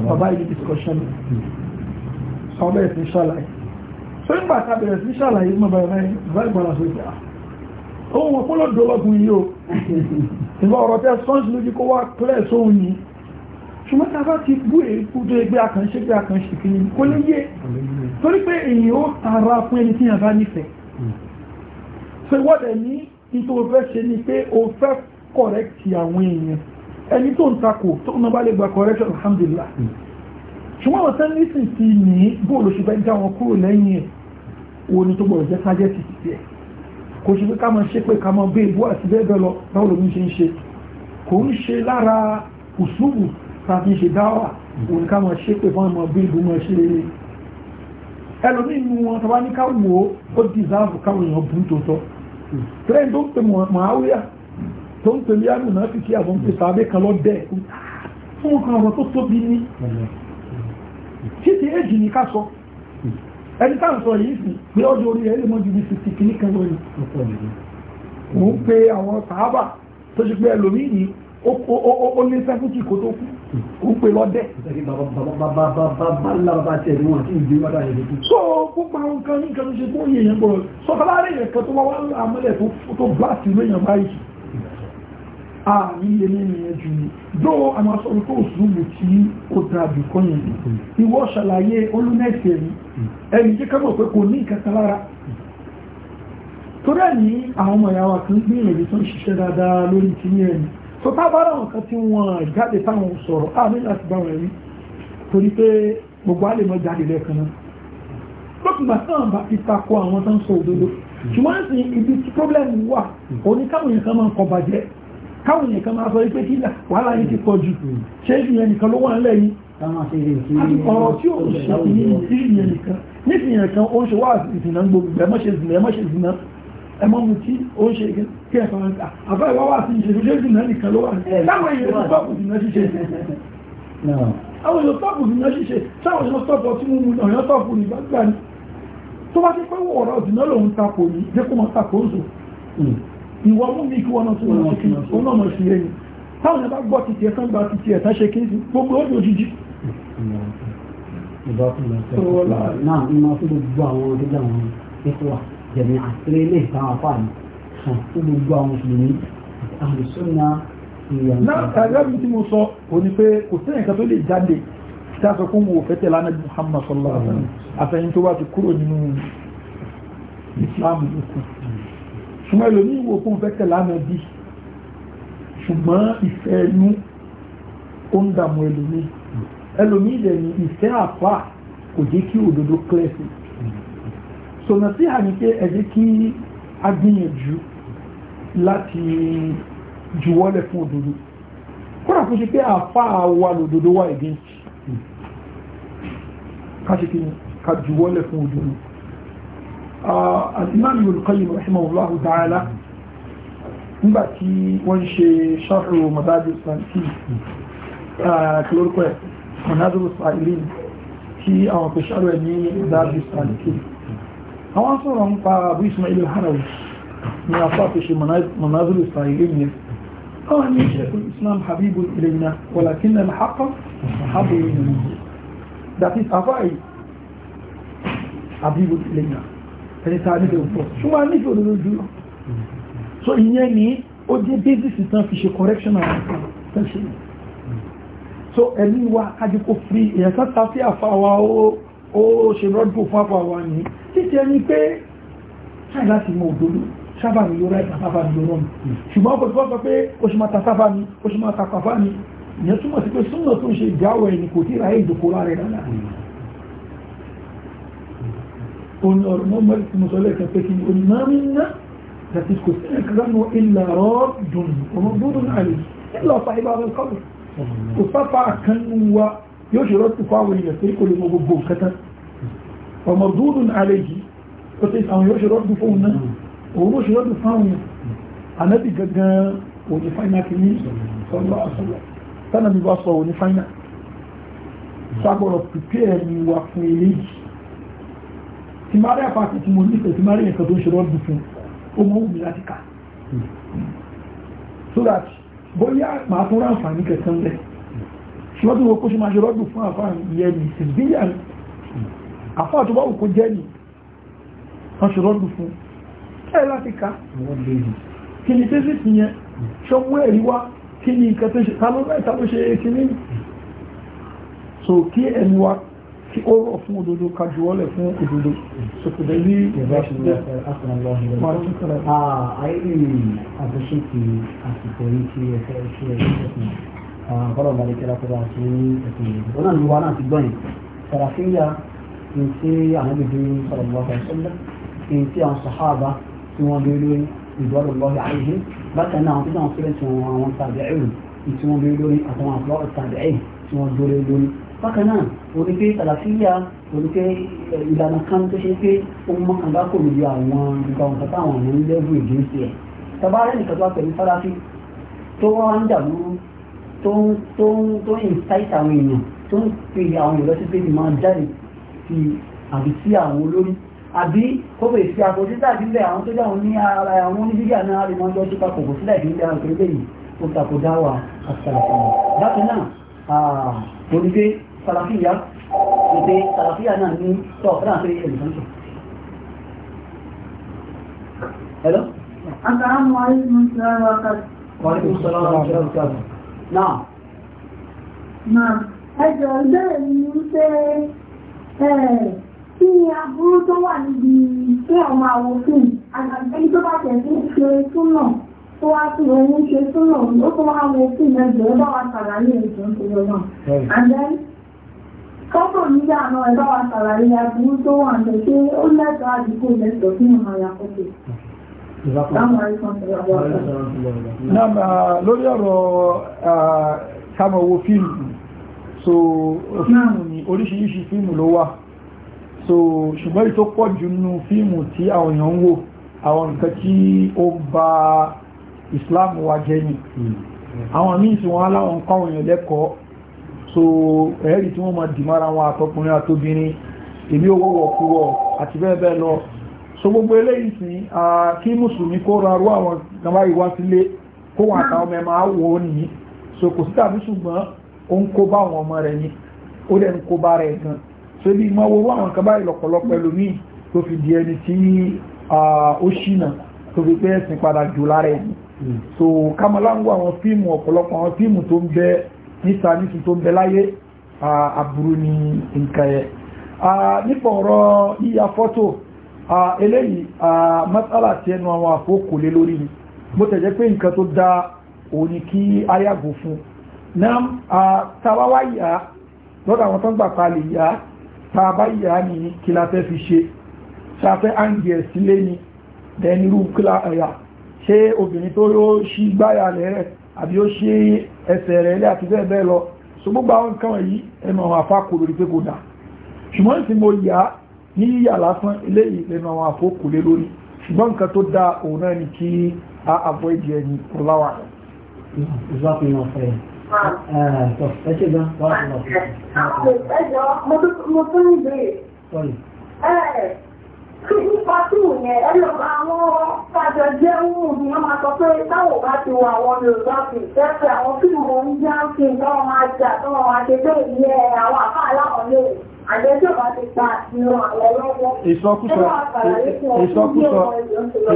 Speaker 2: bàbá yìí discussion ọbẹ̀ ìfún ṣàlàyé so nígbà tá bẹ̀rẹ̀ sí ṣàlàyé mọ́ bẹ̀rẹ̀ ìgbàgbọ́ra sókè à ohun ọpọlọ dọlọgùn yìí o ìgbà ọ̀rọ̀ tẹ́ sọ́ọ̀sì lójú kó wá clear sóhun yìí ṣùgbọ́n tá a bá ti bú èékú tó ẹgbẹ́ àkànṣe gbé àkànṣe kìíní kó lè yé torí pé èyí ó tara fún ẹni tí a bá nífẹ̀ẹ́ so ìwọ́dẹ̀ ní nítorí o fẹ́ ṣe ni pé o fẹ́ correct àwọn èèyàn ẹni tó ń takò tó ń bá lè gba correction alhamdulillah ṣùgbọ́n àwọn tán nísìn ti ní bóòlù ṣe fẹ́ já kúrò lẹ́yìn ẹ̀ ni tó gbọ́dọ̀ jẹ́ sájẹ́tì títí ẹ̀ kò ṣe pé ká máa ṣe pé ká máa bẹ́ẹ̀ bú àti bẹ́ẹ̀ bẹ́ẹ̀ lọ báwo lómi ṣe ń ṣe kò ń ṣe lára kùsùbù tàbí ṣe dáwà wo ni ká máa ṣe pé fún àwọn bẹ́ẹ̀ bú máa ṣe ẹlòmíì nu wọn tàbá ní ká wò ó ó dìsáàbù káwọn èèyàn bú tòótọ́ tẹ́lẹ̀ tó ń pè mọ̀háwíà tó ń pè mí àmì náà fi kí àwọn ń pè sábẹ́ kan lọ́ títí èjì ní ká sọ ẹni tá à ń sọ yìí sì pé ọjọ́ orí ẹ̀ lè mọ́ ju bí sixty kìíní kan lórí mò ń pe àwọn sàábà tó ṣe pé ẹlòmíì ní ó lé sẹ́fútì kó tó kú ó ń pe lọ́dẹ̀. so púpọ̀ àwọn kan ní nǹkan tó ṣe tó yẹ yẹn gbọ́dọ̀ sọ́kàlá rẹ̀ yẹn kan tó wá wá àmọ́lẹ̀ tó bá sí lóyún báyìí ààrí ilé nìyẹn jù ní dóò àwọn aṣọ orúkọ òṣùlùmù tí ó dájú kọ́yìn ìwọ ṣàlàyé olúmẹ̀sì ẹ̀rí ẹ̀rí jẹ́ ká mọ̀ pé kò ní nǹkan kan lára torí ẹ̀ ní àwọn ọmọ ìyàwó kan gbìyànjú tó ń ṣiṣẹ́ dáadáa lórí ti ní ẹ̀rí tó tá bá ráwọn kan tí wọ́n jáde táwọn sọ̀rọ̀ ààrí láti bá wọn rí torí pé gbogbo á lè mọ jáde lẹ́ẹ̀kan náà lókùnbà náà bá ti takọ àwọn tó ń sọ òdodo ṣùgbọ́n sì ibi tí pọ́blẹ́mù wà oníkàwọn yẹn kan máa ń kọ káwọn nìkan máa sọ wípé kí wàhálà yìí ti pọ̀ jù ṣé ìṣù yẹn nìkan ló wà ńlẹ̀ yìí ọ̀rọ̀ tí ó ṣe ìṣù yẹn nìkan nífìyàn kan ó ń ṣe wá ìsìnà gbogbo ẹ má ṣe zìnà ẹ má ṣe zìnà ẹ má mutí ó ń ṣe kí ẹ fara àbá ìwá wà sí ìṣèlú ṣé zìnà nìkan ló wà táwọn èèyàn tó bá kù zìnà ṣíṣe àwọn èèyàn tó bá kù zìnà ṣíṣe táwọn èèyàn tó bọ̀ tí mo mú ọ̀yàn tó kù nígbà gbà ní tó bá ti pẹ́ wọ̀ ọ̀rọ̀ zìnà lòun takò ní jẹ́ mọ́ takò ń sùn ìwọ mú mi kí wọ́n náà tó wọ́n sí òun náà mọ̀ sí ẹ̀yìn táwọn ẹ̀bá gbọ́ títí ẹ̀kan gba títí ẹ̀ta ṣe kí n sí gbogbo ọdún òjijì náà ní ma fún gbogbo àwọn ọdún àwọn ìfúwà
Speaker 1: jẹ̀mí àtìrí ilé ìtàn àfáàní fún gbogbo àwọn mùsùlùmí àlùsọ́nà
Speaker 2: ìyàwó. náà àgbàbí tí mo sọ ò ní pé kò sí ẹ̀ka tó lè jáde tí a sọ fún wo fẹ́ tẹ̀lé anábì Muhammad sallallahu alaihi wasallam àfẹ́yìn tó bá ti kúrò nínú Islam lókun ṣùgbọ́n ẹlòmí ìwò fún fẹ́ tẹ̀lá náà bí ṣùgbọ́n ìfẹ́ ẹnu ó ń dààmú ẹlòmí ẹlòmí ilẹ̀ ni ìfẹ́ àpá kò jẹ́ kí òdodo kílẹ̀sì sọ̀nà tí a ní pé ẹ jẹ́ kí a gbìyànjú láti juwọ́lẹ̀ fún òdodo kọ́nà kó ṣe pé àpá wa lòdodo wà ìgbìyànjú ká ṣe kí ni ká juwọ́lẹ̀ fún òdodo الإمام ابن القيم رحمه الله تعالى مباتي وانشي شرح مدادي السنسي آه، كلوركو ونادر الصائلين في أمتشار ويني مدادي إسماعيل الحنوي من أصافش مناظر الصائلين أو أن الإسلام حبيب إلينا ولكن الحق حبيب إلينا ذاتي إلينا ẹni tá a nífẹ̀ẹ́ òun pọ̀ ṣùgbọ́n a so ìyẹn ni ó jẹ́ basis tán fi ṣe correction àwọn nǹkan so ẹni wa kájú kó free èèyàn kan ta sí àfa wa ó ṣe rọ́dù fún àfa wa ni títí ẹni pé ṣáà láti mọ òdodo sábà ní yóò ráìtà sábà ní yóò rọrùn ṣùgbọ́n ọkọ̀ tí wọ́n sọ pé ó ṣe máa ta sábà ní ó ṣe máa ta pàfà ní ìyẹn túmọ̀ sí pé súnmọ̀ tó ń ṣe ìdáwọ̀ ẹni kò tí ra èdè lára ẹ̀ dáadáa òun ọ̀rọ̀ mọ́ mọ́lì tí mo sọ lẹ́ẹ̀kan pé kí ni òun máa ń ná láti kò sí ẹ̀kánú ilà rọ́ọ̀dùn ọmọ gbọ́dọ̀ náà lè ilà ọ̀fà ibà rẹ̀ kọ́lù kò sáfà kan wa yóò ṣe rọ́ọ̀tù fáwọn èèyàn pé kò lè mọ gbogbo nǹkan tán ọmọ gbọ́dọ̀ náà lè yìí ó ti àwọn yóò ṣe rọ́ọ̀dù tí máa rẹ̀ pàtàkì tí mo nífẹ̀ẹ́ tí máa rẹ̀ nǹkan tó ń ṣe rọ́ọ̀dù fún ó mọ́ wùmí láti kà so that bóyá máa tún ráǹfààní kẹsàn lẹ̀ ṣùgbọ́n tí wọ́n kó ṣe máa ṣe rọ́ọ̀dù fún àfáàní yẹn ní sèbíyà àfáà tó bá wù kó jẹ́ ní wọ́n ṣe rọ́ọ̀dù fún ẹ̀ láti kà kí ni tẹ́sí ti yẹn ṣọ́mú ẹ̀rí wá kí ni nǹkan tó ṣe ta ló ṣe kí ni so kí ẹnu wa kí ó rọ̀ fún òdodo ká juwọ́lẹ̀ fún òdodo sọ̀tọ̀dẹ̀ ní ìrọ̀ṣẹ̀lẹ̀
Speaker 1: tí àwọn sàhábà tí wọ́n lè lórí ìdọ́rọ̀ lọ́rọ̀ àìyí bákan náà tí wọ́n fẹ́rẹ̀ tí wọ́n àwọn tàbí ẹ̀rù tí wọ́n lè lórí àtàwọn àpọ̀ tàbí ẹ̀yìn tí wọ́n lórí lórí bákan náà òní pé àlàáfíà òní pé ìlànà kan tó ṣe pé ó mọ kàńdá kò ní yọ àwọn nǹkan nǹkan táwọn ọmọ nílẹ̀ bù ìdí sí ẹ̀ tàbá rẹ̀ nìkan tó wá pẹ̀lú sáráfí tó wá ń dàlú tó ń tó ń tó ń ìsáìtì àwọn èèyàn tó ń pe àwọn èèyàn lọ́sí pé ti máa jáde ti àbí sí àwọn olórí àbí kó bèè sí àpò ìbílẹ̀ àwọn tó jáwọn ní ara àwọn oníbíyà náà lè máa jọ sí papọ̀ sílẹ̀ ìbílẹ̀ àwọn kèrè bẹ́yìí ó takò dáwà àti àṣà bákan náà torí pé sàlàfíà ìdè sàlàfíà náà ní tọ́ náà pé ẹnìkan tó. hello. asalaamu alaykum salaam wa rahmatulah. wa alaykum salaam wa rahmatulah. náà.
Speaker 2: náà ẹjọ́ bẹ́ẹ̀ ni pé kí ni aburú tó wà níbi pé ọmọ àwòfin àgbàgbé tó bá tẹ̀lé ṣe túnà tó wá sí òun ṣe túnà ó tó wá wòfin ẹgbẹ̀rún bá wa ṣàlàyé ìjọ tó lọ náà kọ́pọ̀ nígbà náà ẹ̀bá wa ṣàlàyé aburú tó wà ń bẹ̀ pé ó lẹ́tọ̀ọ́ àdúgbò lẹ́tọ̀ọ́ fún ọmọ àyàkọ́tò. lórí ọ̀rọ̀ sàmọ̀wò uh, fíìmù so fíìmù ni oríṣiríṣi fíìmù ló wà so ṣùgbọ́n èyí tó pọ̀ jù nínú fíìmù tí àwọn èèyàn ń wò àwọn nǹkan tí ó bà Islam wa jẹ́ ni hmm. àwọn míì tí wọ́n aláwọn kọ́wọ̀nyàn lẹ́kọ̀ọ́ so ẹ̀rí tí wọ́n máa dìmára wọn àtọkùnrin àtobìnrin èmi ò wọ́wọ́ àti bẹ́ẹ̀ bẹ́ẹ̀ lọ so gbogbo eléyìí sí kí mùsùlùmí kó rarú àwọn gbàmà ìwá sílé kó wọn àtàwọn ọmọ ẹ máa wò ó nìyí so kò sí tàbí ṣùgbọ́n ó ń kó bá àwọn ọmọ rẹ̀ yìí ó dẹ̀ ń kó bá rẹ̀ gan so ibi ìmọ̀ owó àwọn kan báyìí lọ̀pọ̀lọpọ̀ ẹlòmíì tó fi di ẹni tí ó ṣìnà tó fi pé ẹ̀sìn padà jù lára ẹni hmm. so kámọ́láńgó àwọn fíìmù ọ̀pọ̀lọpọ̀ àwọn fíìmù tó ń bẹ́ẹ̀ níta nítí tó ń bẹ láyé àbúrú ní nǹkan yẹ nípa ọ̀rọ̀ yíya fọ́tò eléyìí matsala ti ẹnu àwọn àkókò lé lórí ni bó tẹ̀jẹ́ pé nǹkan tó dá òní kí ayàgò fún náà tàbáwá yà lọ́dọ̀ àwọn tó ń gbà palẹ̀ yà tàbá yà ní kí la fẹ́ fi ṣe ṣàfẹ́ áńgẹ̀ sílé ni dẹnirú kílá ẹ̀yà ṣé obìnrin tó yóò ṣí gbáyà lẹ́rẹ̀ẹ́ àbí ó ṣe ẹsẹ̀ rẹ̀ ilé àti bẹ́ẹ̀ bẹ́ẹ̀ lọ so gbogbo àwọn nǹkan wọ̀nyí ẹnu àwọn afákò lórí pé kò dá ṣùgbọ́n tí mo yà ní yíyà lásán eléyìí lẹ́nu àwọn afókò lé lórí ṣùgbọ́n nǹkan tó dá òun náà ni kí a avoid ẹni ọláwà rẹ̀.
Speaker 1: ìzọ́pinà tí nípa tí ìyẹn ẹlọ́gbà àwọn fàjọ jẹ́ ohun ni wọ́n máa sọ pé táwọn bá ti wà àwọn Yorùbá fi ìfẹ́ pé àwọn fíìmù oúnjẹ ń fi tọ́wọ́ máa jà tọ́wọ́ máa ṣe pé ìyẹn àwọn àbá aláwọ̀ lè
Speaker 2: àjẹjọba ti gba ìran àwọn ọlọ́wọ́.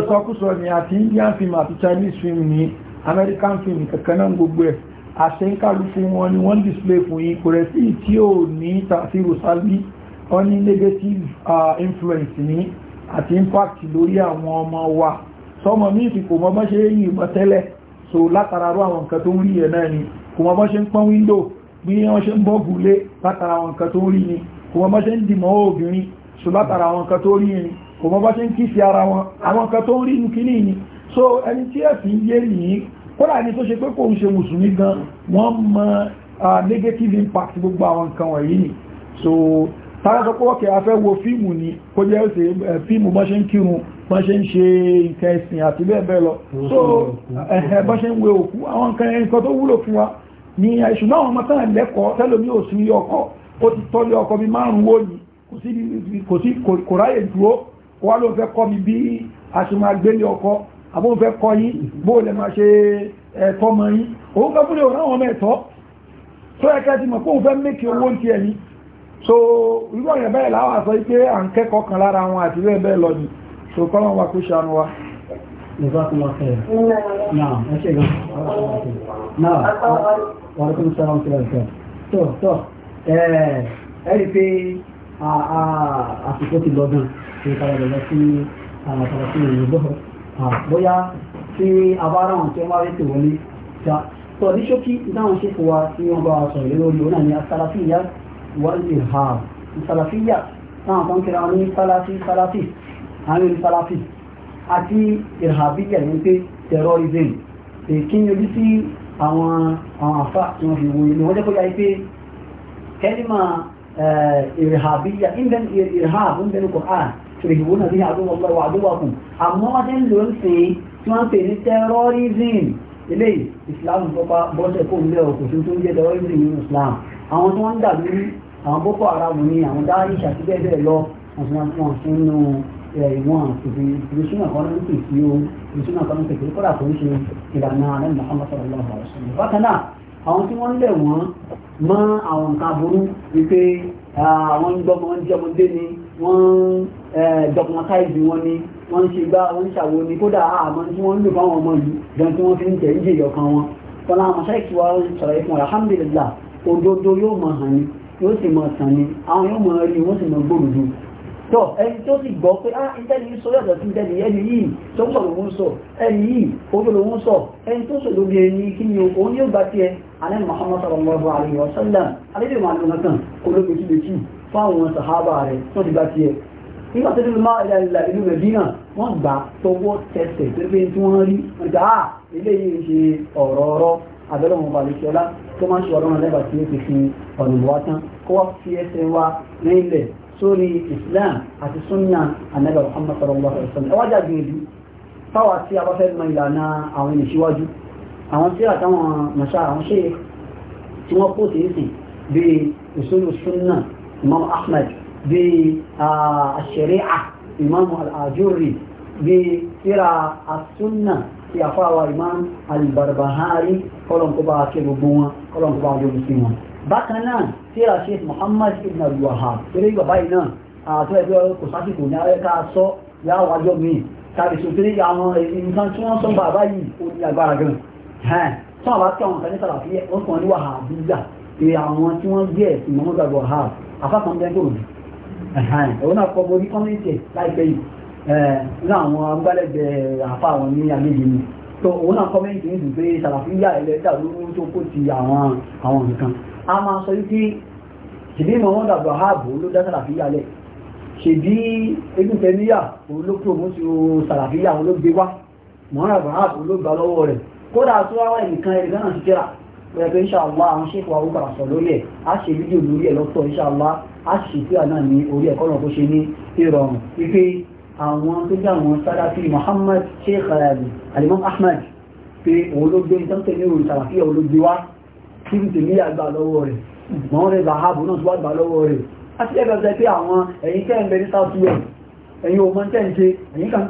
Speaker 2: ìsọkúsọ ni àti Indian film àti Chinese film ni American film kankan náà gbogbo ẹ̀ àṣẹ ń kálukú wọn ni wọ́n display fún yín kò rẹ̀ sí tí ò ní tàfírò sálí wọ́n ní negative uh, influence ní àti impact lórí àwọn ọmọ wa sọmọ míì fi kò mọ́ bọ́ ṣe yìí mọ́ tẹ́lẹ̀ so látàràrú àwọn nǹkan tó ń rí ẹ̀ náà ni kò mọ́ ṣe ń pọ́n window bí wọ́n ṣe ń bọ́gù lé látara àwọn nǹkan tó ń rí ni kò mọ́ ṣe ń dìmọ́ obìnrin so látara àwọn nǹkan tó rí ni kò mọ́ bọ́ ṣe ń kífì ara wọn àwọn nǹkan tó ń rí ní kíní ni so ẹni tí ẹ̀sìn yé nìyí kódà ní tó ṣe pé kò ń ṣe mùsùlùmí gan wọ́n mọ negative impact gbogbo àwọn nǹkan wọ̀nyí ni so tàbí sọ pé ọkẹ̀ afẹ́ wo fíìmù ni kó jẹ́ ó sì fíìmù bọ́n ṣe ń kírun bọ́n ṣe ń ṣe nǹkan ẹ̀sìn àti bẹ́ẹ̀ bẹ́ẹ̀ lọ so bọ́n ṣe ń wé òkú àwọn nǹkan ẹ̀yìnkan tó wúlò fún wa ni ṣùgbọ́n àwọn ọmọ tán lẹ́kọ̀ọ́ tẹ́lómi ò sí ọkọ̀ ó ti tọ́lé ọkọ̀ mi márùn-ún wó ni kò sí kò ráyè dúró kó wá ló fẹ́ kọ́ a ṣe máa gbélé ọkọ̀ àbó fẹ́ kọ́ yín bó lè máa ṣe ẹ̀tọ́ mọ́ yín òun kọ́ fúnlẹ̀ òun àwọn ọmọ ẹ̀tọ́ tó ẹ̀kẹ́ ti ni so irú ọ̀yàn bẹ́ẹ̀ láwọn àsọ ipé à ń kẹ́kọ̀ọ́ kan lára wọn àti lọ ni so kọ́lọ̀ wa kó
Speaker 1: wa ẹ̀rí eh, pé àsìkò ti lọ́dún tí kàrọ̀ lọ sí àtàrà sí ìrìnbọ̀ bóyá tí abára wọn wọ́n lè ha ìsàlàfíyà táwọn kan kíra wọn ní sàlàfí sàlàfí àwọn sàlàfí àti ìràbíyà ní pé terrorism èkí ni ojú sí àwọn àwọn àfà tí wọ́n fi wo ilé wọ́n jẹ́ kó yáyé pé kẹ́límà ìràbíyà eh, ìbẹ̀n ìràbù ń bẹ̀rù kọ̀ọ̀án tìrìbù náà ní àdúgbò ọ̀gbọ̀n àdúgbòkùn àmọ́ wọ́n ti ń lò ń sìn tí wọ́n ń pè ní terrorism eléyìí islam bọ́sẹ̀ kó ń lé ọkùnrin tó ń jẹ́ terrorism nínú islam àwọn tí wọ́n ń dà lórí àwọn boko haram ní àwọn dáhìí àti bẹ́ẹ̀ bẹ́ẹ̀ lọ wọn fún nù ìwọ̀n ìfìsúnà kọ́nọ́tì tí ó ìfìsúnà kọ́nọ́tì tí ó kọ́dà tó ń ṣe ìlànà alẹ́ Muhammad sallallahu alaihi wasallam bákan náà àwọn tí wọ́n ń lẹ̀ wọ́n mọ́ àwọn nǹkan aburú wípé àwọn ń gbọ́mọ ń jẹmọdé ni wọ́n ń dọkumọ́táìsì wọn ni wọ́n ń ṣe gbá wọ́n ń ṣàwo ni kódà àmọ́ tí wọ́n ń lò fáwọn ọmọ yìí gan tí wọ́n fi ń tẹ̀ ń jèyọ̀ kan wọn. fọlá àmọ́ sáyẹ̀kì wa òdodo yóò mọ̀ hàn ní yóò sì mọ̀ sàn ní àwọn yóò mọ̀ rí wọ́n sì mọ̀ gbòòrò tọ́ ẹni tó sì gbọ́ pé ah ìtẹ́ni sọ yàtọ̀ sí ìtẹ́ni ẹni yìí tó ń sọ̀rọ̀ ń sọ ẹni yìí òdodo ń sọ ẹni tó sọ lóbi ẹni kí ni òun yóò gbà tiẹ̀ alẹ́ Muhammad sallallahu alayhi wa sallam alẹ́bí màá lọ́nà kan kó lóbi tí lè kí fáwọn sàhábà rẹ̀ tó ti gbà tiẹ̀ nígbà tó dúró máa ìlà ìlú Medina wọ́n gbà tọwọ́ tẹsẹ̀ pé àbẹ̀rẹ̀ wọn balẹ̀ ṣọlá tó máa ń ṣe ọlọ́run lẹ́bàá tí ó ti fi ọ̀nà wá tán kó wá fi ẹsẹ̀ wa nílẹ̀ sórí Islam àti sunna anabi Muhammad sallallahu alaihi wasallam ẹwà jáde ìlú táwa tí a bá fẹ́ mọ ìlànà àwọn ènìyàn síwájú àwọn tí àtàwọn mọ̀ṣá àwọn ṣe tí wọ́n kó tèé sìn bíi usulu sunna Imam Ahmad bíi àṣẹríà Imam al-Ajurri bíi síra as ti àfáwà Imam al-Barbahari kọ́lọ̀n kó bá ké gbogbo wọn kọ́lọ̀n kó bá gbogbo sí wọn bákan náà tí a ṣe Muhammad ibn al-Wahhab eré bàbá yìí náà àtọ́ ẹgbẹ́ kò sásìkò ní ayé ká sọ yá wájọ́ mi tàbí sòtẹ́lẹ̀ àwọn nǹkan tí wọ́n sọ bàbá yìí ó ní agbára gan tán àbá tí àwọn tí wọ́n gbé ẹ̀sìn mọ́mọ́ gbàgbọ́ ha afákan bẹ́ẹ̀ tó rí ẹ̀wọ́n náà kọ́ kọ́mẹ́ntì láìpẹ́ yìí ní àwọn agbálẹ̀gbẹ̀ so òun náà kọ́mẹ́ǹtì ń dùn pé sàlàfíà ẹlẹ́dà lóró tó kó ti àwọn àwọn nǹkan a máa sọ wípé ṣèbí mohamed abdulhab ló dá sàlàfíà lẹ̀ ṣèbí egunfẹ́míyà òun ló kúrò mọ́tò sàlàfíà òun ló gbé wá mohamed abdulhab ló gbà lọ́wọ́ rẹ̀ kódà tó wá wá nìkan ẹ̀rí náà ti tẹ́ra bóyá pé inṣàlá àwọn ṣèkò àwọn padà sọ lórí ẹ̀ á ṣe fídíò lórí ẹ̀ lọ́tọ̀ inṣàlá á kó àwọn tó jẹ́ àwọn sàlàfí Muhammad Sheikh um, Alimam Ahmad pé òun ló gbé ìtọ́tẹ̀ ní òun sàlàfí òun ló gbé wá kí n tèmi àgbà lọ́wọ́ rẹ̀ mọ́ rẹ̀ zahabu náà tó wá gbà lọ́wọ́ rẹ̀ a ti lẹ́gbẹ̀ẹ́ sẹ́ pé àwọn ẹ̀yìn tẹ́ ń bẹ ní sáfúwẹ̀ ẹ̀yìn o mọ́tẹ́ ń ṣe ẹ̀yìn kan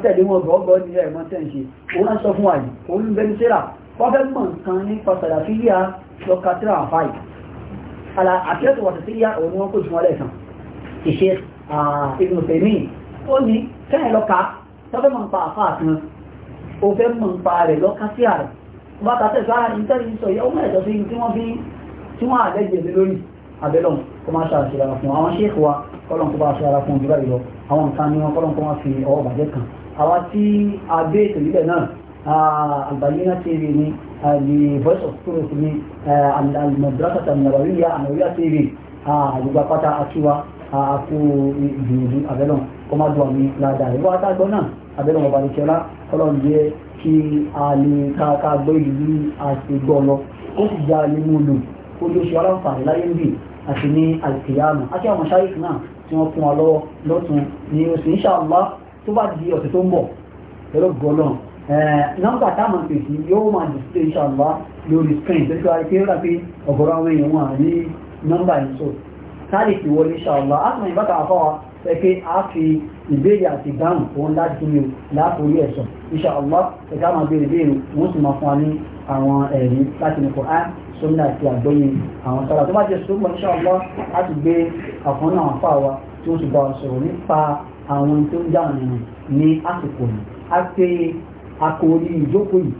Speaker 1: tẹ̀lé ó ní kẹ́yìn lọ́ka tọ́fẹ́ mọ̀ ń pa àfáà kan ó fẹ́ mọ̀ ń pa rẹ̀ lọ́ka sí ààrẹ bá tàtẹ̀ sára ní tẹ́lẹ̀ sọ ìyá ó mẹ́ẹ̀tọ́ sí tí wọ́n fi tí wọ́n àlẹ́jẹ̀ lé lórí abẹ́lọ́n kó máa ṣàṣìlára fún àwọn ṣéèkù wa kọ́lọ̀n kó bá ṣàṣìlára fún jùlọ ìlọ àwọn nǹkan ní wọn kọ́lọ̀n kó máa fi ọwọ́ bàjẹ́ kan àwa tí a gbé ètò ìbẹ̀ náà al TV ni the voice of truth ni Al-Madrasah An-Nabawiyyah An-Nabawiyyah TV àgbègbè pátá akíwa àkó ìgbìyànjú abẹ́lọ́n kó má dùn àmì ládàá ìwọ àtàgbọ́ náà abẹ́rẹ́ ọba àdìsọ́lá kọ́lọ́n jẹ́ kí a lè ká ká gbọ́ ìrírí àṣegbọ́ lọ ó sì já lè mú lò ó lè ṣe aláǹfààní láyé ń bì àti ní àìkèyàmù àti àwọn sáyẹ́kì náà tí wọ́n fún wa lọ́wọ́ lọ́tún ni oṣù ìṣàlá tó bá di ọ̀sẹ̀ tó ń bọ̀ pẹ̀lú gọ́lọ́n eh, nọ́mbà táwọn pèsè yóò máa display ìṣàlá lórí screen tó ṣe àìkè rà pé ọ̀gọ̀rọ̀ àwọn èèyàn wà ní nọ́mbà yìí so táyì ti wọlé ìṣàlá á sì máa ìbátan àfọwà ẹ pé a fi ìbéèrè àti ìdáhùn òun láti mi láàpò ẹ̀sọ̀ insha Allah ẹ̀ka máa béèrè béèrè wọ́n sì máa fún wa ní àwọn ẹ̀rí láti ní Qur'an sunna àti àgbọ́yé àwọn sọ́ra tó bá jẹ́ sọ́gbọ́ insha Allah láti gbé àkànnà àwọn fáwa tí wọ́n sì bá wa sọ̀rọ̀ nípa àwọn tó ń dáhùn nínú ní àsìkò yìí a pé akọ̀ọ́lì ìjókòó yìí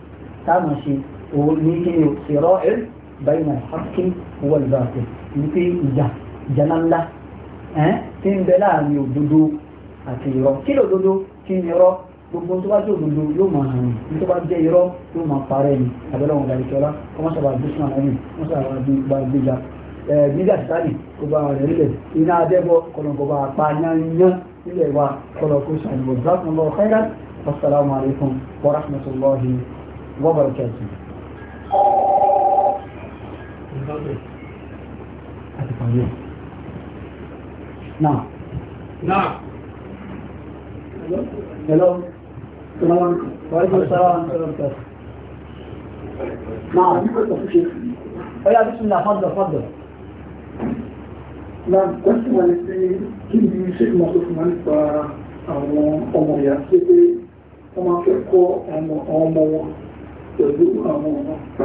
Speaker 1: táwọn ṣe ní kí ni ṣèrọ́ ẹ̀ báyìí hakim wọ́n lọ́wọ́ àti tí ń bẹ láàrin òdodo àti irọ́ kí ló dodo kí ni irọ́ gbogbo tó bá jẹ́ òdodo yóò máa hàn ní tó bá jẹ́ irọ́ yóò máa parẹ́ ni abẹ́lẹ́ wọn gàdí kẹ́lá wọ́n máa sábà gbésùn àná ni wọ́n sábà gba gbéga gbígbà sáré kó bá rẹ̀ nílẹ̀ iná adẹ́bọ̀ kọlọ̀kọ̀ bá pa yányán nílẹ̀ wa kọlọ̀kọ̀ sàlùwọ̀
Speaker 3: Thank you.
Speaker 1: Now. Now. Hello? Hello? Why do you say that? نعم أيها بسم الله فضل فضل نعم كنت
Speaker 2: مالتي كم دي شيء مصروف مالك àwọn ọmọ ìyá sí pé wọ́n máa fẹ́ kọ́ ọmọ ọmọ wọn pẹ̀lú àwọn ọmọ